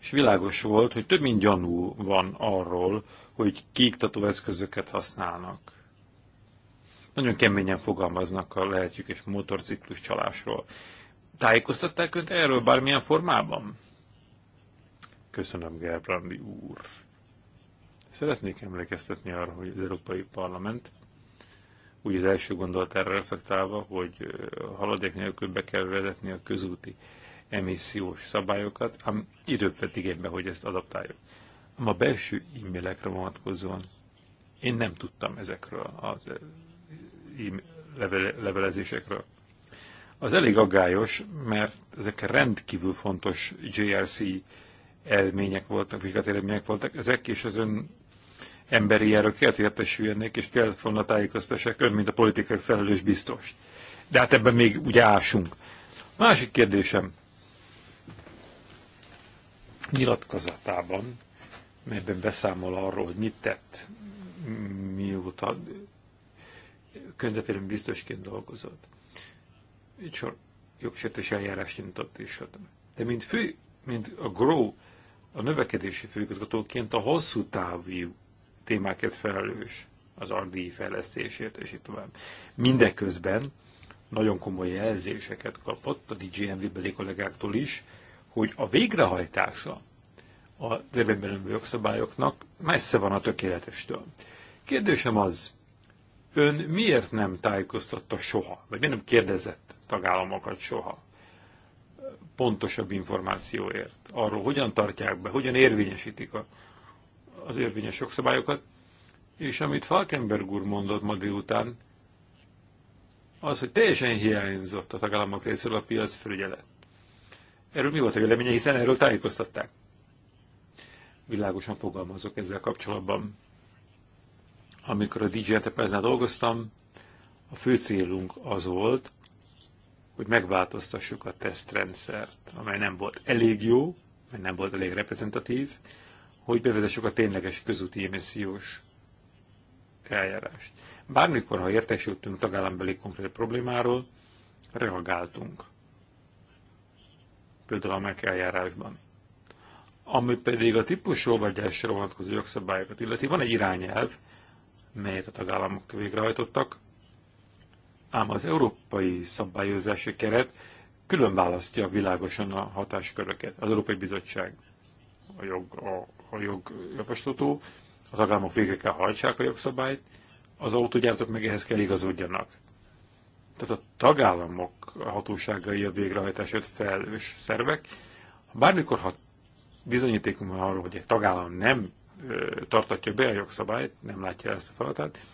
és világos volt, hogy több mint gyanú van arról, hogy kiiktató eszközöket használnak. Nagyon keményen fogalmaznak a lehetjük egy motorciklus csalásról. Tájékoztatták Önt erről bármilyen formában? Köszönöm, Gerbrandi úr. Szeretnék emlékeztetni arra, hogy az Európai Parlament úgy az első erre reflektálva, hogy haladék nélkül be kell vezetni a közúti emissziós szabályokat, ám időt igénybe, hogy ezt adaptáljuk a belső e-mailekre vonatkozóan én nem tudtam ezekről a e, e- levelezésekről. Az elég aggályos, mert ezek rendkívül fontos JRC elmények voltak, vizsgált eredmények voltak, ezek és az ön emberi erről kellett értesüljenek, és kellett volna tájékoztassák ön, mint a politikai felelős biztos. De hát ebben még ugye ásunk. Másik kérdésem. Nyilatkozatában melyben beszámol arról, hogy mit tett, mióta könyvefélem biztosként dolgozott. így sor jogsértés eljárást nyitott is. Hát. De mint fő, mint a GROW, a növekedési főigazgatóként a hosszú távú témákért felelős az RDI fejlesztésért, és így tovább. Mindeközben nagyon komoly jelzéseket kapott a DJMV beli kollégáktól is, hogy a végrehajtása a érvényben jogszabályoknak messze van a tökéletestől. Kérdésem az, ön miért nem tájékoztatta soha, vagy miért nem kérdezett tagállamokat soha pontosabb információért arról, hogyan tartják be, hogyan érvényesítik a, az érvényes jogszabályokat, és amit Falkenberg úr mondott ma délután, az, hogy teljesen hiányzott a tagállamok részéről a piacfelügyelet. Erről mi volt a véleménye, hiszen erről tájékoztatták világosan fogalmazok ezzel kapcsolatban. Amikor a DJ Enterprise-nál dolgoztam, a fő célunk az volt, hogy megváltoztassuk a tesztrendszert, amely nem volt elég jó, mert nem volt elég reprezentatív, hogy bevezessük a tényleges közúti emissziós eljárást. Bármikor, ha értesültünk tagállambeli konkrét problémáról, reagáltunk. Például a meg eljárásban. Ami pedig a típusjóvágyásra vonatkozó jogszabályokat illeti, van egy irányelv, melyet a tagállamok végrehajtottak, ám az európai szabályozási keret külön választja világosan a hatásköröket. Az Európai Bizottság a, jog, a, a jogjavaslató, a tagállamok végre kell hajtsák a jogszabályt, az autógyártók meg ehhez kell igazodjanak. Tehát a tagállamok hatóságai a végrehajtásért felelős szervek. Ha bármikor hat, bizonyítékunk van arról, hogy egy tagállam nem tartatja be a jogszabályt, nem látja ezt a feladatát,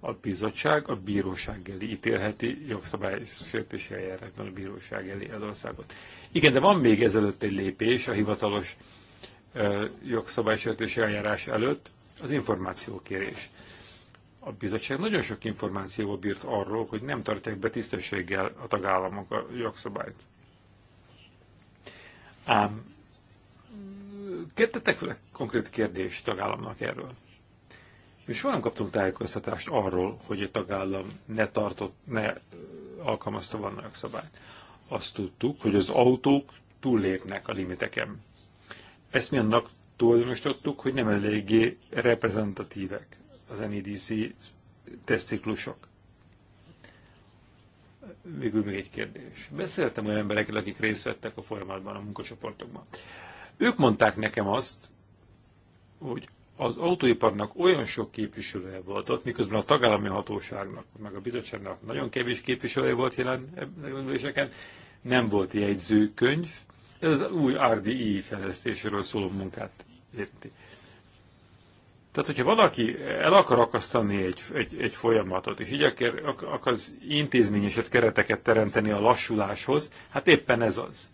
a bizottság a bíróság elé ítélheti jogszabály sértési eljárásban a bíróság elé az országot. Igen, de van még ezelőtt egy lépés a hivatalos sértési eljárás előtt, az információkérés. A bizottság nagyon sok információval bírt arról, hogy nem tartják be tisztességgel a tagállamok a jogszabályt. Ám Tettek fel konkrét kérdést tagállamnak erről. Mi soha nem kaptunk tájékoztatást arról, hogy a tagállam ne tartott, ne alkalmazta volna a szabályt. Azt tudtuk, hogy az autók túllépnek a limiteken. Ezt mi annak tulajdonosítottuk, hogy nem eléggé reprezentatívek az NEDC tesztciklusok. Végül még egy kérdés. Beszéltem olyan emberekkel, akik részt vettek a folyamatban, a munkacsoportokban. Ők mondták nekem azt, hogy az autóiparnak olyan sok képviselője volt ott, miközben a tagállami hatóságnak, meg a bizottságnak nagyon kevés képviselője volt jelen üléseken, nem volt jegyzőkönyv, ez az új RDI fejlesztéséről szóló munkát érti. Tehát, hogyha valaki el akar akasztani egy, egy, egy folyamatot, és így akar, akar az intézményeset kereteket teremteni a lassuláshoz, hát éppen ez az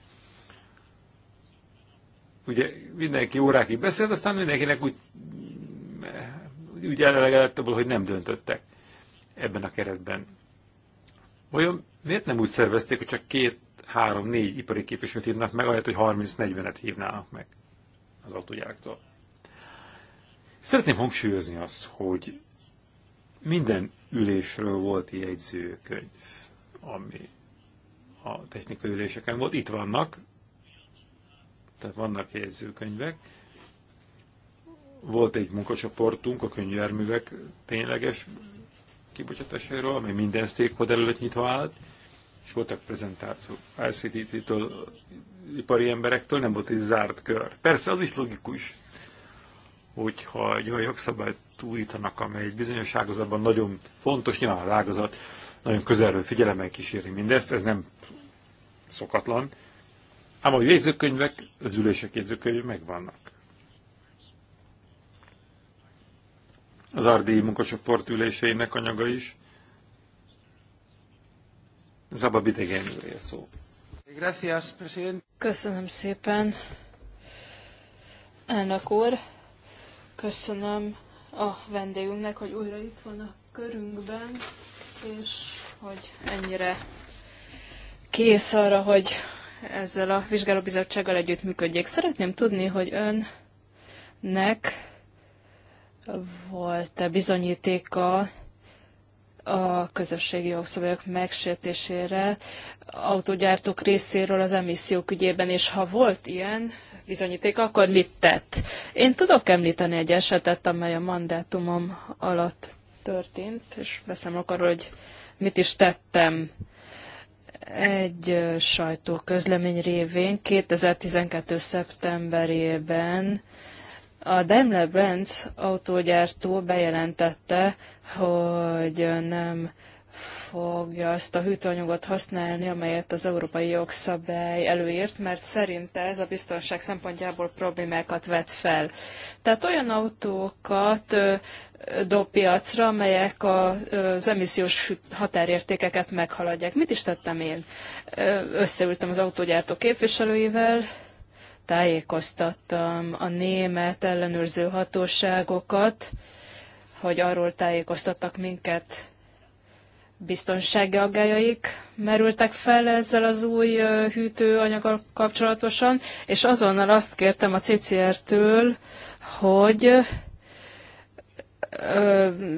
ugye mindenki órákig beszélt, aztán mindenkinek úgy, úgy lett abból, hogy nem döntöttek ebben a keretben. Vajon miért nem úgy szervezték, hogy csak két, három, négy ipari képviselőt hívnak meg, ahelyett, hogy 30-40-et hívnának meg az autógyáraktól? Szeretném hangsúlyozni azt, hogy minden ülésről volt jegyzőkönyv, ami a technikai üléseken volt. Itt vannak, tehát vannak jegyzőkönyvek. Volt egy munkacsoportunk a könyvjárművek tényleges kibocsátásáról, ami minden stakeholder előtt nyitva állt, és voltak prezentációk ICT-től, ipari emberektől, nem volt egy zárt kör. Persze az is logikus, hogyha egy olyan jogszabályt újítanak, amely egy bizonyos ágazatban nagyon fontos, nyilván a ágazat nagyon közelről figyelemmel kíséri mindezt, ez nem szokatlan, Ám a jegyzőkönyvek, az ülések jegyzőkönyve megvannak. Az RDI munkacsoport üléseinek anyaga is. Zaba Bidegen szó. Köszönöm szépen, elnök úr. Köszönöm a vendégünknek, hogy újra itt van a körünkben, és hogy ennyire kész arra, hogy ezzel a vizsgálóbizottsággal együttműködjék. Szeretném tudni, hogy önnek volt-e bizonyítéka a közösségi jogszabályok megsértésére autógyártók részéről az emissziók ügyében, és ha volt ilyen bizonyíték, akkor mit tett? Én tudok említeni egy esetet, amely a mandátumom alatt történt, és beszámolok arról, hogy mit is tettem egy sajtóközlemény révén 2012. szeptemberében a Daimler Benz autógyártó bejelentette, hogy nem fogja azt a hűtőanyagot használni, amelyet az európai jogszabály előírt, mert szerinte ez a biztonság szempontjából problémákat vet fel. Tehát olyan autókat dob piacra, amelyek az emissziós határértékeket meghaladják. Mit is tettem én? Összeültem az autógyártó képviselőivel, tájékoztattam a német ellenőrző hatóságokat, hogy arról tájékoztattak minket, biztonsági aggájaik merültek fel ezzel az új hűtőanyaggal kapcsolatosan, és azonnal azt kértem a CCR-től, hogy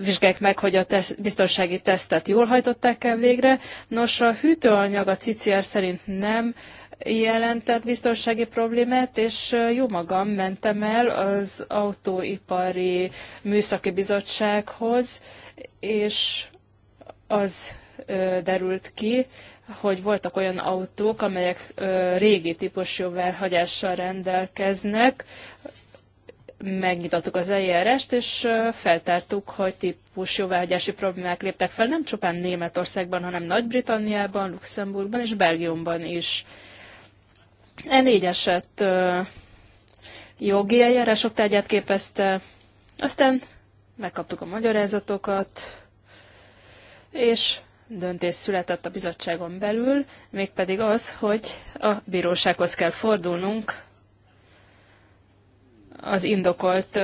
vizsgálják meg, hogy a tesz, biztonsági tesztet jól hajtották el végre. Nos, a hűtőanyag a CCR szerint nem jelentett biztonsági problémát, és jó magam mentem el az Autóipari Műszaki Bizottsághoz, és az derült ki, hogy voltak olyan autók, amelyek régi típusú hagyással rendelkeznek. Megnyitottuk az eljárást, és feltártuk, hogy típus jóváhagyási problémák léptek fel nem csupán Németországban, hanem Nagy-Britanniában, Luxemburgban és Belgiumban is. E négy eset jogi eljárások tárgyát képezte, aztán megkaptuk a magyarázatokat, és döntés született a bizottságon belül, mégpedig az, hogy a bírósághoz kell fordulnunk az indokolt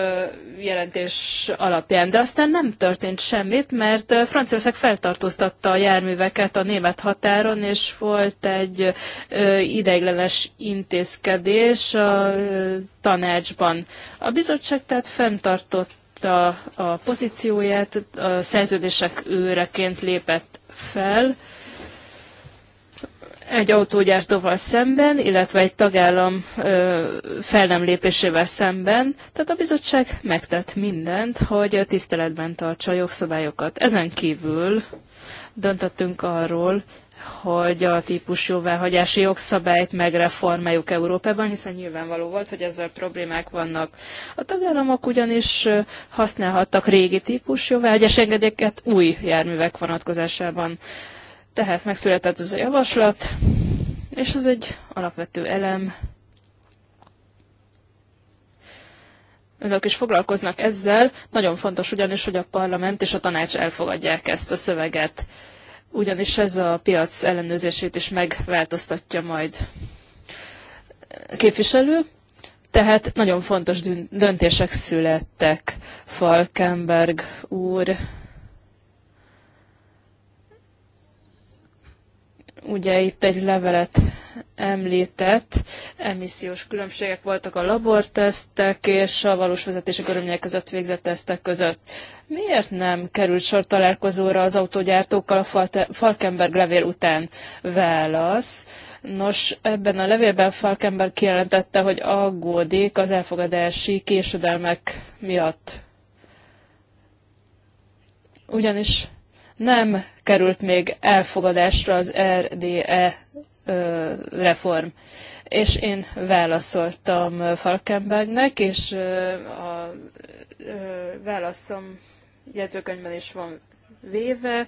jelentés alapján. De aztán nem történt semmit, mert Franciaország feltartóztatta a járműveket a német határon, és volt egy ideiglenes intézkedés a tanácsban. A bizottság tehát fenntartott megkapta a pozícióját, a szerződések őreként lépett fel egy autógyártóval szemben, illetve egy tagállam ö, fel nem lépésével szemben. Tehát a bizottság megtett mindent, hogy tiszteletben tartsa a jogszabályokat. Ezen kívül döntöttünk arról, hogy a típus jóváhagyási jogszabályt megreformáljuk Európában, hiszen nyilvánvaló volt, hogy ezzel problémák vannak. A tagállamok ugyanis használhattak régi típus jóváhagyási engedélyeket új járművek vonatkozásában. Tehát megszületett ez a javaslat, és ez egy alapvető elem. Önök is foglalkoznak ezzel, nagyon fontos ugyanis, hogy a parlament és a tanács elfogadják ezt a szöveget ugyanis ez a piac ellenőrzését is megváltoztatja majd képviselő. Tehát nagyon fontos döntések születtek. Falkenberg úr ugye itt egy levelet említett, emissziós különbségek voltak a labortesztek és a valós vezetési körülmények között végzett tesztek között. Miért nem került sor találkozóra az autógyártókkal a Falkenberg levél után? Válasz. Nos, ebben a levélben Falkenberg kijelentette, hogy aggódik az elfogadási késedelmek miatt. Ugyanis nem került még elfogadásra az RDE reform. És én válaszoltam Falkenbergnek, és a válaszom jegyzőkönyvben is van véve.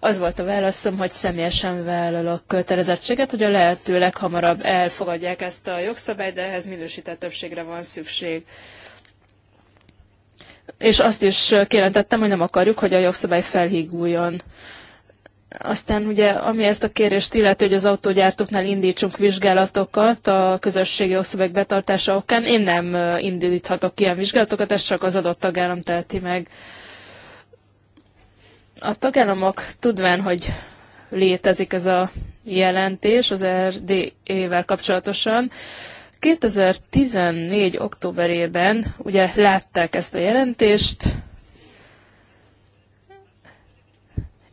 Az volt a válaszom, hogy személyesen vállalok kötelezettséget, hogy a lehető leghamarabb elfogadják ezt a jogszabályt, de ehhez minősített többségre van szükség és azt is kijelentettem, hogy nem akarjuk, hogy a jogszabály felhíguljon. Aztán ugye, ami ezt a kérést illeti, hogy az autógyártóknál indítsunk vizsgálatokat a közösségi jogszabályok betartása okán, én nem indíthatok ilyen vizsgálatokat, ez csak az adott tagállam teheti meg. A tagállamok tudván, hogy létezik ez a jelentés az RDE-vel kapcsolatosan, 2014. októberében ugye látták ezt a jelentést,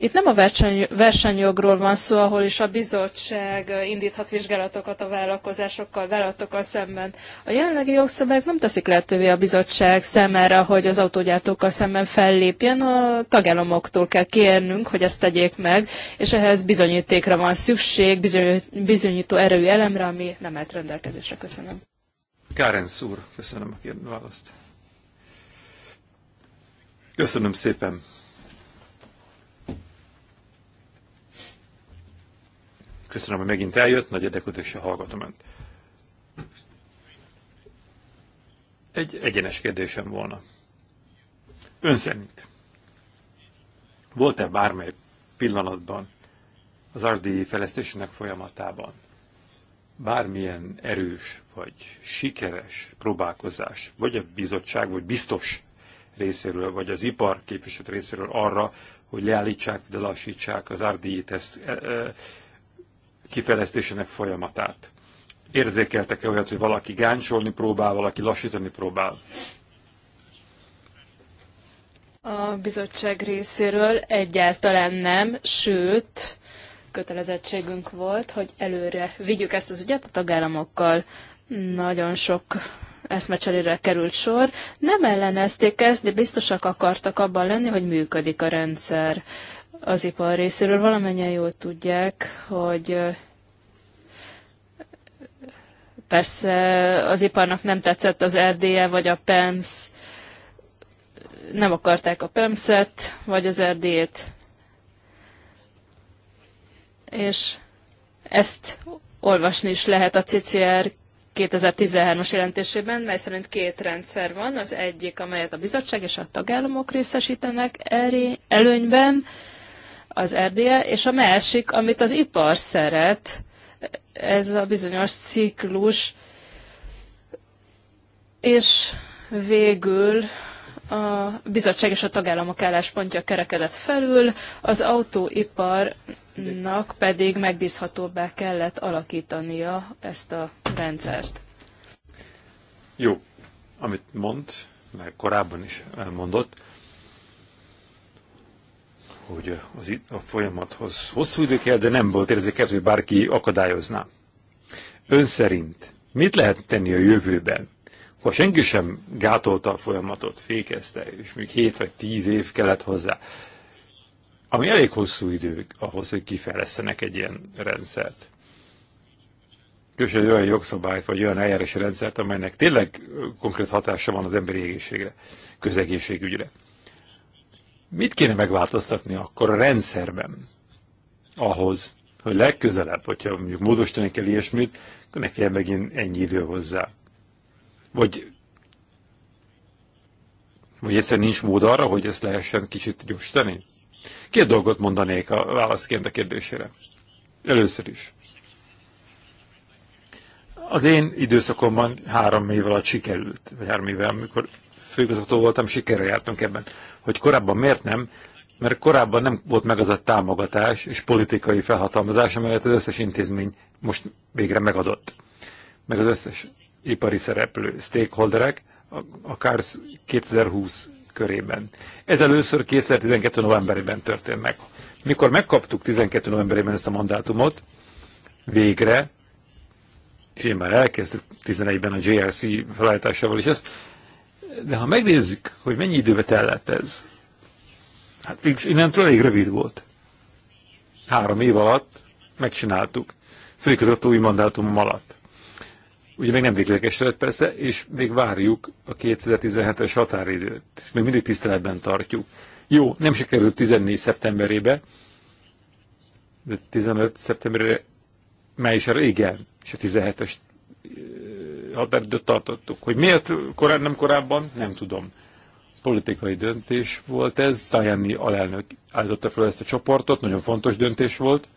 Itt nem a verseny, versenyjogról van szó, ahol is a bizottság indíthat vizsgálatokat a vállalkozásokkal, vállalatokkal szemben. A jelenlegi jogszabályok nem teszik lehetővé a bizottság számára, hogy az autógyártókkal szemben fellépjen. A tagállamoktól kell kérnünk, hogy ezt tegyék meg, és ehhez bizonyítékra van szükség, bizony, bizonyító erő elemre, ami nem állt rendelkezésre. Köszönöm. Káren Szúr, köszönöm a választ. Köszönöm szépen. Köszönöm, hogy megint eljött, nagy érdeklődéssel hallgatom önt. Egy egyenes kérdésem volna. Ön szerint volt-e bármely pillanatban az RDI fejlesztésének folyamatában bármilyen erős vagy sikeres próbálkozás, vagy a bizottság, vagy biztos részéről, vagy az ipar képviselő részéről arra, hogy leállítsák, de lassítsák az RDI teszt e, e, kifejlesztésének folyamatát. Érzékeltek-e olyat, hogy valaki gáncsolni próbál, valaki lassítani próbál? A bizottság részéről egyáltalán nem, sőt, kötelezettségünk volt, hogy előre vigyük ezt az ügyet a tagállamokkal. Nagyon sok eszmecserére került sor. Nem ellenezték ezt, de biztosak akartak abban lenni, hogy működik a rendszer az ipar részéről. Valamennyien jól tudják, hogy persze az iparnak nem tetszett az RDE vagy a PEMS, nem akarták a PEMS-et vagy az RDE-t. És ezt olvasni is lehet a CCR 2013-as jelentésében, mely szerint két rendszer van, az egyik, amelyet a bizottság és a tagállamok részesítenek előnyben, az erdélye, és a másik, amit az ipar szeret, ez a bizonyos ciklus, és végül a bizottság és a tagállamok álláspontja kerekedett felül, az autóiparnak pedig megbízhatóbbá kellett alakítania ezt a rendszert. Jó, amit mond, meg korábban is elmondott, hogy az, itt a folyamathoz hosszú idő kell, de nem volt érzéket, hogy bárki akadályozná. Ön szerint mit lehet tenni a jövőben, ha senki sem gátolta a folyamatot, fékezte, és még 7 vagy 10 év kellett hozzá, ami elég hosszú idő ahhoz, hogy kifejlesztenek egy ilyen rendszert. Különösen egy olyan jogszabályt, vagy olyan eljárási rendszert, amelynek tényleg konkrét hatása van az emberi egészségre, közegészségügyre. Mit kéne megváltoztatni akkor a rendszerben ahhoz, hogy legközelebb, hogyha mondjuk módosítani kell ilyesmit, akkor ne kell megint ennyi idő hozzá. Vagy, vagy egyszerűen nincs mód arra, hogy ezt lehessen kicsit gyorsítani? Két dolgot mondanék a válaszként a kérdésére. Először is. Az én időszakomban három év alatt sikerült, vagy három évvel, amikor főigazgató voltam, Sikerre jártunk ebben. Hogy korábban miért nem? Mert korábban nem volt meg az a támogatás és politikai felhatalmazás, amelyet az összes intézmény most végre megadott. Meg az összes ipari szereplő, stakeholderek, a KARS 2020 körében. Ez először 2012. novemberében történt meg. Mikor megkaptuk 12. novemberében ezt a mandátumot, végre, és én már elkezdtük 11-ben a JRC felállításával és ezt, de ha megnézzük, hogy mennyi időbe tellett ez, hát innentől elég rövid volt. Három év alatt megcsináltuk, új mandátum alatt. Ugye még nem végleges lett persze, és még várjuk a 2017-es határidőt. Ezt még mindig tiszteletben tartjuk. Jó, nem sikerült 14 szeptemberébe, de 15 szeptemberre, májusra igen, és a 17-es határidőt tartottuk. Hogy miért korán, nem korábban, nem tudom. Politikai döntés volt ez, Tajani alelnök állította fel ezt a csoportot, nagyon fontos döntés volt.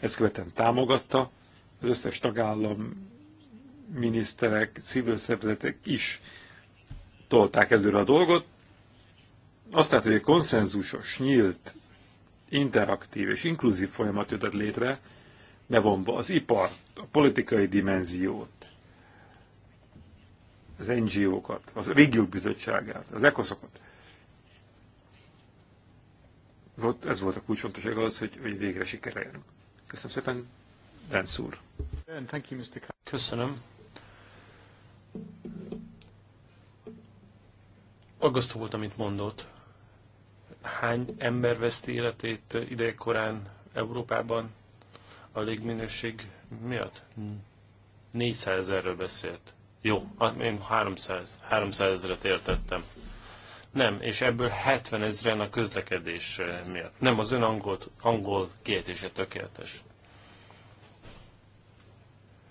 Ezt követően támogatta az összes tagállam, miniszterek, civil szervezetek is tolták előre a dolgot. Azt látja, hogy egy konszenzusos, nyílt, interaktív és inkluzív folyamat jött létre, bevonva az ipar, a politikai dimenziót, az NGO-kat, az régiók bizottságát, az ECOSZ-okat. Ez volt a kulcsfontosság az, hogy, hogy végre sikerüljön. Köszönöm szépen, Dance úr. Köszönöm. Aggasztó volt, amit mondott. Hány ember veszti életét idejekorán Európában a légminőség miatt? 400 ezerről beszélt. Jó, hát én 300, 300 ezeret értettem. Nem, és ebből 70 ezeren a közlekedés eh, miatt. Nem, az ön angolt, angol kiejtése tökéletes.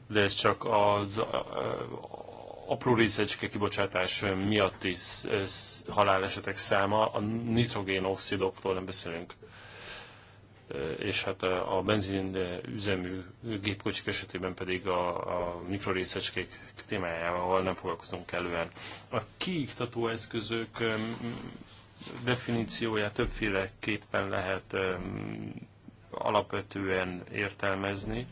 De ez csak az a, eh, apró részecske kibocsátás miatti eh, halálesetek száma, a oxidoktól nem beszélünk és hát a benzin üzemű gépkocsik esetében pedig a, a mikrorészecskék témájával nem foglalkozunk elően. A kiiktató eszközök definícióját többféleképpen lehet alapvetően értelmezni.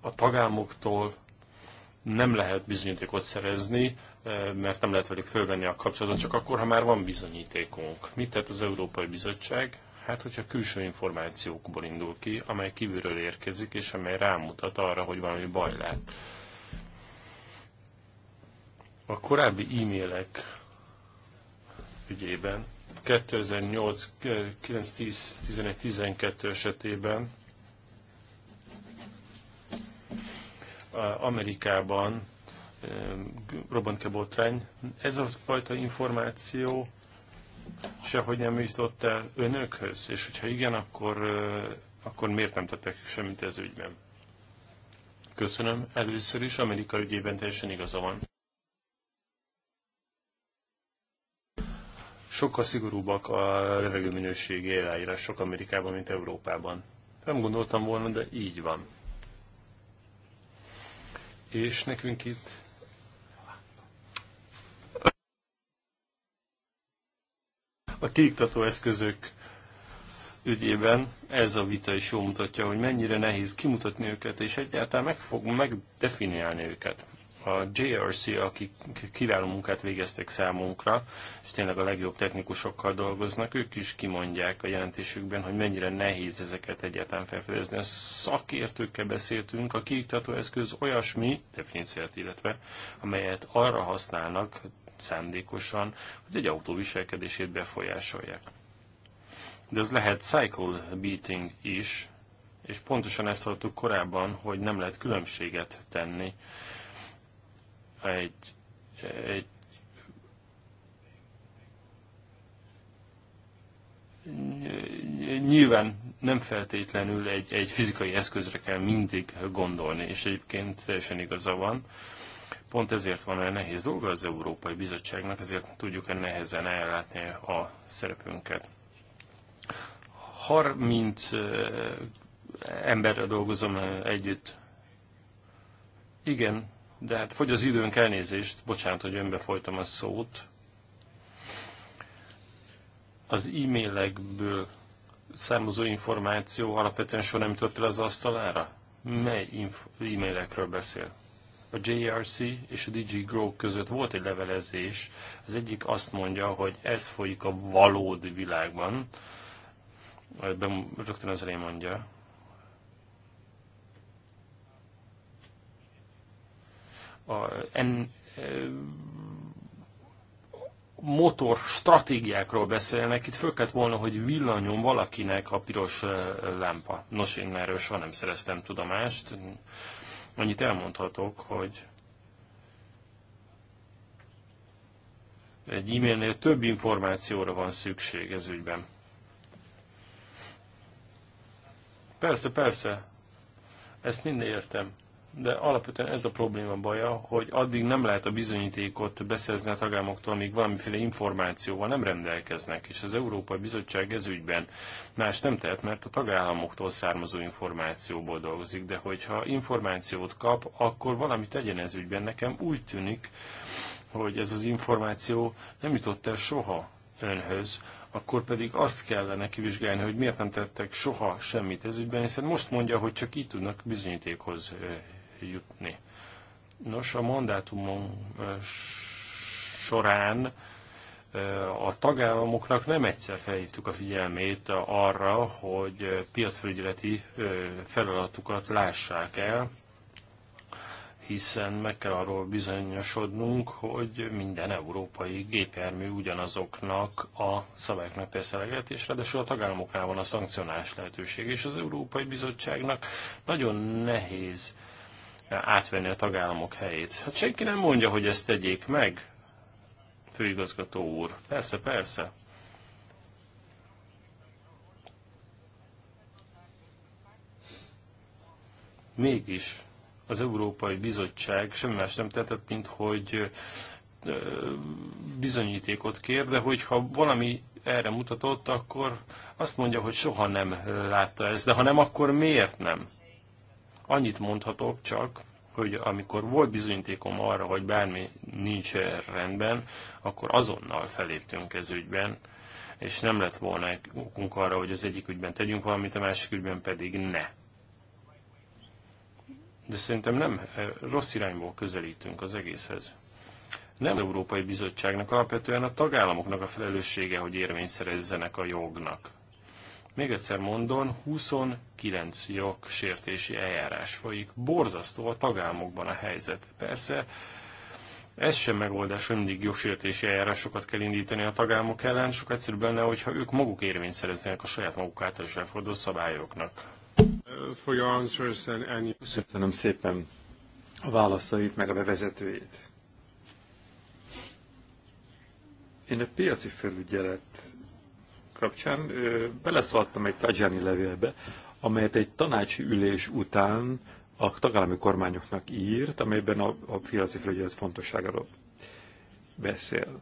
A tagállamoktól nem lehet bizonyítékot szerezni, mert nem lehet velük fölvenni a kapcsolatot, csak akkor, ha már van bizonyítékunk. Mit tett az Európai Bizottság? Hát, hogyha külső információkból indul ki, amely kívülről érkezik, és amely rámutat arra, hogy valami baj lehet. A korábbi e-mailek ügyében 2008, 9, 10, 11, 12 esetében Amerikában robbant ki botrány. Ez a fajta információ sehogy nem jutott el önökhöz? És hogyha igen, akkor, akkor miért nem tettek semmit ez ügyben? Köszönöm. Először is Amerika ügyében teljesen igaza van. Sokkal szigorúbbak a levegőminőségi sok Amerikában, mint Európában. Nem gondoltam volna, de így van. És nekünk itt A kiiktató eszközök ügyében ez a vita is jól mutatja, hogy mennyire nehéz kimutatni őket, és egyáltalán meg fog megdefiniálni őket. A JRC, akik kiváló munkát végeztek számunkra, és tényleg a legjobb technikusokkal dolgoznak, ők is kimondják a jelentésükben, hogy mennyire nehéz ezeket egyáltalán felfedezni. A szakértőkkel beszéltünk, a kiiktató eszköz olyasmi definíciót, illetve amelyet arra használnak, szándékosan, hogy egy autó viselkedését befolyásolják. De ez lehet cycle beating is, és pontosan ezt hallottuk korábban, hogy nem lehet különbséget tenni egy, egy nyilván nem feltétlenül egy, egy fizikai eszközre kell mindig gondolni, és egyébként teljesen igaza van. Pont ezért van olyan nehéz dolga az Európai Bizottságnak, ezért tudjuk olyan nehezen ellátni a szerepünket. 30 emberre dolgozom együtt. Igen, de hát fogy az időnk elnézést, bocsánat, hogy önbe folytam a szót. Az e-mailekből származó információ alapvetően soha nem jutott el az asztalára? Mely e-mailekről beszél? a JRC és a DG Grow között volt egy levelezés. Az egyik azt mondja, hogy ez folyik a valódi világban. Ebben rögtön az elején mondja. A, en, e, motor stratégiákról beszélnek, itt föl kellett volna, hogy villanyon valakinek a piros e, lámpa. Nos, én erről soha nem szereztem tudomást, Annyit elmondhatok, hogy egy e-mailnél több információra van szükség ez ügyben. Persze, persze, ezt mind értem de alapvetően ez a probléma baja, hogy addig nem lehet a bizonyítékot beszerezni a tagállamoktól, amíg valamiféle információval nem rendelkeznek, és az Európai Bizottság ez ügyben más nem tehet, mert a tagállamoktól származó információból dolgozik, de hogyha információt kap, akkor valamit tegyen ez ügyben. Nekem úgy tűnik, hogy ez az információ nem jutott el soha önhöz, akkor pedig azt kellene kivizsgálni, hogy miért nem tettek soha semmit ez ügyben, hiszen most mondja, hogy csak így tudnak bizonyítékhoz jutni. Nos, a mandátumon során a tagállamoknak nem egyszer felhívtuk a figyelmét arra, hogy piacfelügyeleti feladatukat lássák el, hiszen meg kell arról bizonyosodnunk, hogy minden európai gépjármű ugyanazoknak a szabályoknak tesz eleget, és ráadásul a tagállamoknál van a szankcionás lehetőség, és az Európai Bizottságnak nagyon nehéz átvenni a tagállamok helyét. Hát senki nem mondja, hogy ezt tegyék meg, főigazgató úr. Persze, persze. Mégis az Európai Bizottság semmi más nem tehetett, mint hogy bizonyítékot kér, de hogyha valami erre mutatott, akkor azt mondja, hogy soha nem látta ezt, de ha nem, akkor miért nem? Annyit mondhatok csak, hogy amikor volt bizonyítékom arra, hogy bármi nincs e rendben, akkor azonnal feléptünk ez ügyben, és nem lett volna okunk arra, hogy az egyik ügyben tegyünk valamit, a másik ügyben pedig ne. De szerintem nem e, rossz irányból közelítünk az egészhez. Nem az Európai Bizottságnak, alapvetően a tagállamoknak a felelőssége, hogy érvényt szerezzenek a jognak. Még egyszer mondom, 29 jogsértési eljárás folyik. Borzasztó a tagállamokban a helyzet. Persze ez sem megoldás, hogy mindig jogsértési eljárásokat kell indítani a tagállamok ellen, sok egyszerűbb lenne, hogyha ők maguk érvényt szereznének a saját maguk által is elfordó szabályoknak. Köszönöm szépen a válaszait, meg a bevezetőjét. Én a piaci felügyelet kapcsán beleszaladtam egy Tajani levélbe, amelyet egy tanácsi ülés után a tagállami kormányoknak írt, amelyben a, a piaci felügyelet fontosságáról beszél.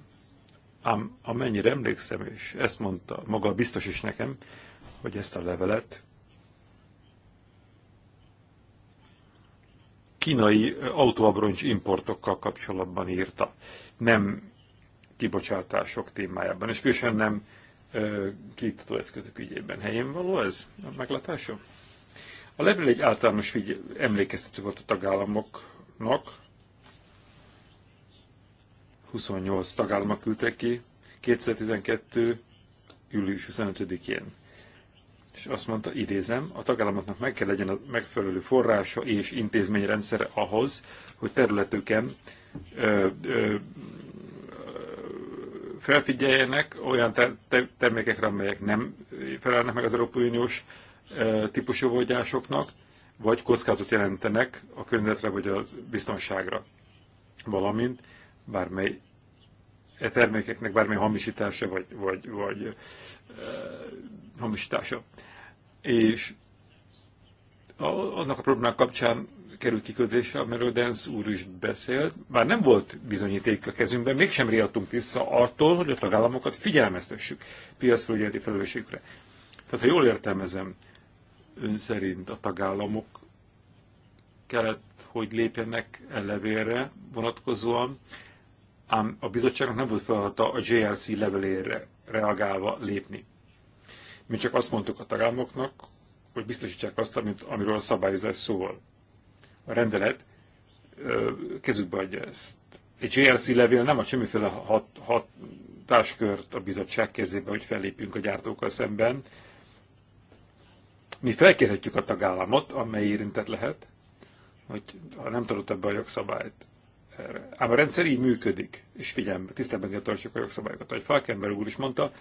Ám amennyire emlékszem, és ezt mondta maga biztos is nekem, hogy ezt a levelet kínai autóabroncs importokkal kapcsolatban írta. Nem kibocsátások témájában, és különösen nem kiiktató eszközök ügyében. Helyén való ez a meglátása? A levél egy általános figy- emlékeztető volt a tagállamoknak, 28 tagállamok küldtek ki 2012. július 25-én. És azt mondta, idézem, a tagállamoknak meg kell legyen a megfelelő forrása és intézményrendszere ahhoz, hogy területüken ö, ö, felfigyeljenek olyan ter ter termékekre, amelyek nem felelnek meg az Európai Uniós e, típusú vagyásoknak, vagy kockázatot jelentenek a környezetre vagy a biztonságra. Valamint bármely e termékeknek bármely hamisítása vagy, vagy, vagy e, hamisítása. És a, annak a problémák kapcsán, került kikötésre, amiről Dance úr is beszélt, bár nem volt bizonyíték a kezünkben, mégsem riadtunk vissza attól, hogy a tagállamokat figyelmeztessük piacfelügyeleti felelősségre. Tehát, ha jól értelmezem, ön szerint a tagállamok kellett, hogy lépjenek levélre vonatkozóan, ám a bizottságnak nem volt feladata a JLC levelére reagálva lépni. Mi csak azt mondtuk a tagállamoknak, hogy biztosítsák azt, amit, amiről a szabályozás szól a rendelet kezükbe adja ezt. Egy JRC levél nem a semmiféle hat, hat, hatáskört a bizottság kezébe, hogy fellépjünk a gyártókkal szemben. Mi felkérhetjük a tagállamot, amely érintett lehet, hogy ha nem tartott ebbe a jogszabályt Ám a rendszer így működik, és figyelme, tisztelben kell tartsuk a jogszabályokat. Ahogy Falkenberg úr is mondta,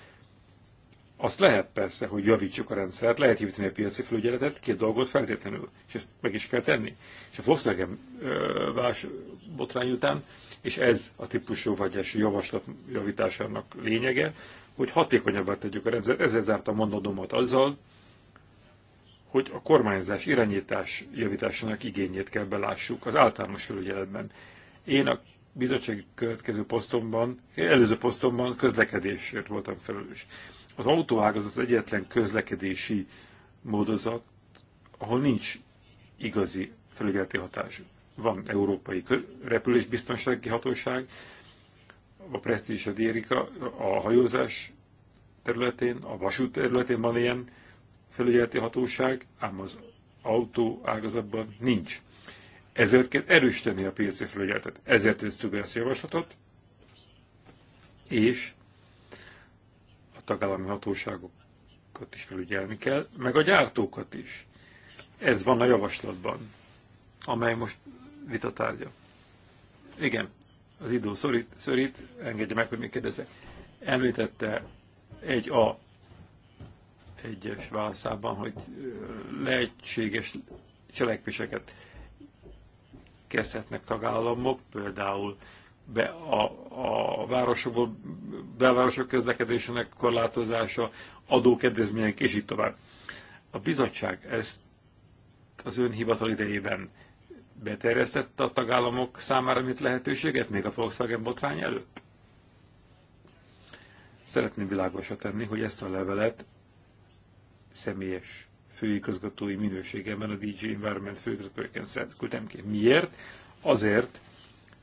azt lehet persze, hogy javítsuk a rendszert, lehet hívni a piaci felügyeletet, két dolgot feltétlenül, és ezt meg is kell tenni. És a Volkswagen vás botrány után, és ez a típusú első javaslat javításának lényege, hogy hatékonyabbá tegyük a rendszert. Ezért zárt a mondanomat azzal, hogy a kormányzás, irányítás javításának igényét kell belássuk az általános felügyeletben. Én a bizottsági következő posztomban, előző posztomban közlekedésért voltam felelős. Az autóágazat az egyetlen közlekedési módozat, ahol nincs igazi felügyeleti hatás. Van Európai Repülésbiztonsági Hatóság, a Prestige, a a hajózás területén, a vasút területén van ilyen felügyeleti hatóság, ám az autó ágazatban nincs. Ezért kell erősíteni a PC felügyeletet. Ezért tettük több ezt a javaslatot, és tagállami hatóságokat is felügyelni kell, meg a gyártókat is. Ez van a javaslatban, amely most vitatárgya. Igen, az idő szorít, szorít engedje meg, hogy még kérdezzek. Említette egy a egyes válaszában, hogy lehetséges cselekvéseket kezdhetnek tagállamok, például be a, a városokból, belvárosok közlekedésének korlátozása, adókedvezmények, és így tovább. A bizottság ezt az hivatal idejében beterjesztette a tagállamok számára mit lehetőséget, még a Volkswagen botrány előtt? Szeretném világosra tenni, hogy ezt a levelet személyes főigazgatói minőségemben a DJ Environment főigazgatóként küldtem ki. Miért? Azért,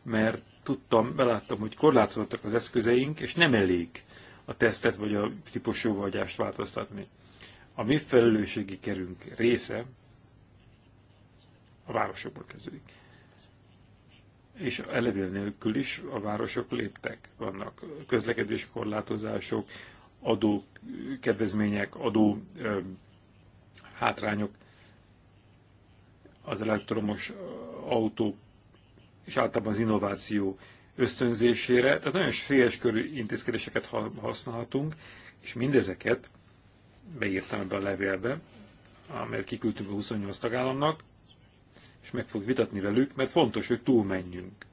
mert tudtam, beláttam, hogy korlátozottak az eszközeink, és nem elég a tesztet vagy a típus jóvágyást változtatni. A mi felelősségi kerünk része a városokból kezdődik. És a levél nélkül is a városok léptek. Vannak közlekedés korlátozások, adó kedvezmények, adó ö, hátrányok, az elektromos autók és általában az innováció ösztönzésére. Tehát nagyon széles körű intézkedéseket használhatunk, és mindezeket beírtam ebbe a levélbe, amelyet kiküldtünk a 28 tagállamnak, és meg fog vitatni velük, mert fontos, hogy túlmenjünk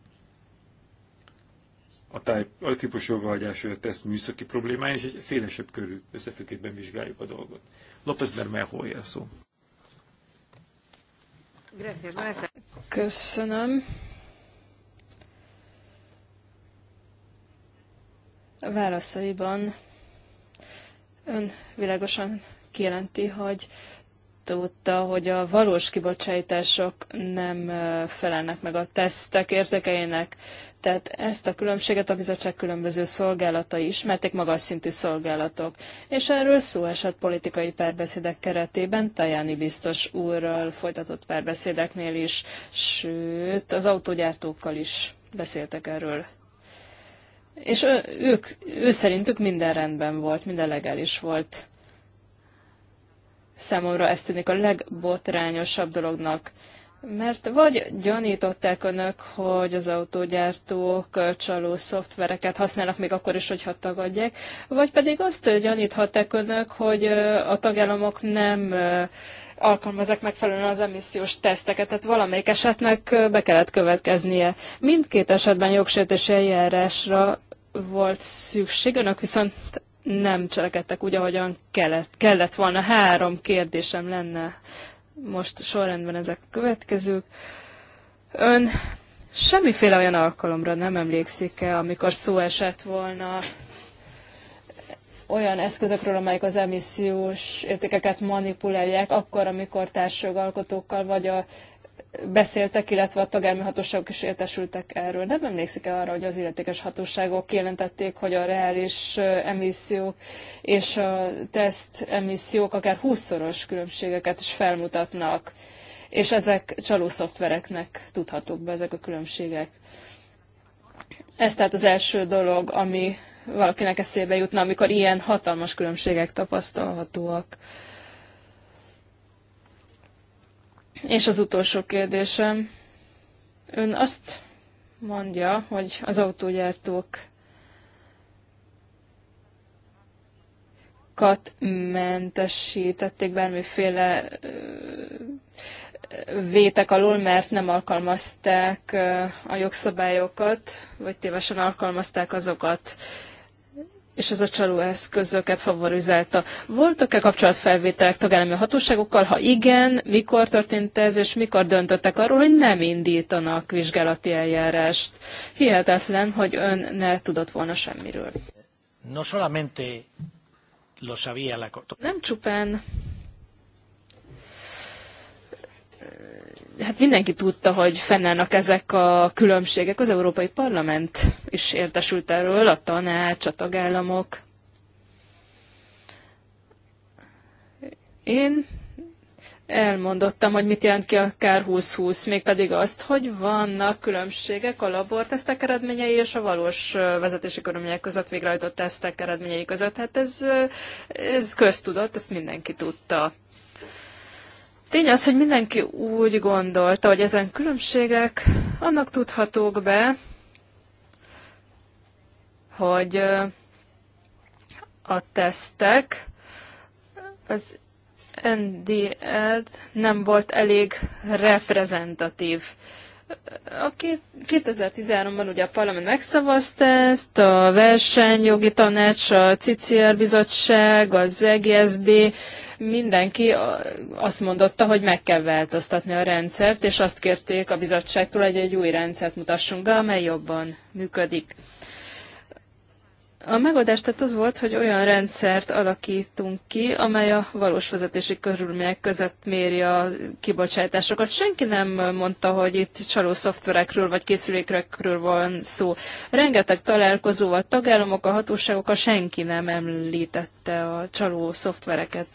a, táj, a típus a teszt műszaki problémáin, és egy szélesebb körű összefüggésben vizsgáljuk a dolgot. López Bermel jel szó. Köszönöm. válaszaiban ön világosan kijelenti, hogy tudta, hogy a valós kibocsátások nem felelnek meg a tesztek értékeinek. Tehát ezt a különbséget a bizottság különböző szolgálatai ismerték, magas szintű szolgálatok. És erről szó esett politikai párbeszédek keretében, Tajani biztos úrral folytatott párbeszédeknél is, sőt, az autógyártókkal is beszéltek erről és ő, ők, ő szerintük minden rendben volt, minden legális volt. Számomra ez tűnik a legbotrányosabb dolognak, mert vagy gyanították önök, hogy az autógyártók csaló szoftvereket használnak még akkor is, hogyha tagadják, vagy pedig azt gyaníthatták önök, hogy a tagállamok nem alkalmazzák megfelelően az emissziós teszteket, tehát valamelyik esetnek be kellett következnie. Mindkét esetben jogsértési eljárásra volt szükség, önök viszont nem cselekedtek úgy, ahogyan kellett, kellett volna. Három kérdésem lenne most sorrendben ezek következők. Ön semmiféle olyan alkalomra nem emlékszik-e, amikor szó esett volna olyan eszközökről, amelyek az emissziós értékeket manipulálják, akkor, amikor társjogalkotókkal vagy a beszéltek, illetve a tagállami hatóságok is értesültek erről. Nem emlékszik -e arra, hogy az illetékes hatóságok kijelentették, hogy a reális emissziók és a teszt emissziók akár 20-szoros különbségeket is felmutatnak, és ezek csaló szoftvereknek tudhatók be ezek a különbségek. Ez tehát az első dolog, ami valakinek eszébe jutna, amikor ilyen hatalmas különbségek tapasztalhatóak. És az utolsó kérdésem. Ön azt mondja, hogy az autógyártók kat mentesítették bármiféle vétek alól, mert nem alkalmazták a jogszabályokat, vagy tévesen alkalmazták azokat és ez a csaló eszközöket favorizálta. Voltak-e kapcsolatfelvételek tagállami hatóságokkal? Ha igen, mikor történt ez, és mikor döntöttek arról, hogy nem indítanak vizsgálati eljárást? Hihetetlen, hogy ön ne tudott volna semmiről. No solamente lo sabía la... Nem csupán hát mindenki tudta, hogy fennállnak ezek a különbségek. Az Európai Parlament is értesült erről, a tanács, a tagállamok. Én elmondottam, hogy mit jelent ki a kár 2020, mégpedig azt, hogy vannak különbségek a labortesztek eredményei és a valós vezetési körülmények között végrehajtott tesztek eredményei között. Hát ez, ez köztudott, ezt mindenki tudta. Tény az, hogy mindenki úgy gondolta, hogy ezen különbségek annak tudhatók be, hogy a tesztek az NDL nem volt elég reprezentatív. A 2013-ban ugye a parlament megszavazta ezt, a versenyjogi tanács, a CCR bizottság, az EGSB, mindenki azt mondotta, hogy meg kell változtatni a rendszert, és azt kérték a bizottságtól, hogy egy új rendszert mutassunk be, amely jobban működik. A megoldás tehát az volt, hogy olyan rendszert alakítunk ki, amely a valós vezetési körülmények között méri a kibocsátásokat. Senki nem mondta, hogy itt csaló szoftverekről vagy készülékekről van szó. Rengeteg a tagállamok, a hatóságok, a senki nem említette a csaló szoftvereket.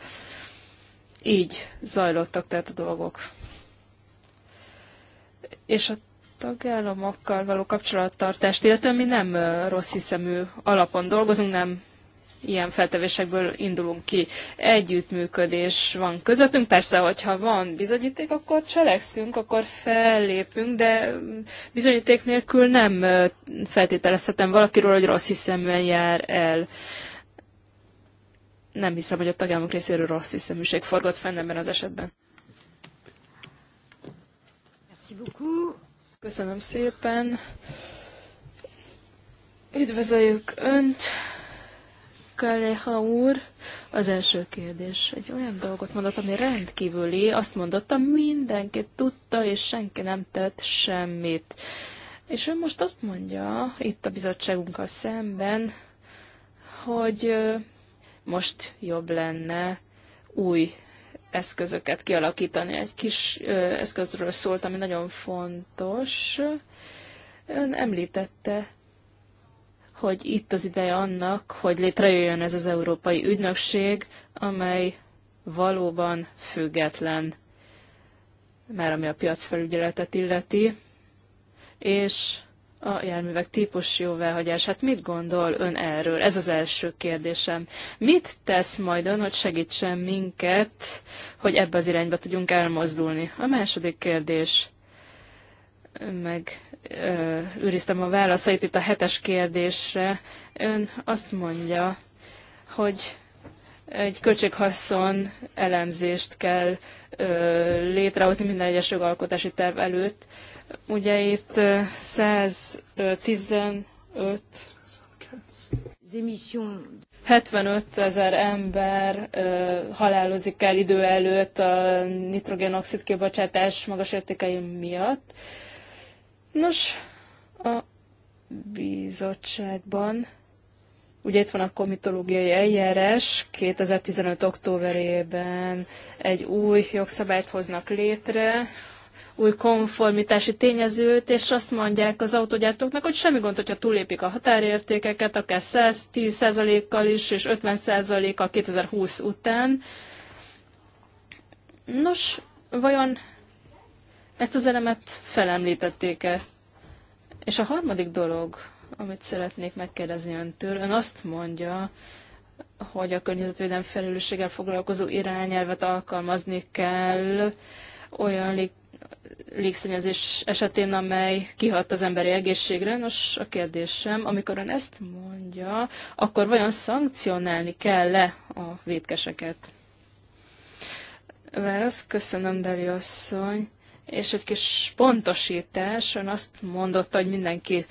Így zajlottak tehát a dolgok. És a tagállamokkal való kapcsolattartást, illetve mi nem rossz hiszemű alapon dolgozunk, nem ilyen feltevésekből indulunk ki. Együttműködés van közöttünk. Persze, hogyha van bizonyíték, akkor cselekszünk, akkor fellépünk, de bizonyíték nélkül nem feltételezhetem valakiről, hogy rossz hiszeműen jár el. Nem hiszem, hogy a tagállamok részéről rossz hiszeműség forgott fenn ebben az esetben. Merci beaucoup. Köszönöm szépen. Üdvözöljük Önt, Kaleha úr. Az első kérdés. Egy olyan dolgot mondott, ami rendkívüli. Azt mondotta, mindenki tudta, és senki nem tett semmit. És ő most azt mondja, itt a bizottságunkkal szemben, hogy most jobb lenne új eszközöket kialakítani. Egy kis eszközről szólt, ami nagyon fontos. Ön említette, hogy itt az ideje annak, hogy létrejöjjön ez az európai ügynökség, amely valóban független, már ami a piacfelügyeletet illeti, és a járművek típus Hát Mit gondol ön erről? Ez az első kérdésem. Mit tesz majd ön, hogy segítsen minket, hogy ebbe az irányba tudjunk elmozdulni? A második kérdés meg ö, őriztem a válaszait itt a hetes kérdésre. Ön azt mondja, hogy egy költséghaszon elemzést kell ö, létrehozni minden egyes jogalkotási terv előtt. Ö, Ugye itt 115 75 ezer ember halálozik el idő előtt a nitrogénoxid kibocsátás magas értékei miatt. Nos, a bizottságban Ugye itt van a komitológiai eljárás, 2015. októberében egy új jogszabályt hoznak létre, új konformitási tényezőt, és azt mondják az autogyártóknak, hogy semmi gond, hogyha túlépik a határértékeket, akár 110%-kal is, és 50%-kal 2020 után. Nos, vajon ezt az elemet felemlítették-e? És a harmadik dolog, amit szeretnék megkérdezni öntől, ön azt mondja, hogy a környezetvédelmi felelősséggel foglalkozó irányelvet alkalmazni kell olyan légszennyezés esetén, amely kihat az emberi egészségre. Nos, a kérdésem, amikor ön ezt mondja, akkor vajon szankcionálni kell-e a védkeseket? Válasz, köszönöm, Deli asszony. És egy kis pontosítás, ön azt mondotta, hogy mindenki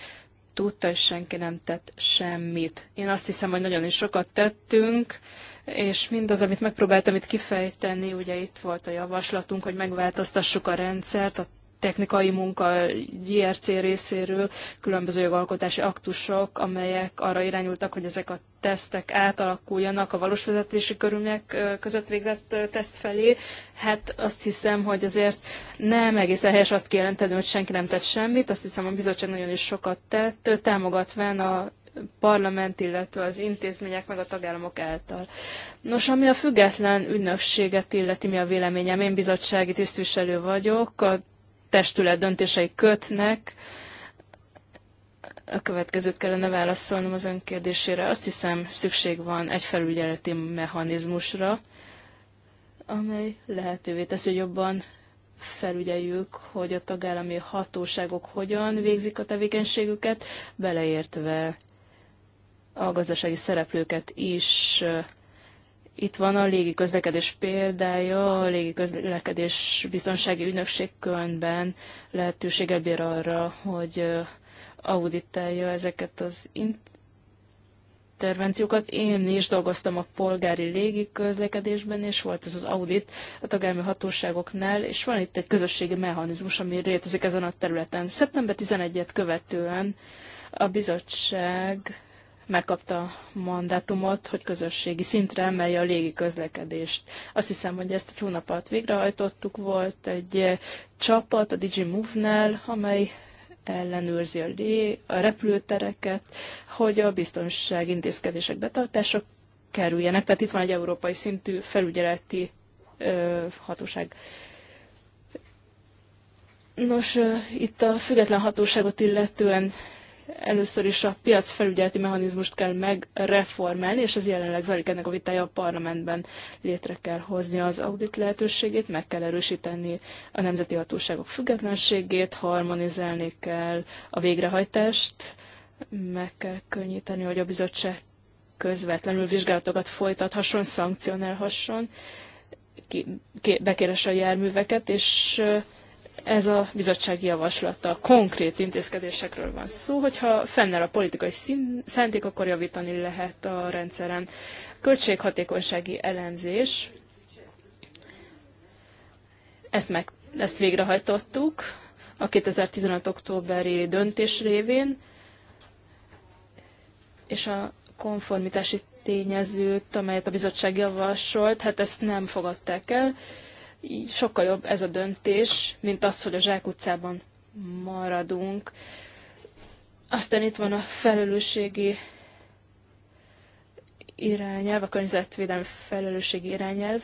tudta, és senki nem tett semmit. Én azt hiszem, hogy nagyon is sokat tettünk, és mindaz, amit megpróbáltam itt kifejteni, ugye itt volt a javaslatunk, hogy megváltoztassuk a rendszert, a technikai munka JRC részéről különböző jogalkotási aktusok, amelyek arra irányultak, hogy ezek a tesztek átalakuljanak a valós vezetési körülmények között végzett teszt felé. Hát azt hiszem, hogy azért nem egészen helyes azt kijelenteni, hogy senki nem tett semmit. Azt hiszem, a bizottság nagyon is sokat tett, támogatván a parlament, illetve az intézmények, meg a tagállamok által. Nos, ami a független ügynökséget illeti, mi a véleményem, én bizottsági tisztviselő vagyok, a testület döntései kötnek, a következőt kellene válaszolnom az önkérdésére. Azt hiszem, szükség van egy felügyeleti mechanizmusra, amely lehetővé teszi, hogy jobban felügyeljük, hogy a tagállami hatóságok hogyan végzik a tevékenységüket, beleértve a gazdasági szereplőket is. Eh, itt van a légi közlekedés példája, a légi közlekedés biztonsági ügynökség könyvben lehetőséggel bír arra, hogy eh, auditálja ezeket az intervenciókat. Én is dolgoztam a polgári légi közlekedésben, és volt ez az audit a tagállami hatóságoknál, és van itt egy közösségi mechanizmus, ami létezik ezen a területen. Szeptember 11-et követően a bizottság megkapta a mandátumot, hogy közösségi szintre emelje a légi közlekedést. Azt hiszem, hogy ezt egy hónap alatt végrehajtottuk. Volt egy eh, csapat a DigiMove-nál, amely ellenőrzi a, lé, a repülőtereket, hogy a biztonság intézkedések betartása kerüljenek. Tehát itt van egy európai szintű felügyeleti ö, hatóság. Nos, itt a független hatóságot illetően Először is a piacfelügyeleti mechanizmust kell megreformálni, és ez jelenleg zajlik ennek a vitája a parlamentben. Létre kell hozni az audit lehetőségét, meg kell erősíteni a nemzeti hatóságok függetlenségét, harmonizálni kell a végrehajtást, meg kell könnyíteni, hogy a bizottság közvetlenül vizsgálatokat folytathasson, szankcionálhasson, bekérese a járműveket, és ez a bizottsági javaslata konkrét intézkedésekről van szó, hogyha fennel a politikai szentik, akkor javítani lehet a rendszeren. Költséghatékonysági elemzés, ezt, meg, ezt végrehajtottuk a 2015. októberi döntés révén, és a konformitási tényezőt, amelyet a bizottság javasolt, hát ezt nem fogadták el, sokkal jobb ez a döntés, mint az, hogy a zsákutcában maradunk. Aztán itt van a felelősségi irányelv, a környezetvédelmi felelősségi irányelv.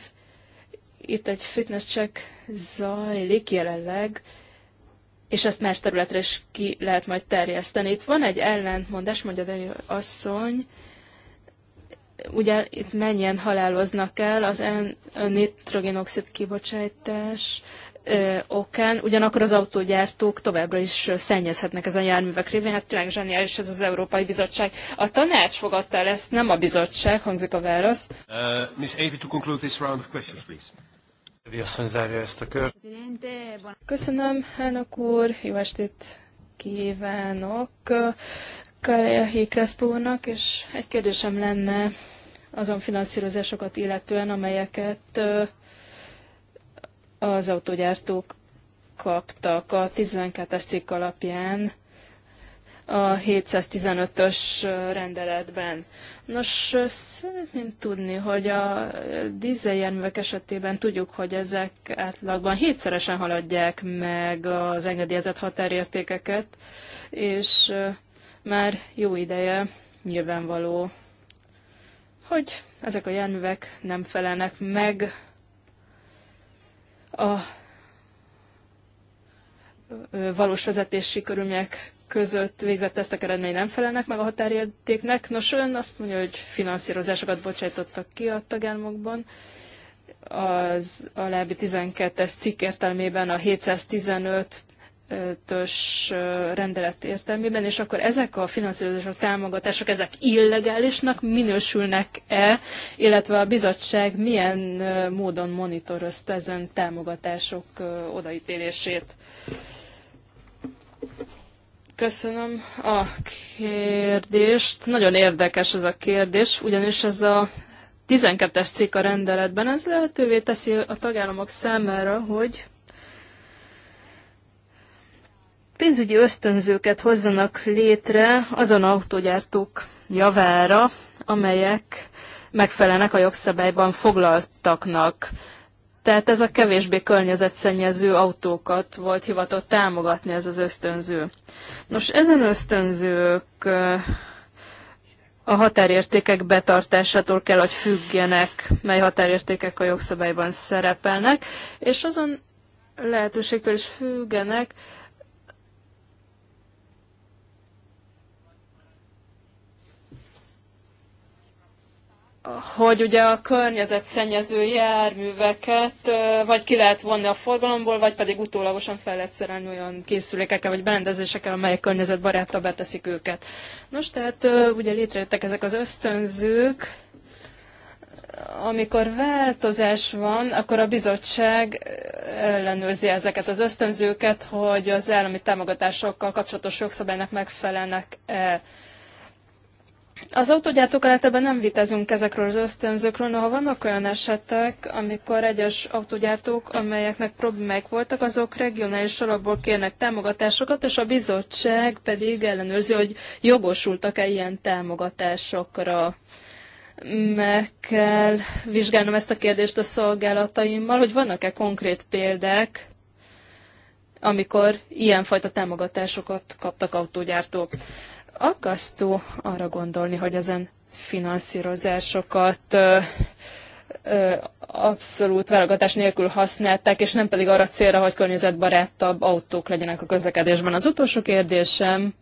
Itt egy fitness check zajlik jelenleg, és ezt más területre is ki lehet majd terjeszteni. Itt van egy ellentmondás, mondja Dani asszony, ugye itt mennyien haláloznak el az nitrogénoxid kibocsátás okán, ugyanakkor az autógyártók továbbra is szennyezhetnek ezen járművek révén. Hát tényleg zseniális ez az Európai Bizottság. A tanács fogadta el ezt, nem a bizottság, hangzik a válasz. Uh, Miss Avi, to conclude this round of questions, please. ezt a Köszönöm, elnök úr, jó estét kívánok. Kalehi Kreszpónak, és egy kérdésem lenne azon finanszírozásokat illetően, amelyeket az autogyártók kaptak a 12-es cikk alapján a 715-ös rendeletben. Nos, szeretném tudni, hogy a dízeljárművek esetében tudjuk, hogy ezek átlagban hétszeresen haladják meg az engedélyezett határértékeket, és már jó ideje nyilvánvaló, hogy ezek a járművek nem felelnek meg a valós vezetési körülmények között végzett tesztek eredmény nem felelnek meg a határértéknek. Nos, ön azt mondja, hogy finanszírozásokat bocsájtottak ki a tagállamokban. Az alábbi 12-es cikk értelmében a 715 ötös rendelet értelmében, és akkor ezek a finanszírozások, támogatások, ezek illegálisnak minősülnek-e, illetve a bizottság milyen módon monitorozta ezen támogatások odaítélését? Köszönöm a kérdést. Nagyon érdekes ez a kérdés, ugyanis ez a 12-es cikk a rendeletben, ez lehetővé teszi a tagállamok számára, hogy pénzügyi ösztönzőket hozzanak létre azon autógyártók javára, amelyek megfelelnek a jogszabályban foglaltaknak. Tehát ez a kevésbé környezetszennyező autókat volt hivatott támogatni ez az ösztönző. Nos, ezen ösztönzők a határértékek betartásától kell, hogy függjenek, mely határértékek a jogszabályban szerepelnek, és azon lehetőségtől is függenek, hogy ugye a környezetszennyező járműveket vagy ki lehet vonni a forgalomból, vagy pedig utólagosan fel lehet szerelni olyan készülékekkel, vagy berendezésekkel, amelyek környezetbaráttal beteszik őket. Nos, tehát ugye létrejöttek ezek az ösztönzők, amikor változás van, akkor a bizottság ellenőrzi ezeket az ösztönzőket, hogy az állami támogatásokkal kapcsolatos jogszabálynak megfelelnek-e. Az autógyártók általában nem vitezünk ezekről az ösztönzőkről, noha vannak olyan esetek, amikor egyes autógyártók, amelyeknek problémák voltak, azok regionális alapból kérnek támogatásokat, és a bizottság pedig ellenőrzi, hogy jogosultak-e ilyen támogatásokra meg kell vizsgálnom ezt a kérdést a szolgálataimmal, hogy vannak-e konkrét példák, amikor ilyenfajta támogatásokat kaptak autógyártók. Akasztó arra gondolni, hogy ezen finanszírozásokat ö, ö, abszolút válogatás nélkül használták, és nem pedig arra célra, hogy környezetbarátabb autók legyenek a közlekedésben. Az utolsó kérdésem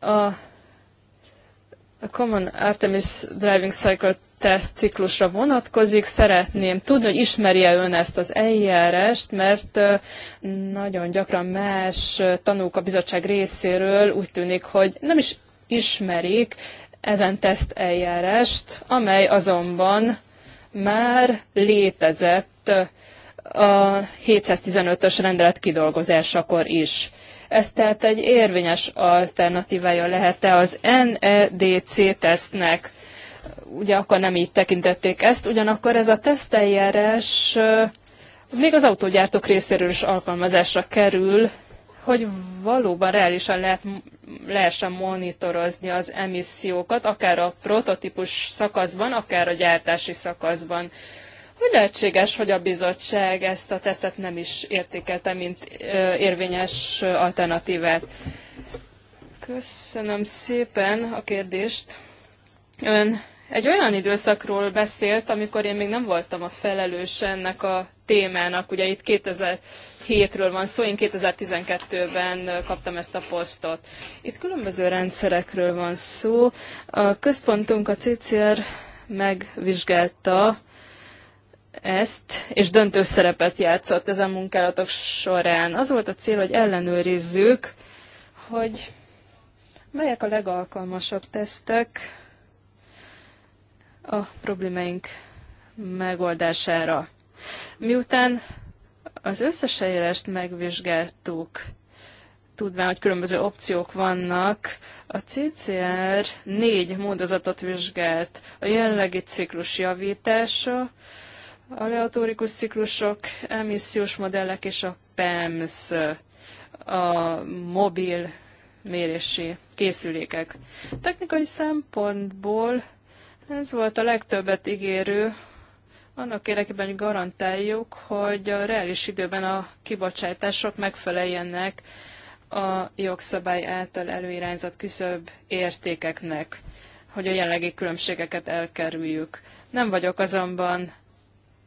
a a Common Artemis Driving Cycle tesztciklusra vonatkozik. Szeretném tudni, hogy ismeri-e ön ezt az eljárást, mert nagyon gyakran más tanúk a bizottság részéről úgy tűnik, hogy nem is ismerik ezen teszt eljárást, amely azonban már létezett a 715-ös rendelet kidolgozásakor is. Ez tehát egy érvényes alternatívája lehet-e az NEDC tesztnek? ugye akkor nem így tekintették ezt, ugyanakkor ez a teszteljárás még az autógyártók részéről is alkalmazásra kerül, hogy valóban reálisan lehet, lehessen monitorozni az emissziókat, akár a prototípus szakaszban, akár a gyártási szakaszban. Hogy lehetséges, hogy a bizottság ezt a tesztet nem is értékelte, mint érvényes alternatívát? Köszönöm szépen a kérdést. Ön egy olyan időszakról beszélt, amikor én még nem voltam a felelős ennek a témának. Ugye itt 2007-ről van szó, én 2012-ben kaptam ezt a posztot. Itt különböző rendszerekről van szó. A központunk, a CCR megvizsgálta ezt, és döntő szerepet játszott ezen munkálatok során. Az volt a cél, hogy ellenőrizzük, hogy melyek a legalkalmasabb tesztek, a problémáink megoldására. Miután az összes eljárást megvizsgáltuk, tudván, hogy különböző opciók vannak, a CCR négy módozatot vizsgált. A jelenlegi ciklus javítása, a leatórikus ciklusok, emissziós modellek és a PEMS, a mobil mérési készülékek. Technikai szempontból ez volt a legtöbbet ígérő, annak érdekében, hogy garantáljuk, hogy a reális időben a kibocsátások megfeleljenek a jogszabály által előirányzott küszöbb értékeknek, hogy a jelenlegi különbségeket elkerüljük. Nem vagyok azonban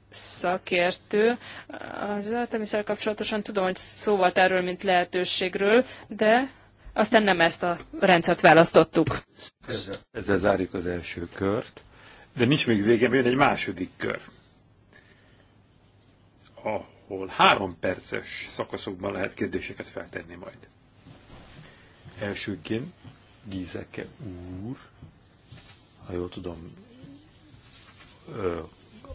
szakértő. Az Artemiszel kapcsolatosan tudom, hogy szó volt erről, mint lehetőségről, de aztán nem ezt a rendszert választottuk. Ezzel, ezzel zárjuk az első kört, de nincs még vége, jön egy második kör, ahol három perces szakaszokban lehet kérdéseket feltenni majd. Elsőként Gizeke úr, ha jól tudom,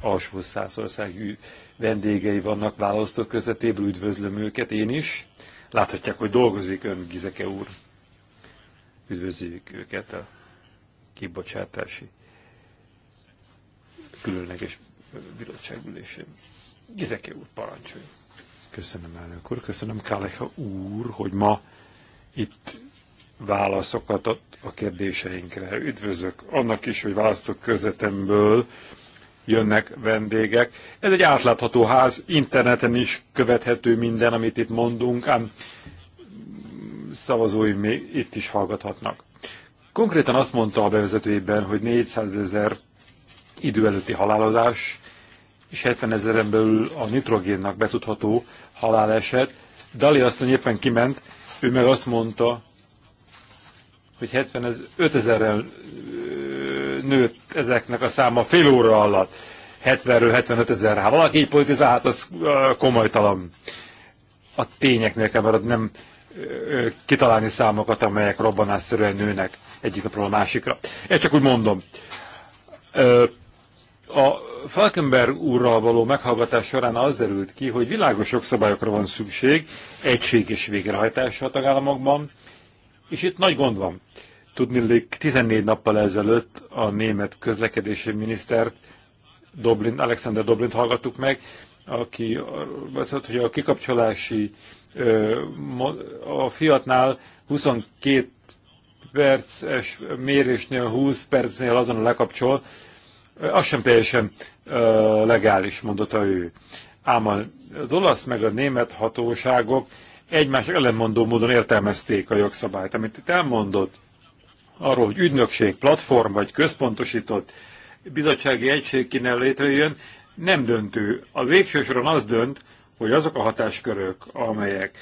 alsó szászországű vendégei vannak választók közvetéből, üdvözlöm őket én is. Láthatják, hogy dolgozik ön, Gizeke úr. Üdvözlőjük őket a kibocsátási különleges bizottságülésén. Gizeke úr, parancsolj! Köszönöm, elnök úr, köszönöm, Káleha úr, hogy ma itt válaszokat ad a kérdéseinkre. Üdvözlök annak is, hogy választok közvetemből jönnek vendégek. Ez egy átlátható ház, interneten is követhető minden, amit itt mondunk, ám szavazói még itt is hallgathatnak. Konkrétan azt mondta a bevezetőjében, hogy 400 ezer idő előtti halálozás és 70 ezeren belül a nitrogénnak betudható haláleset. Dali asszony éppen kiment, ő meg azt mondta, hogy 70 ez, 5 ezerrel nőtt ezeknek a száma fél óra alatt. 70-ről 75 ezer Ha valaki így politizál, hát az komolytalan. A tényeknél kell marad nem kitalálni számokat, amelyek robbanásszerűen nőnek egyik napról a másikra. Én csak úgy mondom. A Falkenberg úrral való meghallgatás során az derült ki, hogy világos jogszabályokra van szükség, egységes végrehajtása a tagállamokban, és itt nagy gond van. Tudni, 14 nappal ezelőtt a német közlekedési minisztert, Doblin, Alexander Dublin hallgattuk meg, aki azt mondta, hogy a kikapcsolási a Fiatnál 22 perces mérésnél, 20 percnél azon a lekapcsol, az sem teljesen legális, mondotta ő. Ám az olasz meg a német hatóságok egymás ellenmondó módon értelmezték a jogszabályt. Amit itt elmondott, arról, hogy ügynökség, platform vagy központosított bizottsági egység kéne létrejön, nem döntő. A végső soron az dönt, hogy azok a hatáskörök, amelyek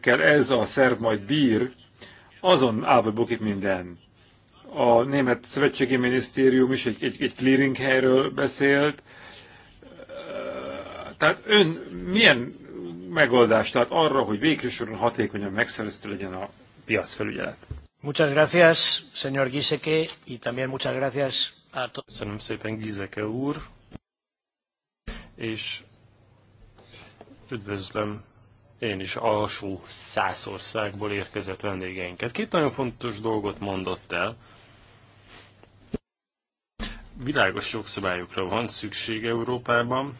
kell ez a szerv majd bír, azon állva bukik minden. A német szövetségi minisztérium is egy, egy, egy clearing helyről beszélt. Tehát ön milyen megoldást lát arra, hogy végső soron hatékonyan megszerezhető legyen a piacfelügyelet? Muchas gracias, señor Giseke, y también muchas gracias a todos. Köszönöm szépen Gizeke úr, és üdvözlöm én is alsó Szászországból érkezett vendégeinket. Két nagyon fontos dolgot mondott el. Világos jogszabályokra van szükség Európában,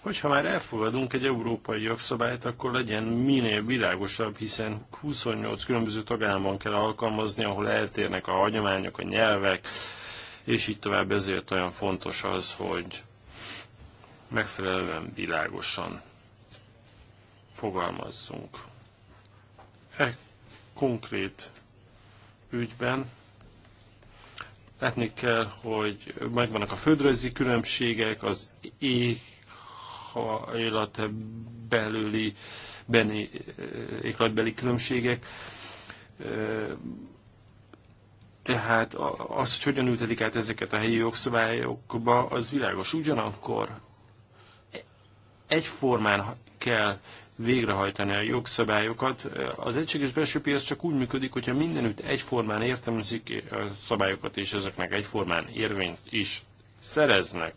Hogyha már elfogadunk egy európai jogszabályt, akkor legyen minél világosabb, hiszen 28 különböző tagállamban kell alkalmazni, ahol eltérnek a hagyományok, a nyelvek, és így tovább ezért olyan fontos az, hogy megfelelően világosan fogalmazzunk. E konkrét ügyben látni kell, hogy megvannak a földrajzi különbségek, az éh ha élet belüli, beni, eh, éklatbeli különbségek. Eh, tehát az, hogy hogyan ültetik át ezeket a helyi jogszabályokba, az világos. Ugyanakkor egyformán kell végrehajtani a jogszabályokat. Az egységes belső piac csak úgy működik, hogyha mindenütt egyformán értelmezik a szabályokat, és ezeknek egyformán érvényt is szereznek.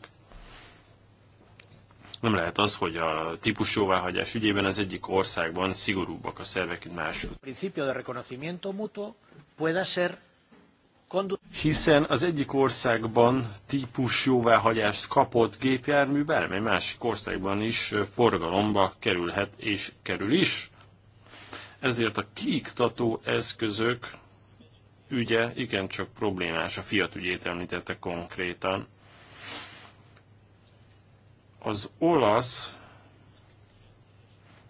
Nem lehet az, hogy a típus jóváhagyás ügyében az egyik országban szigorúbbak a szervek, mint mások. Hiszen az egyik országban típus jóváhagyást kapott gépjármű bármely másik országban is forgalomba kerülhet és kerül is. Ezért a kiiktató eszközök ügye igencsak problémás, a fiat ügyét említette konkrétan. Az olasz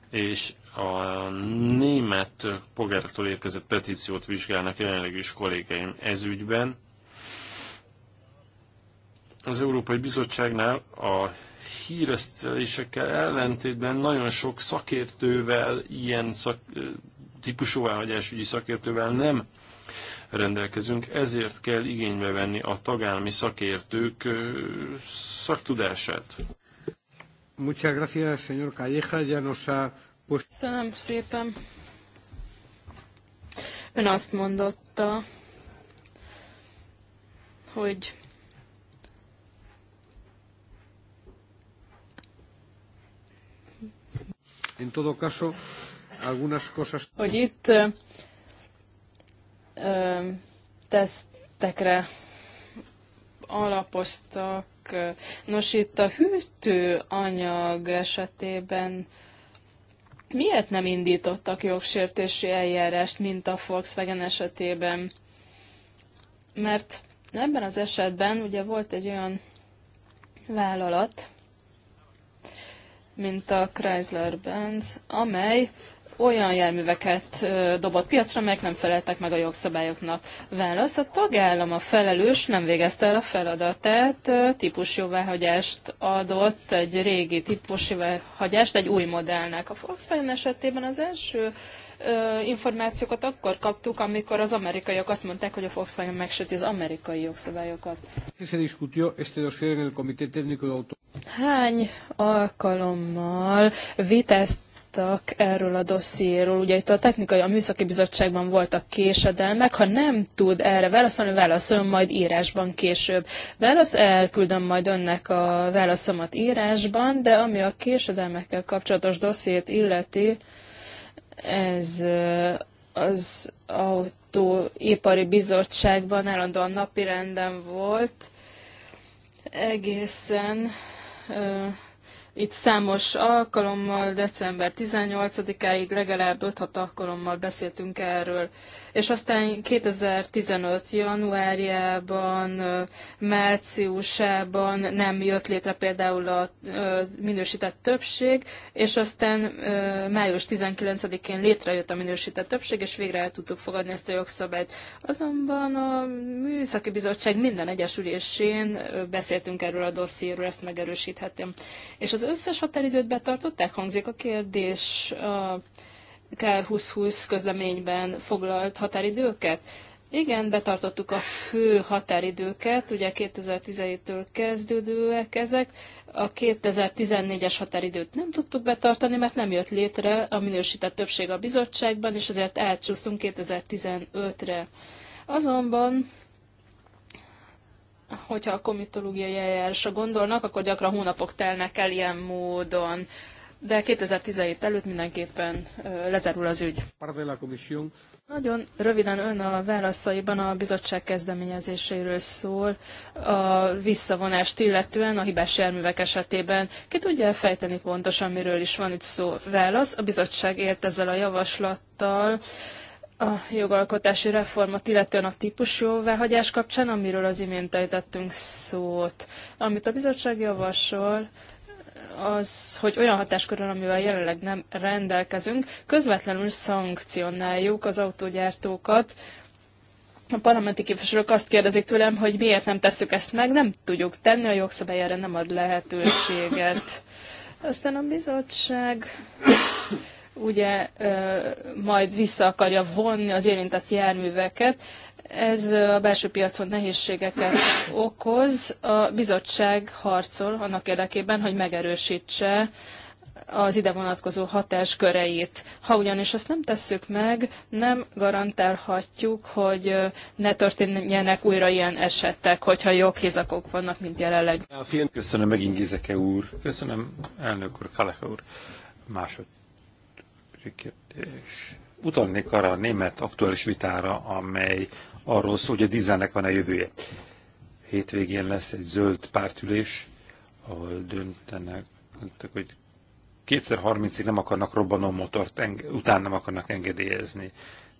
és a német polgáraktól érkezett petíciót vizsgálnak jelenleg is kollégáim ez ügyben. Az Európai Bizottságnál a híresztelésekkel ellentétben nagyon sok szakértővel, ilyen szak, típusú elhagyásügyi szakértővel nem rendelkezünk, ezért kell igénybe venni a tagállami szakértők szaktudását. Muchas gracias, señor Calleja. Ya nos ha puesto... Köszönöm szépen. Ön azt mondotta, hogy En todo caso, algunas cosas... Hogy itt ö, tesztekre alapoztak. Nos, itt a hűtőanyag esetében miért nem indítottak jogsértési eljárást, mint a Volkswagen esetében? Mert ebben az esetben ugye volt egy olyan vállalat, mint a Chrysler Benz, amely olyan járműveket dobott piacra, amelyek nem feleltek meg a jogszabályoknak. Válasz, a tagállam a felelős nem végezte el a feladatát, típusjóváhagyást adott, egy régi típusjóváhagyást egy új modellnek. A Volkswagen esetében az első információkat akkor kaptuk, amikor az amerikaiak azt mondták, hogy a Volkswagen megsöti az amerikai jogszabályokat. Hány alkalommal vitáztunk vitáztak erről a dossziéről. Ugye itt a technikai, a műszaki bizottságban voltak késedelmek. Ha nem tud erre válaszolni, válaszolom majd írásban később. Válasz elküldöm majd önnek a válaszomat írásban, de ami a késedelmekkel kapcsolatos dossziét illeti, ez az autóipari bizottságban állandóan renden volt egészen itt számos alkalommal, december 18-áig legalább 5-6 alkalommal beszéltünk erről. És aztán 2015. januárjában, márciusában nem jött létre például a minősített többség, és aztán május 19-én létrejött a minősített többség, és végre el tudtuk fogadni ezt a jogszabályt. Azonban a Műszaki Bizottság minden egyes ülésén beszéltünk erről a dossziéről, ezt megerősíthetem. És az összes határidőt betartották? Hangzik a kérdés a KR 2020 közleményben foglalt határidőket? Igen, betartottuk a fő határidőket, ugye 2017-től kezdődőek ezek. A 2014-es határidőt nem tudtuk betartani, mert nem jött létre a minősített többség a bizottságban, és azért elcsúsztunk 2015-re. Azonban hogyha a komitológiai eljárásra gondolnak, akkor gyakran hónapok telnek el ilyen módon. De 2017 előtt mindenképpen lezárul az ügy. Nagyon röviden ön a válaszaiban a bizottság kezdeményezéséről szól, a visszavonást illetően a hibás járművek esetében. Ki tudja fejteni pontosan, miről is van itt szó? Válasz, a bizottság ért ezzel a javaslattal, a jogalkotási reformot, illetően a típusjóváhagyás kapcsán, amiről az imént ejtettünk szót. Amit a bizottság javasol, az, hogy olyan hatáskörön, amivel jelenleg nem rendelkezünk, közvetlenül szankcionáljuk az autógyártókat. A parlamenti képviselők azt kérdezik tőlem, hogy miért nem tesszük ezt meg, nem tudjuk tenni, a jogszabály erre nem ad lehetőséget. Aztán a bizottság ugye majd vissza akarja vonni az érintett járműveket. Ez a belső piacon nehézségeket okoz. A bizottság harcol annak érdekében, hogy megerősítse az ide vonatkozó hatásköreit. Ha ugyanis ezt nem tesszük meg, nem garantálhatjuk, hogy ne történjenek újra ilyen esetek, hogyha kézakok vannak, mint jelenleg. Köszönöm megint Gizeke úr. Köszönöm elnök úr, Kaleha úr. Másod kérdés. Utalnék arra a német aktuális vitára, amely arról szól, hogy a dizájnnek van a jövője. Hétvégén lesz egy zöld pártülés, ahol döntenek, hogy kétszer harmincig nem akarnak robbanó motort, után nem akarnak engedélyezni.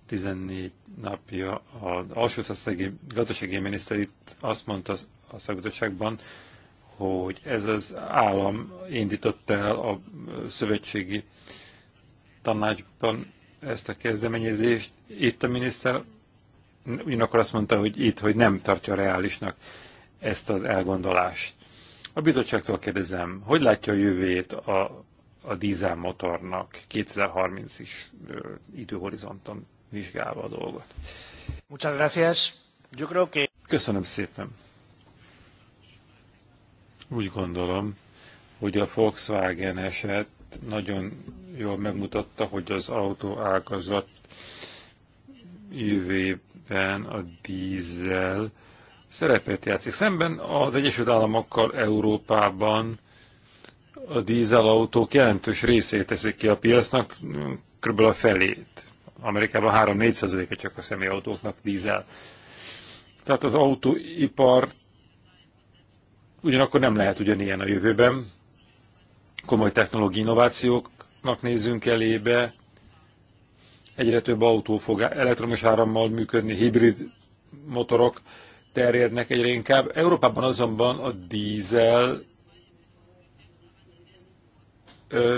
14 napja az alsószaszegi gazdasági miniszter itt azt mondta a szakbizottságban, hogy ez az állam indította el a szövetségi tanácsban ezt a kezdeményezést. Itt a miniszter ugyanakkor azt mondta, hogy itt, hogy nem tartja reálisnak ezt az elgondolást. A bizottságtól kérdezem, hogy látja a jövőjét a, a dízelmotornak 2030 is időhorizonton vizsgálva a dolgot? Muchas gracias. Yo creo que... Köszönöm szépen. Úgy gondolom, hogy a Volkswagen eset nagyon jól megmutatta, hogy az autóágazat jövőben a dízel szerepet játszik. Szemben az Egyesült Államokkal Európában a dízelautók jelentős részét teszik ki a piacnak, kb. a felét. Amerikában 3-4 csak a személyautóknak dízel. Tehát az autóipar ugyanakkor nem lehet ugyanilyen a jövőben, komoly technológiai innovációknak nézünk elébe, egyre több autó fog elektromos árammal működni, hibrid motorok terjednek egyre inkább. Európában azonban a dízel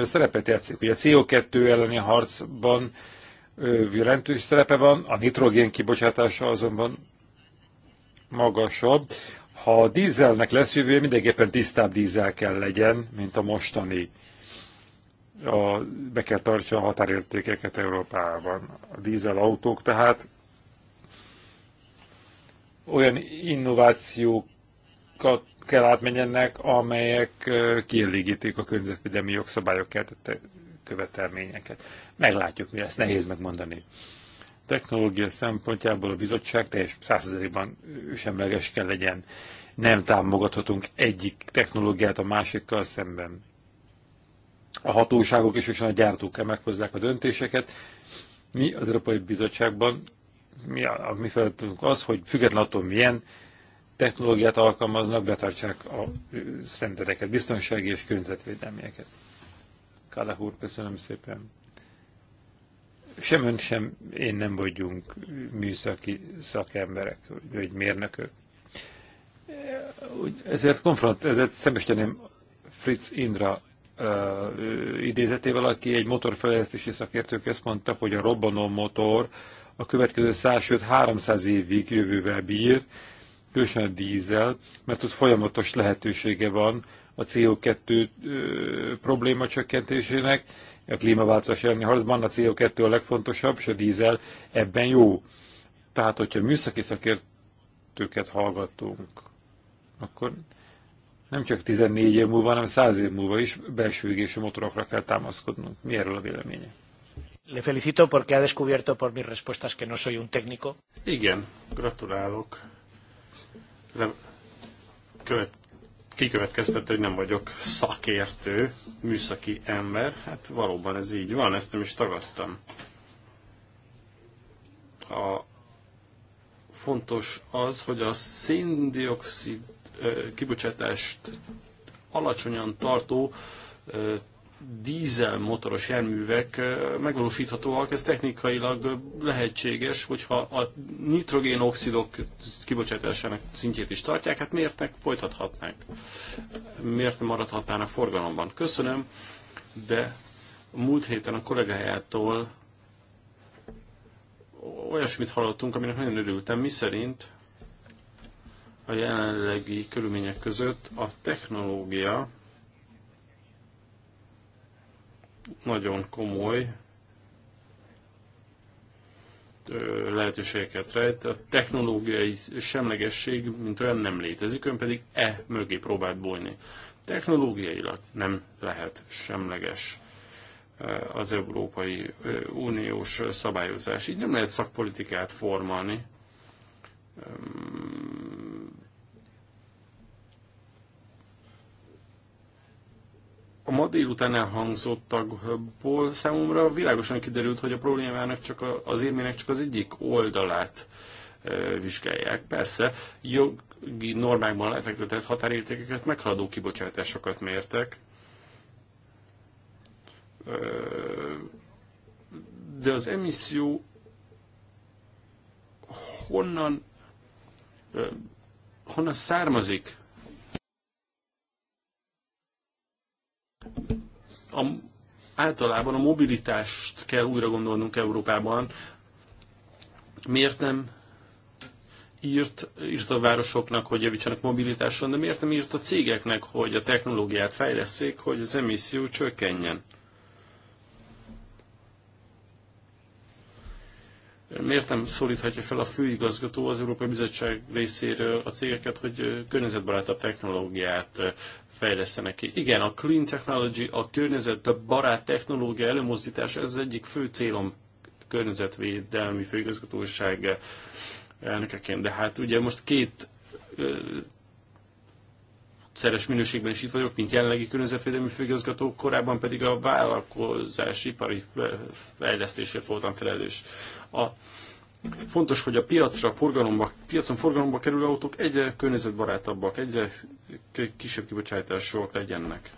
szerepet játszik. Ugye a CO2 elleni harcban jelentős szerepe van, a nitrogén kibocsátása azonban magasabb. Ha a dízelnek lesz jövője, mindenképpen tisztább dízel kell legyen, mint a mostani. A, be kell tartsa a határértékeket Európában. A dízel autók tehát olyan innovációkat kell átmenjenek, amelyek kielégítik a környezetvédelmi jogszabályok keltette követelményeket. Meglátjuk, mi lesz, nehéz megmondani. Technológia szempontjából a bizottság teljes százezerében semleges kell legyen nem támogathatunk egyik technológiát a másikkal szemben. A hatóságok és a gyártók kell meghozzák a döntéseket. Mi az Európai Bizottságban, mi, a, mi feladatunk az, hogy független attól milyen technológiát alkalmaznak, betartsák a szentereket, biztonsági és környezetvédelmieket. Kállah úr, köszönöm szépen. Sem ön, sem én nem vagyunk műszaki szakemberek, vagy mérnökök ezért konfront, ezért szembesíteném Fritz Indra idézetével, aki egy motorfejlesztési szakértő mondta, hogy a robbanó motor a következő 100-300 évig jövővel bír, különösen a dízel, mert ott folyamatos lehetősége van a CO2 probléma csökkentésének, a klímaváltozás elleni harcban a CO2 a legfontosabb, és a dízel ebben jó. Tehát, hogyha műszaki szakértőket hallgatunk, akkor nem csak 14 év múlva, hanem 100 év múlva is belső égésű motorokra kell támaszkodnunk. Mi erről a véleménye? Le felicito porque ha descubierto por mis respuestas que no soy un técnico. Igen, gratulálok. Nem, követ, kikövetkeztető, hogy nem vagyok szakértő, műszaki ember. Hát valóban ez így van, ezt nem is tagadtam. A fontos az, hogy a széndiokszid kibocsátást alacsonyan tartó dízel motoros járművek megvalósíthatóak, ez technikailag lehetséges, hogyha a nitrogén oxidok kibocsátásának szintjét is tartják, hát miért ne folytathatnánk? Miért nem maradhatnának forgalomban? Köszönöm, de a múlt héten a kollégájától olyasmit hallottunk, aminek nagyon örültem, mi szerint a jelenlegi körülmények között a technológia nagyon komoly lehetőségeket rejt. A technológiai semlegesség, mint olyan nem létezik, ön pedig e mögé próbált bújni. Technológiailag nem lehet semleges az Európai Uniós szabályozás. Így nem lehet szakpolitikát formálni, a ma délután elhangzottakból számomra világosan kiderült, hogy a problémának csak a, az érmének csak az egyik oldalát vizsgálják. Persze, jogi normákban lefektetett határértékeket meghaladó kibocsátásokat mértek, de az emisszió honnan honnan származik a, általában a mobilitást kell újra gondolnunk Európában. Miért nem írt, írt a városoknak, hogy javítsanak mobilitáson, de miért nem írt a cégeknek, hogy a technológiát fejleszék, hogy az emisszió csökkenjen? miért nem szólíthatja fel a főigazgató az Európai Bizottság részéről a cégeket, hogy környezetbarátabb technológiát fejlesztenek ki? Igen, a clean technology, a környezetbarát technológia előmozdítása, ez az egyik fő célom környezetvédelmi főigazgatóság elnökeként. De hát ugye most két szeres minőségben is itt vagyok, mint jelenlegi környezetvédelmi főigazgató, korábban pedig a vállalkozás ipari fejlesztésért voltam felelős a Fontos, hogy a piacra forgalomba, piacon forgalomba kerülő autók egyre környezetbarátabbak, egyre kisebb kibocsátásúak legyenek.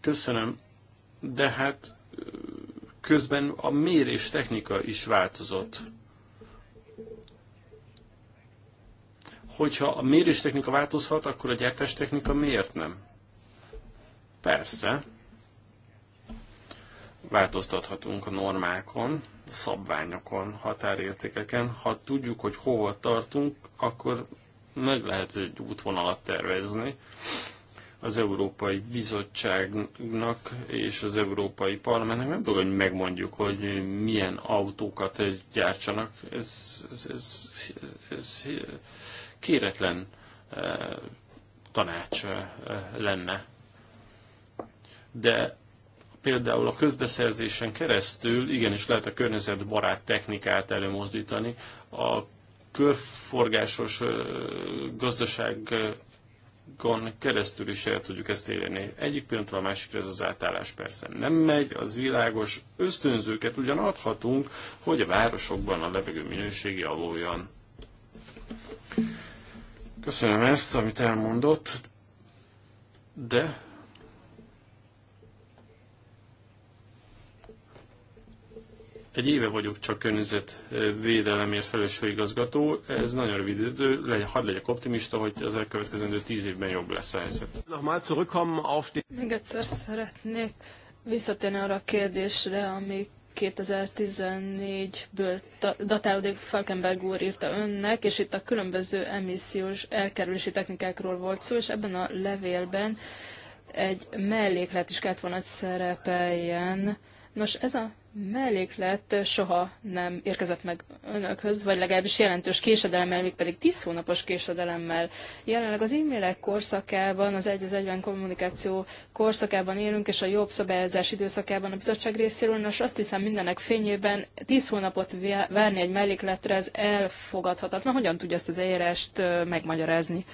Köszönöm, de hát közben a mérés technika is változott. Hogyha a mérés technika változhat, akkor a gyártás technika miért nem? Persze, változtathatunk a normákon, a szabványokon, határértékeken. Ha tudjuk, hogy hova tartunk, akkor meg lehet egy útvonalat tervezni. Az Európai Bizottságnak és az Európai Parlamentnek nem tudom, hogy megmondjuk, hogy milyen autókat gyártsanak. Ez, ez, ez, ez kéretlen eh, tanács eh, lenne. De például a közbeszerzésen keresztül igenis lehet a környezetbarát technikát előmozdítani. A körforgásos gazdaságon keresztül is el tudjuk ezt élni. Egyik pillanatról a másikra ez az átállás persze nem megy, az világos ösztönzőket ugyan adhatunk, hogy a városokban a levegő minőségi javuljon. Köszönöm ezt, amit elmondott, de Egy éve vagyok csak környezetvédelemért felelős főigazgató, ez nagyon rövid idő, hadd legyek optimista, hogy az elkövetkezendő tíz évben jobb lesz a helyzet. Még egyszer szeretnék visszatérni arra a kérdésre, ami 2014-ből datálódik Falkenberg úr írta önnek, és itt a különböző emissziós elkerülési technikákról volt szó, és ebben a levélben egy melléklet is kellett volna, hogy szerepeljen. Nos, ez a melléklet soha nem érkezett meg önökhöz, vagy legalábbis jelentős késedelemmel, még pedig 10 hónapos késedelemmel. Jelenleg az e-mailek korszakában, az egy az egyben kommunikáció korszakában élünk, és a jobb szabályozás időszakában a bizottság részéről, nos azt hiszem mindenek fényében 10 hónapot várni egy mellékletre, ez elfogadhatatlan. Hogyan tudja ezt az eljárást megmagyarázni?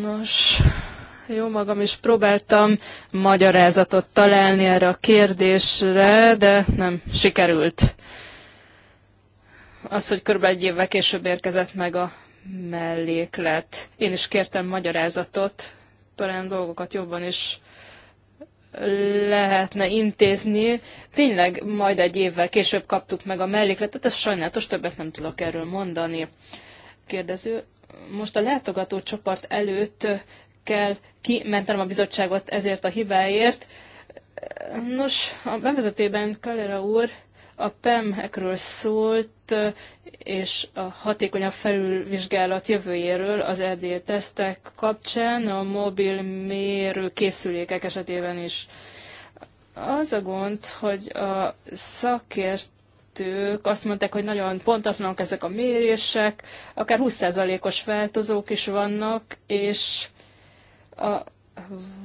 Nos, jó magam is próbáltam magyarázatot találni erre a kérdésre, de nem sikerült. Az, hogy kb. egy évvel később érkezett meg a melléklet. Én is kértem magyarázatot, talán dolgokat jobban is lehetne intézni. Tényleg majd egy évvel később kaptuk meg a mellékletet, ez sajnálatos, többet nem tudok erről mondani. Kérdező, most a látogató csoport előtt kell kimentenem a bizottságot ezért a hibáért. Nos, a bevezetőben Kalera úr a PEM-ekről szólt, és a hatékonyabb felülvizsgálat jövőjéről az ED tesztek kapcsán a mobil mérő készülékek esetében is. Az a gond, hogy a szakértők azt mondták, hogy nagyon pontatlanak ezek a mérések, akár 20%-os változók is vannak, és a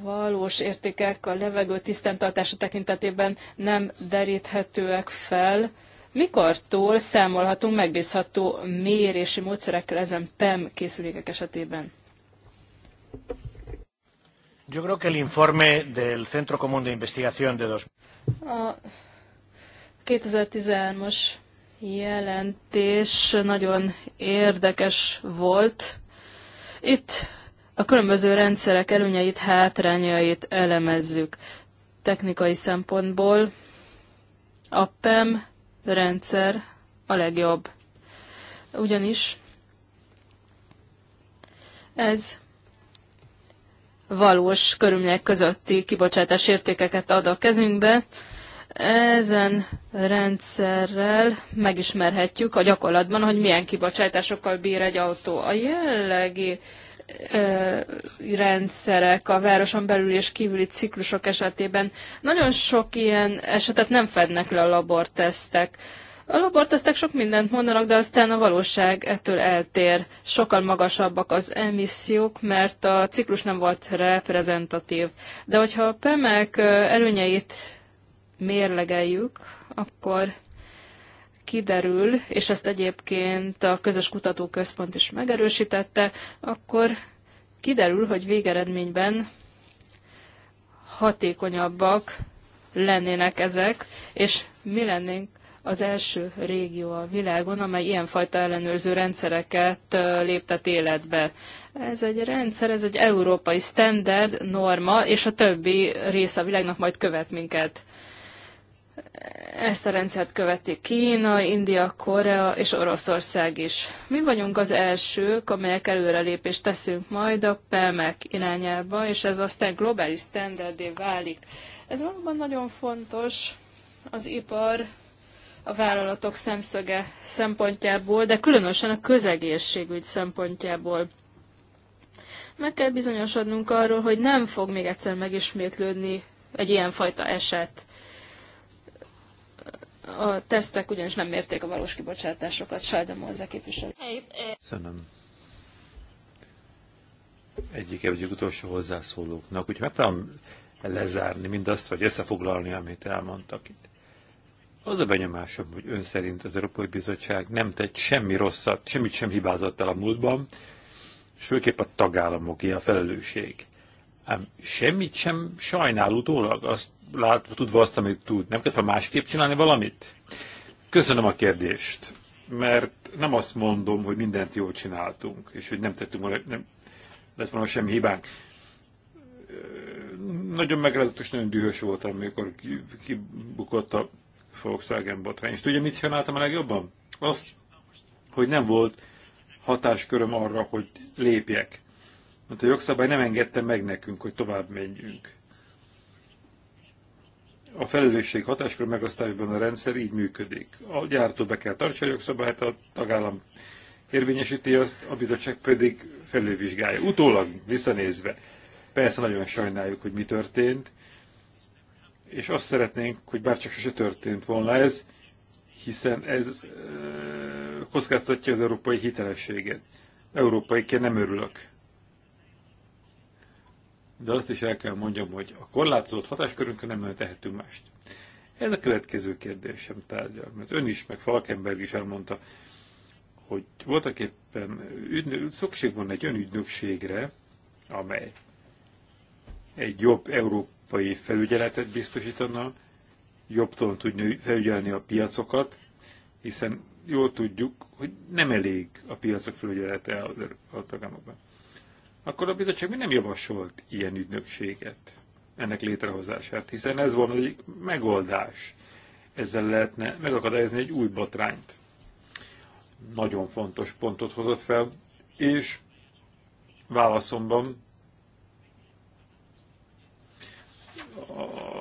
valós értékek a levegő tisztentartása tekintetében nem deríthetőek fel. Mikortól számolhatunk megbízható mérési módszerekkel ezen PEM készülékek esetében? Yo creo que el informe del Centro Común de Investigación de dos... A 2013-as jelentés nagyon érdekes volt. Itt a különböző rendszerek előnyeit, hátrányait elemezzük. Technikai szempontból a PEM rendszer a legjobb. Ugyanis ez valós körülmények közötti kibocsátás értékeket ad a kezünkbe. Ezen rendszerrel megismerhetjük a gyakorlatban, hogy milyen kibocsátásokkal bír egy autó. A jellegi rendszerek a városon belül és kívüli ciklusok esetében. Nagyon sok ilyen esetet nem fednek le a labortesztek. A labortesztek sok mindent mondanak, de aztán a valóság ettől eltér. Sokkal magasabbak az emissziók, mert a ciklus nem volt reprezentatív. De hogyha a PEMEK előnyeit mérlegeljük, akkor kiderül, és ezt egyébként a közös kutatóközpont is megerősítette, akkor kiderül, hogy végeredményben hatékonyabbak lennének ezek, és mi lennénk az első régió a világon, amely ilyenfajta ellenőrző rendszereket léptet életbe. Ez egy rendszer, ez egy európai standard, norma, és a többi része a világnak majd követ minket. Ezt a rendszert követi Kína, India, Korea és Oroszország is. Mi vagyunk az elsők, amelyek előrelépést teszünk majd a PEMEK irányába, és ez aztán globális standardé válik. Ez valóban nagyon fontos az ipar, a vállalatok szemszöge szempontjából, de különösen a közegészségügy szempontjából. Meg kell bizonyosodnunk arról, hogy nem fog még egyszer megismétlődni egy ilyenfajta eset a tesztek ugyanis nem mérték a valós kibocsátásokat, sajnálom hozzá képviselő. Köszönöm. Egyike vagyok utolsó hozzászólóknak, úgyhogy megpróbálom lezárni mindazt, vagy összefoglalni, amit elmondtak itt. Az a benyomásom, hogy ön szerint az Európai Bizottság nem tett semmi rosszat, semmit sem hibázott el a múltban, és főképp a tagállamoké a felelősség. Ám semmit sem sajnál utólag, azt látva tudva azt, amit tud. Nem kell másképp csinálni valamit? Köszönöm a kérdést, mert nem azt mondom, hogy mindent jól csináltunk, és hogy nem tettünk volna, nem lett volna semmi hibánk. Nagyon és nagyon dühös voltam, amikor kibukott a Volkswagen botrány. És tudja, mit csináltam a legjobban? Azt, hogy nem volt hatásköröm arra, hogy lépjek. Mert a jogszabály nem engedte meg nekünk, hogy tovább menjünk a felelősség hatáskör megosztásban a rendszer így működik. A gyártó be kell tartsa a jogszabályt, a tagállam érvényesíti azt, a bizottság pedig felülvizsgálja. Utólag visszanézve, persze nagyon sajnáljuk, hogy mi történt, és azt szeretnénk, hogy bárcsak se történt volna ez, hiszen ez kockáztatja az európai hitelességet. Európaiként nem örülök de azt is el kell mondjam, hogy a korlátozott hatáskörünkön nem tehetünk mást. Ez a következő kérdésem tárgya, mert ön is, meg Falkenberg is elmondta, hogy voltak éppen szükség van egy önügynökségre, amely egy jobb európai felügyeletet biztosítana, jobban tudni felügyelni a piacokat, hiszen jól tudjuk, hogy nem elég a piacok felügyelete a tagállamokban akkor a bizottság mi nem javasolt ilyen ügynökséget, ennek létrehozását, hiszen ez volna egy megoldás. Ezzel lehetne megakadályozni egy új botrányt. Nagyon fontos pontot hozott fel, és válaszomban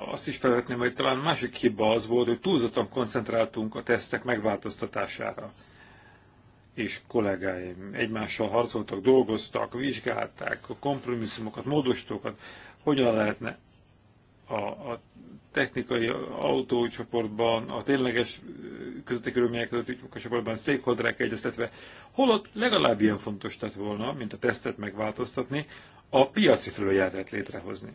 azt is felvetném, hogy talán másik hiba az volt, hogy túlzottan koncentráltunk a tesztek megváltoztatására és kollégáim egymással harcoltak, dolgoztak, vizsgálták a kompromisszumokat, módosítókat, hogyan lehetne a, a technikai autócsoportban, a tényleges közötti körülmények közötti csoportban stakeholderek egyeztetve, holott legalább ilyen fontos tett volna, mint a tesztet megváltoztatni, a piaci felügyeletet létrehozni.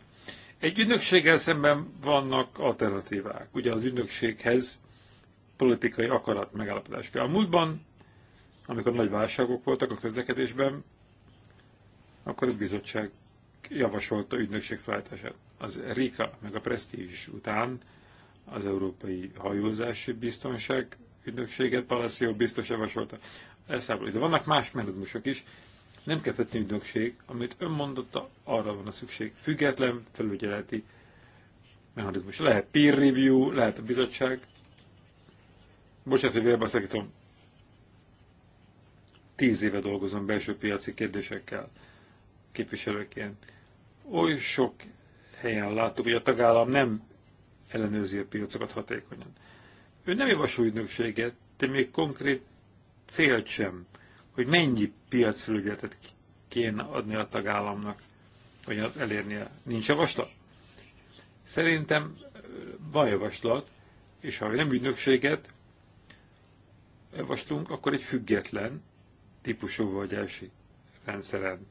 Egy ügynökséggel szemben vannak alternatívák. Ugye az ügynökséghez politikai akarat megállapodás kell. A múltban amikor nagy válságok voltak a közlekedésben, akkor a bizottság javasolta ügynökség felállítását. Az Rika meg a Prestige után az Európai Hajózási Biztonság ügynökséget Palacio biztos javasolta. Elszámoló. De vannak más mechanizmusok is. Nem kell feltétlenül ügynökség, amit ön mondotta, arra van a szükség. Független felügyeleti mechanizmus. Lehet peer review, lehet a bizottság. Bocsánat, hogy vérbeszakítom tíz éve dolgozom belső piaci kérdésekkel képviselőként. Oly sok helyen láttuk, hogy a tagállam nem ellenőrzi a piacokat hatékonyan. Ő nem javasol ügynökséget, de még konkrét célt sem, hogy mennyi piacfelügyeletet kéne adni a tagállamnak, hogy elérnie. Nincs javaslat? Szerintem van javaslat, és ha nem ügynökséget javaslunk, akkor egy független típusú vagyási rendszeren.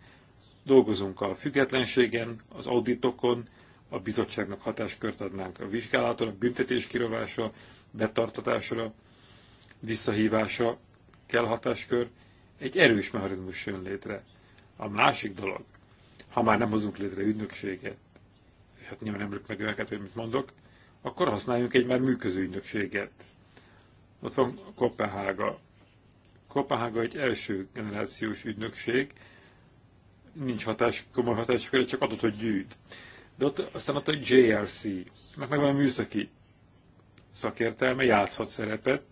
Dolgozunk a függetlenségen, az auditokon, a bizottságnak hatáskört adnánk a vizsgálaton, a büntetés kirovásra, betartatásra, visszahívása kell hatáskör, egy erős mechanizmus jön létre. A másik dolog, ha már nem hozunk létre ügynökséget, és hát nyilván nem meg őket, hogy mit mondok, akkor használjunk egy már működő ügynökséget. Ott van Kopenhága, Kopenhága egy első generációs ügynökség, nincs hatás, komoly hatás, csak adott hogy gyűjt. De ott, aztán ott a JRC, meg van a műszaki szakértelme, játszhat szerepet,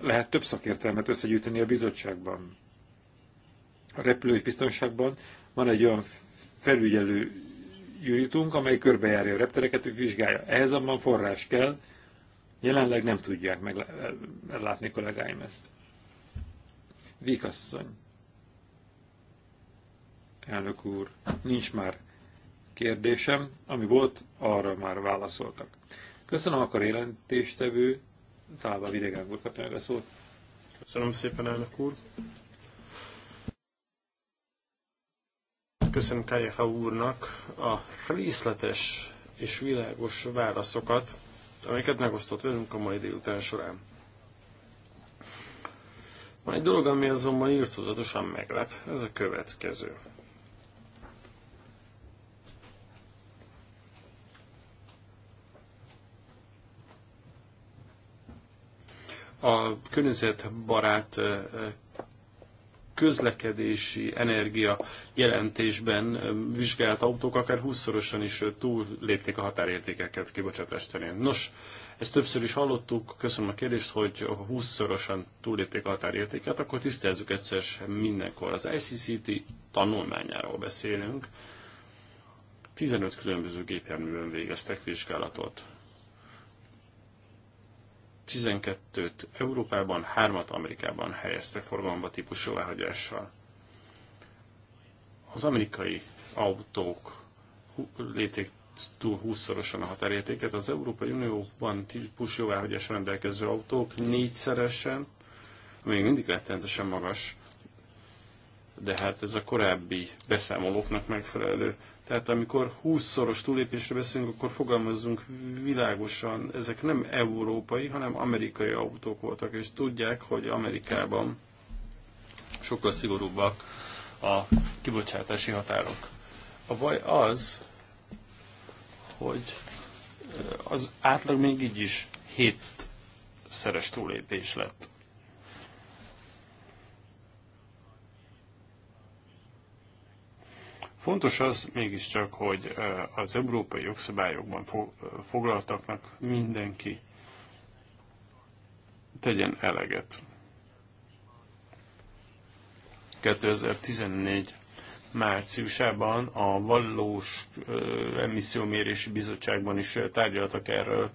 lehet több szakértelmet összegyűjteni a bizottságban. A repülős biztonságban van egy olyan felügyelő jutunk, amely körbejárja a reptereket, és vizsgálja. Ehhez abban forrás kell, Jelenleg nem tudják meglátni eh, kollégáim ezt. Vikasszony. Elnök úr, nincs már kérdésem, ami volt, arra már válaszoltak. Köszönöm akkor jelentéstevő, Táva Videgán úr kapja meg a szót. Köszönöm szépen, elnök úr. Köszönöm Kályeha úrnak a részletes és világos válaszokat amiket megosztott velünk a mai délután során. Van egy dolog, ami azonban írtózatosan meglep, ez a következő. A környezetbarát közlekedési energia jelentésben vizsgált autók akár 20-szorosan is túllépték a határértékeket kibocsátás terén. Nos, ezt többször is hallottuk, köszönöm a kérdést, hogy 20-szorosan túllépték a határértéket, akkor tisztázzuk egyszer mindenkor. Az ICCT tanulmányáról beszélünk. 15 különböző gépjárművön végeztek vizsgálatot. 12-t Európában, 3-at Amerikában helyezte forgalomba típusú lehagyással. Az amerikai autók lépték túl 20-szorosan a határértéket, az Európai Unióban típusú jóváhagyásra rendelkező autók négyszeresen, még mindig rettenetesen magas, de hát ez a korábbi beszámolóknak megfelelő tehát amikor 20-szoros túlépésre beszélünk, akkor fogalmazzunk világosan, ezek nem európai, hanem amerikai autók voltak, és tudják, hogy Amerikában sokkal szigorúbbak a kibocsátási határok. A baj az, hogy az átlag még így is 7 szeres túlépés lett. Fontos az mégiscsak, hogy az európai jogszabályokban foglaltaknak mindenki tegyen eleget. 2014 márciusában a Vallós Emissziómérési Bizottságban is tárgyaltak erről,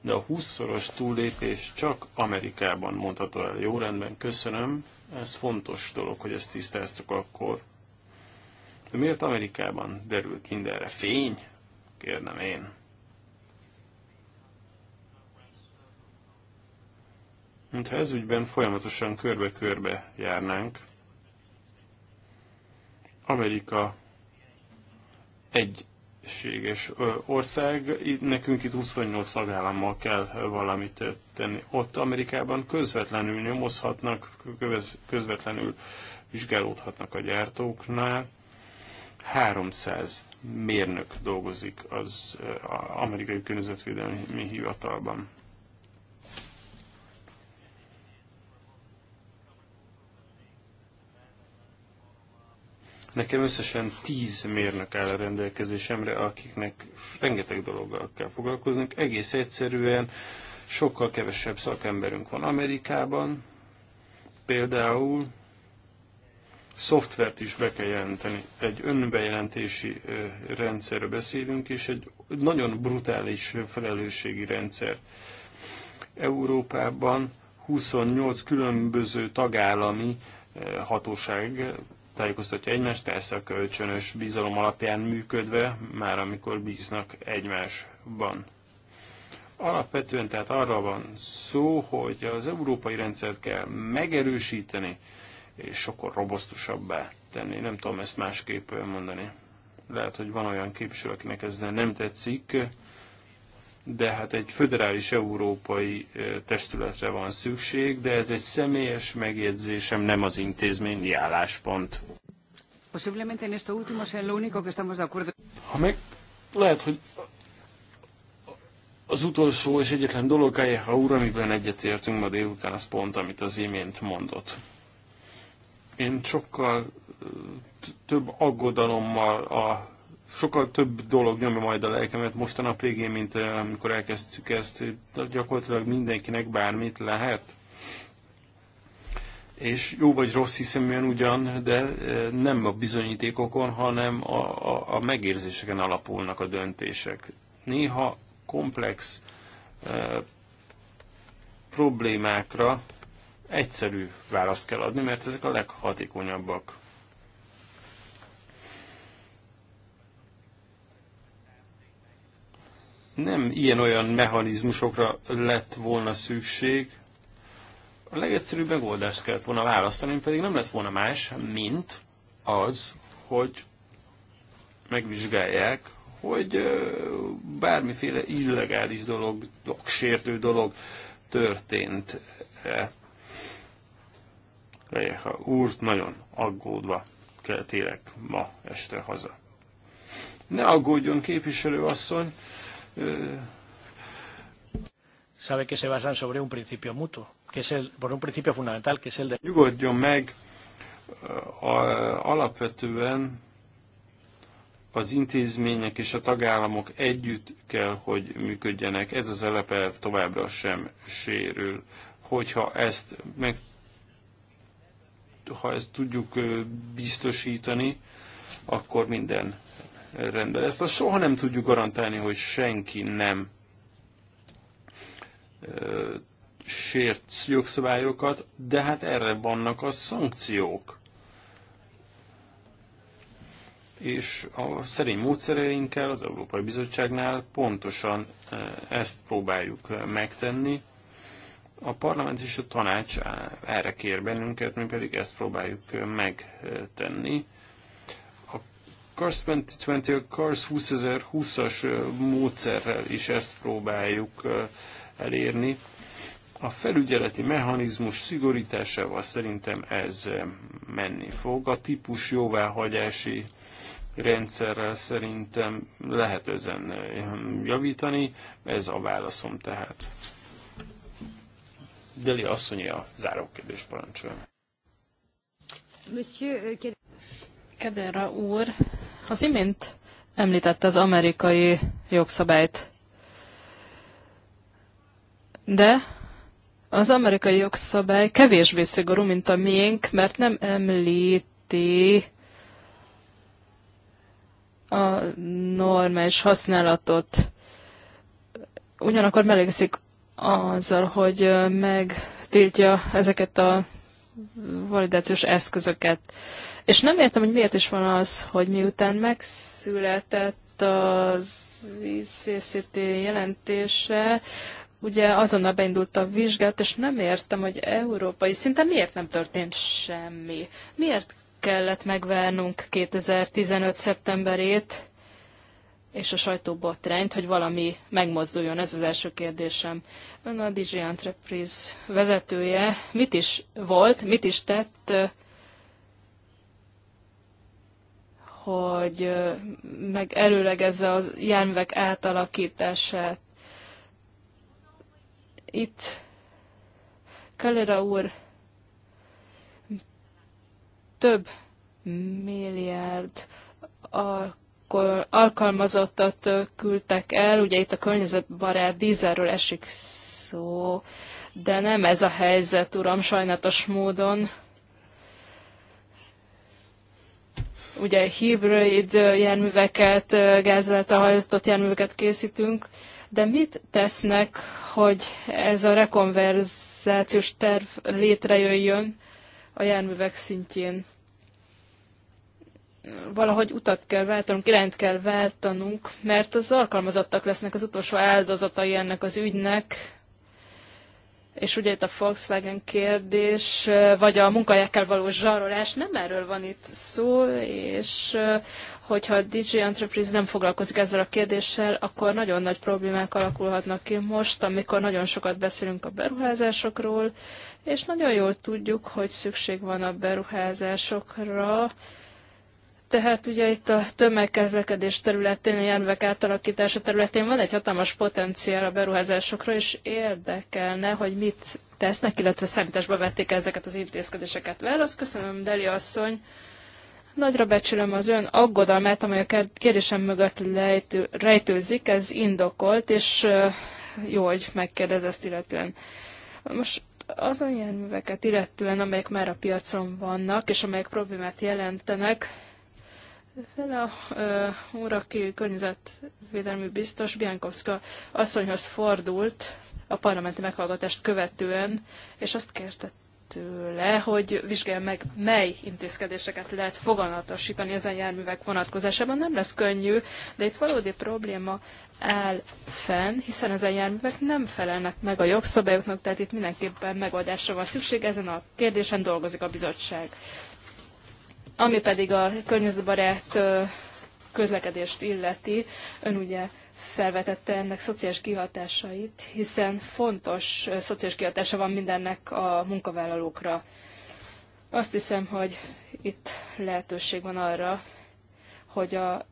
de a 20-szoros túlépés csak Amerikában mondható el. Jó rendben, köszönöm. Ez fontos dolog, hogy ezt tisztáztuk akkor. De miért Amerikában derült mindenre fény? Kérdem én. Mintha ez ügyben folyamatosan körbe-körbe járnánk. Amerika egységes ország, nekünk itt 28 tagállammal kell valamit tenni. Ott Amerikában közvetlenül nyomozhatnak, közvetlenül vizsgálódhatnak a gyártóknál, 300 mérnök dolgozik az amerikai környezetvédelmi hivatalban. Nekem összesen tíz mérnök áll a rendelkezésemre, akiknek rengeteg dologgal kell foglalkoznunk. Egész egyszerűen sokkal kevesebb szakemberünk van Amerikában. Például szoftvert is be kell jelenteni. Egy önbejelentési rendszerről beszélünk, és egy nagyon brutális felelősségi rendszer. Európában 28 különböző tagállami hatóság tájékoztatja egymást, persze a kölcsönös bizalom alapján működve, már amikor bíznak egymásban. Alapvetően tehát arra van szó, hogy az európai rendszert kell megerősíteni, és sokkal robosztusabbá tenni. Nem tudom ezt másképp mondani. Lehet, hogy van olyan képső, akinek ezzel nem tetszik, de hát egy föderális európai testületre van szükség, de ez egy személyes megjegyzésem, nem az intézményi álláspont. Ha meg lehet, hogy az utolsó és egyetlen dolog, ha úr, amiben egyetértünk ma délután, az pont, amit az imént mondott én sokkal több aggodalommal, a, sokkal több dolog nyomja majd a lelkemet mostanap végén, mint amikor elkezdtük ezt. Gyakorlatilag mindenkinek bármit lehet. És jó vagy rossz hiszeműen ugyan, de nem a bizonyítékokon, hanem a, a, a megérzéseken alapulnak a döntések. Néha komplex e, problémákra Egyszerű választ kell adni, mert ezek a leghatékonyabbak. nem ilyen-olyan mechanizmusokra lett volna szükség, a legegyszerűbb megoldást kellett volna választani, pedig nem lett volna más, mint az, hogy megvizsgálják, hogy bármiféle illegális dolog, sértő dolog történt -e a úrt nagyon aggódva térek ma este haza. Ne aggódjon, képviselő asszony. Sabe que se basan sobre un principio mutuo, que es el, por un principio fundamental, que es el de... Nyugodjon meg, a, alapvetően az intézmények és a tagállamok együtt kell, hogy működjenek. Ez az elepe továbbra sem sérül. Hogyha ezt meg ha ezt tudjuk biztosítani, akkor minden rendben. Ezt azt soha nem tudjuk garantálni, hogy senki nem sért jogszabályokat, de hát erre vannak a szankciók. És a szerény módszereinkkel az Európai Bizottságnál pontosan ezt próbáljuk megtenni. A parlament és a tanács erre kér bennünket, mi pedig ezt próbáljuk megtenni. A Cars 2020, a Cars 2020-as módszerrel is ezt próbáljuk elérni. A felügyeleti mechanizmus szigorításával szerintem ez menni fog. A típus jóváhagyási rendszerrel szerintem lehet ezen javítani. Ez a válaszom tehát. Deli asszonyi a kérdés parancsol. Euh, Kedera úr, az imént említette az amerikai jogszabályt, de az amerikai jogszabály kevésbé szigorú, mint a miénk, mert nem említi a normális használatot. Ugyanakkor melegszik azzal, hogy megtiltja ezeket a validációs eszközöket. És nem értem, hogy miért is van az, hogy miután megszületett az ICCT jelentése, ugye azonnal beindult a vizsgát, és nem értem, hogy európai szinten miért nem történt semmi. Miért kellett megvárnunk 2015. szeptemberét, és a trend, hogy valami megmozduljon? Ez az első kérdésem. Ön a DJ Enterprise vezetője mit is volt, mit is tett, hogy meg előlegezze a járművek átalakítását. Itt Kalera úr több milliárd a alkalmazottat küldtek el, ugye itt a környezetbarát dízerről esik szó, de nem ez a helyzet, uram, sajnálatos módon. Ugye hibrid járműveket, gázzelte hajtott járműveket készítünk, de mit tesznek, hogy ez a rekonverzációs terv létrejöjjön a járművek szintjén? valahogy utat kell váltanunk, irányt kell váltanunk, mert az alkalmazottak lesznek az utolsó áldozatai ennek az ügynek, és ugye itt a Volkswagen kérdés, vagy a munkahelyekkel való zsarolás, nem erről van itt szó, és hogyha a DJ Enterprise nem foglalkozik ezzel a kérdéssel, akkor nagyon nagy problémák alakulhatnak ki most, amikor nagyon sokat beszélünk a beruházásokról, és nagyon jól tudjuk, hogy szükség van a beruházásokra, tehát ugye itt a tömegközlekedés területén, a járművek átalakítása területén van egy hatalmas potenciál a beruházásokra, és érdekelne, hogy mit tesznek, illetve számításba vették ezeket az intézkedéseket. Válasz, köszönöm, Deli asszony. Nagyra becsülöm az ön aggodalmát, amely a kérdésem mögött lejtő, rejtőzik, ez indokolt, és jó, hogy megkérdez ezt illetően. Most azon járműveket illetően, amelyek már a piacon vannak, és amelyek problémát jelentenek, fel a úr, aki környezetvédelmi biztos, Biankovska asszonyhoz fordult a parlamenti meghallgatást követően, és azt kérte tőle, hogy vizsgálja meg, mely intézkedéseket lehet foganatosítani ezen járművek vonatkozásában. Nem lesz könnyű, de itt valódi probléma áll fenn, hiszen ezen járművek nem felelnek meg a jogszabályoknak, tehát itt mindenképpen megoldásra van szükség. Ezen a kérdésen dolgozik a bizottság. Ami pedig a környezetbarát közlekedést illeti, ön ugye felvetette ennek szociális kihatásait, hiszen fontos szociális kihatása van mindennek a munkavállalókra. Azt hiszem, hogy itt lehetőség van arra, hogy a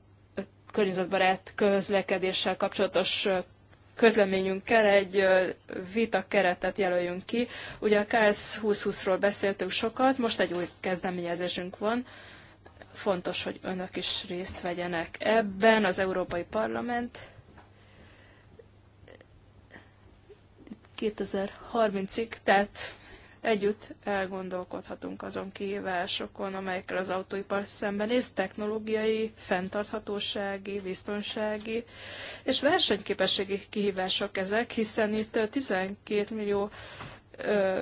környezetbarát közlekedéssel kapcsolatos közleményünkkel egy vita keretet jelöljünk ki. Ugye a KS 2020-ról beszéltünk sokat, most egy új kezdeményezésünk van. Fontos, hogy önök is részt vegyenek ebben, az Európai Parlament. 2030-ig, tehát Együtt elgondolkodhatunk azon kihívásokon, amelyekkel az autóipar szembenéz, technológiai, fenntarthatósági, biztonsági és versenyképességi kihívások ezek, hiszen itt 12 millió ö,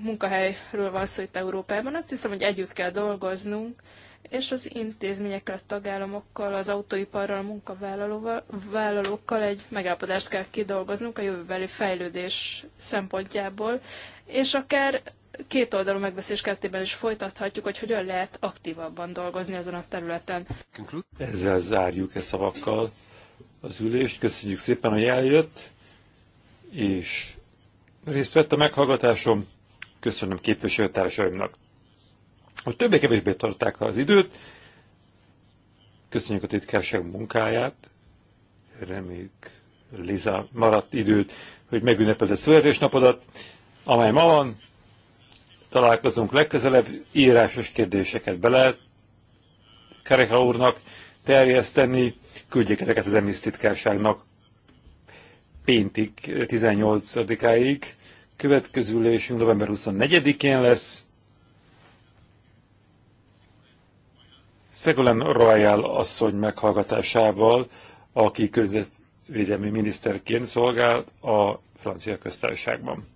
munkahelyről van szó itt Európában. Azt hiszem, hogy együtt kell dolgoznunk, és az intézményekkel, a tagállamokkal, az autóiparral, a munkavállalókkal egy megállapodást kell kidolgoznunk a jövőbeli fejlődés szempontjából, és akár két oldalú megbeszélés keretében is folytathatjuk, hogy hogyan lehet aktívabban dolgozni ezen a területen. Ezzel zárjuk e szavakkal az ülést. Köszönjük szépen, hogy eljött, és részt vett a meghallgatásom. Köszönöm képviselőtársaimnak hogy többé-kevésbé tarták az időt. Köszönjük a titkárság munkáját. Reméljük Liza maradt időt, hogy megünnepeld a születésnapodat, amely ma van. Találkozunk legközelebb, írásos kérdéseket be lehet Kereka úrnak terjeszteni, küldjék ezeket az emisz titkárságnak péntig 18-áig. Következő ülésünk november 24-én lesz Szegolán Royal asszony meghallgatásával, aki közvédelmi miniszterként szolgál a francia köztársaságban.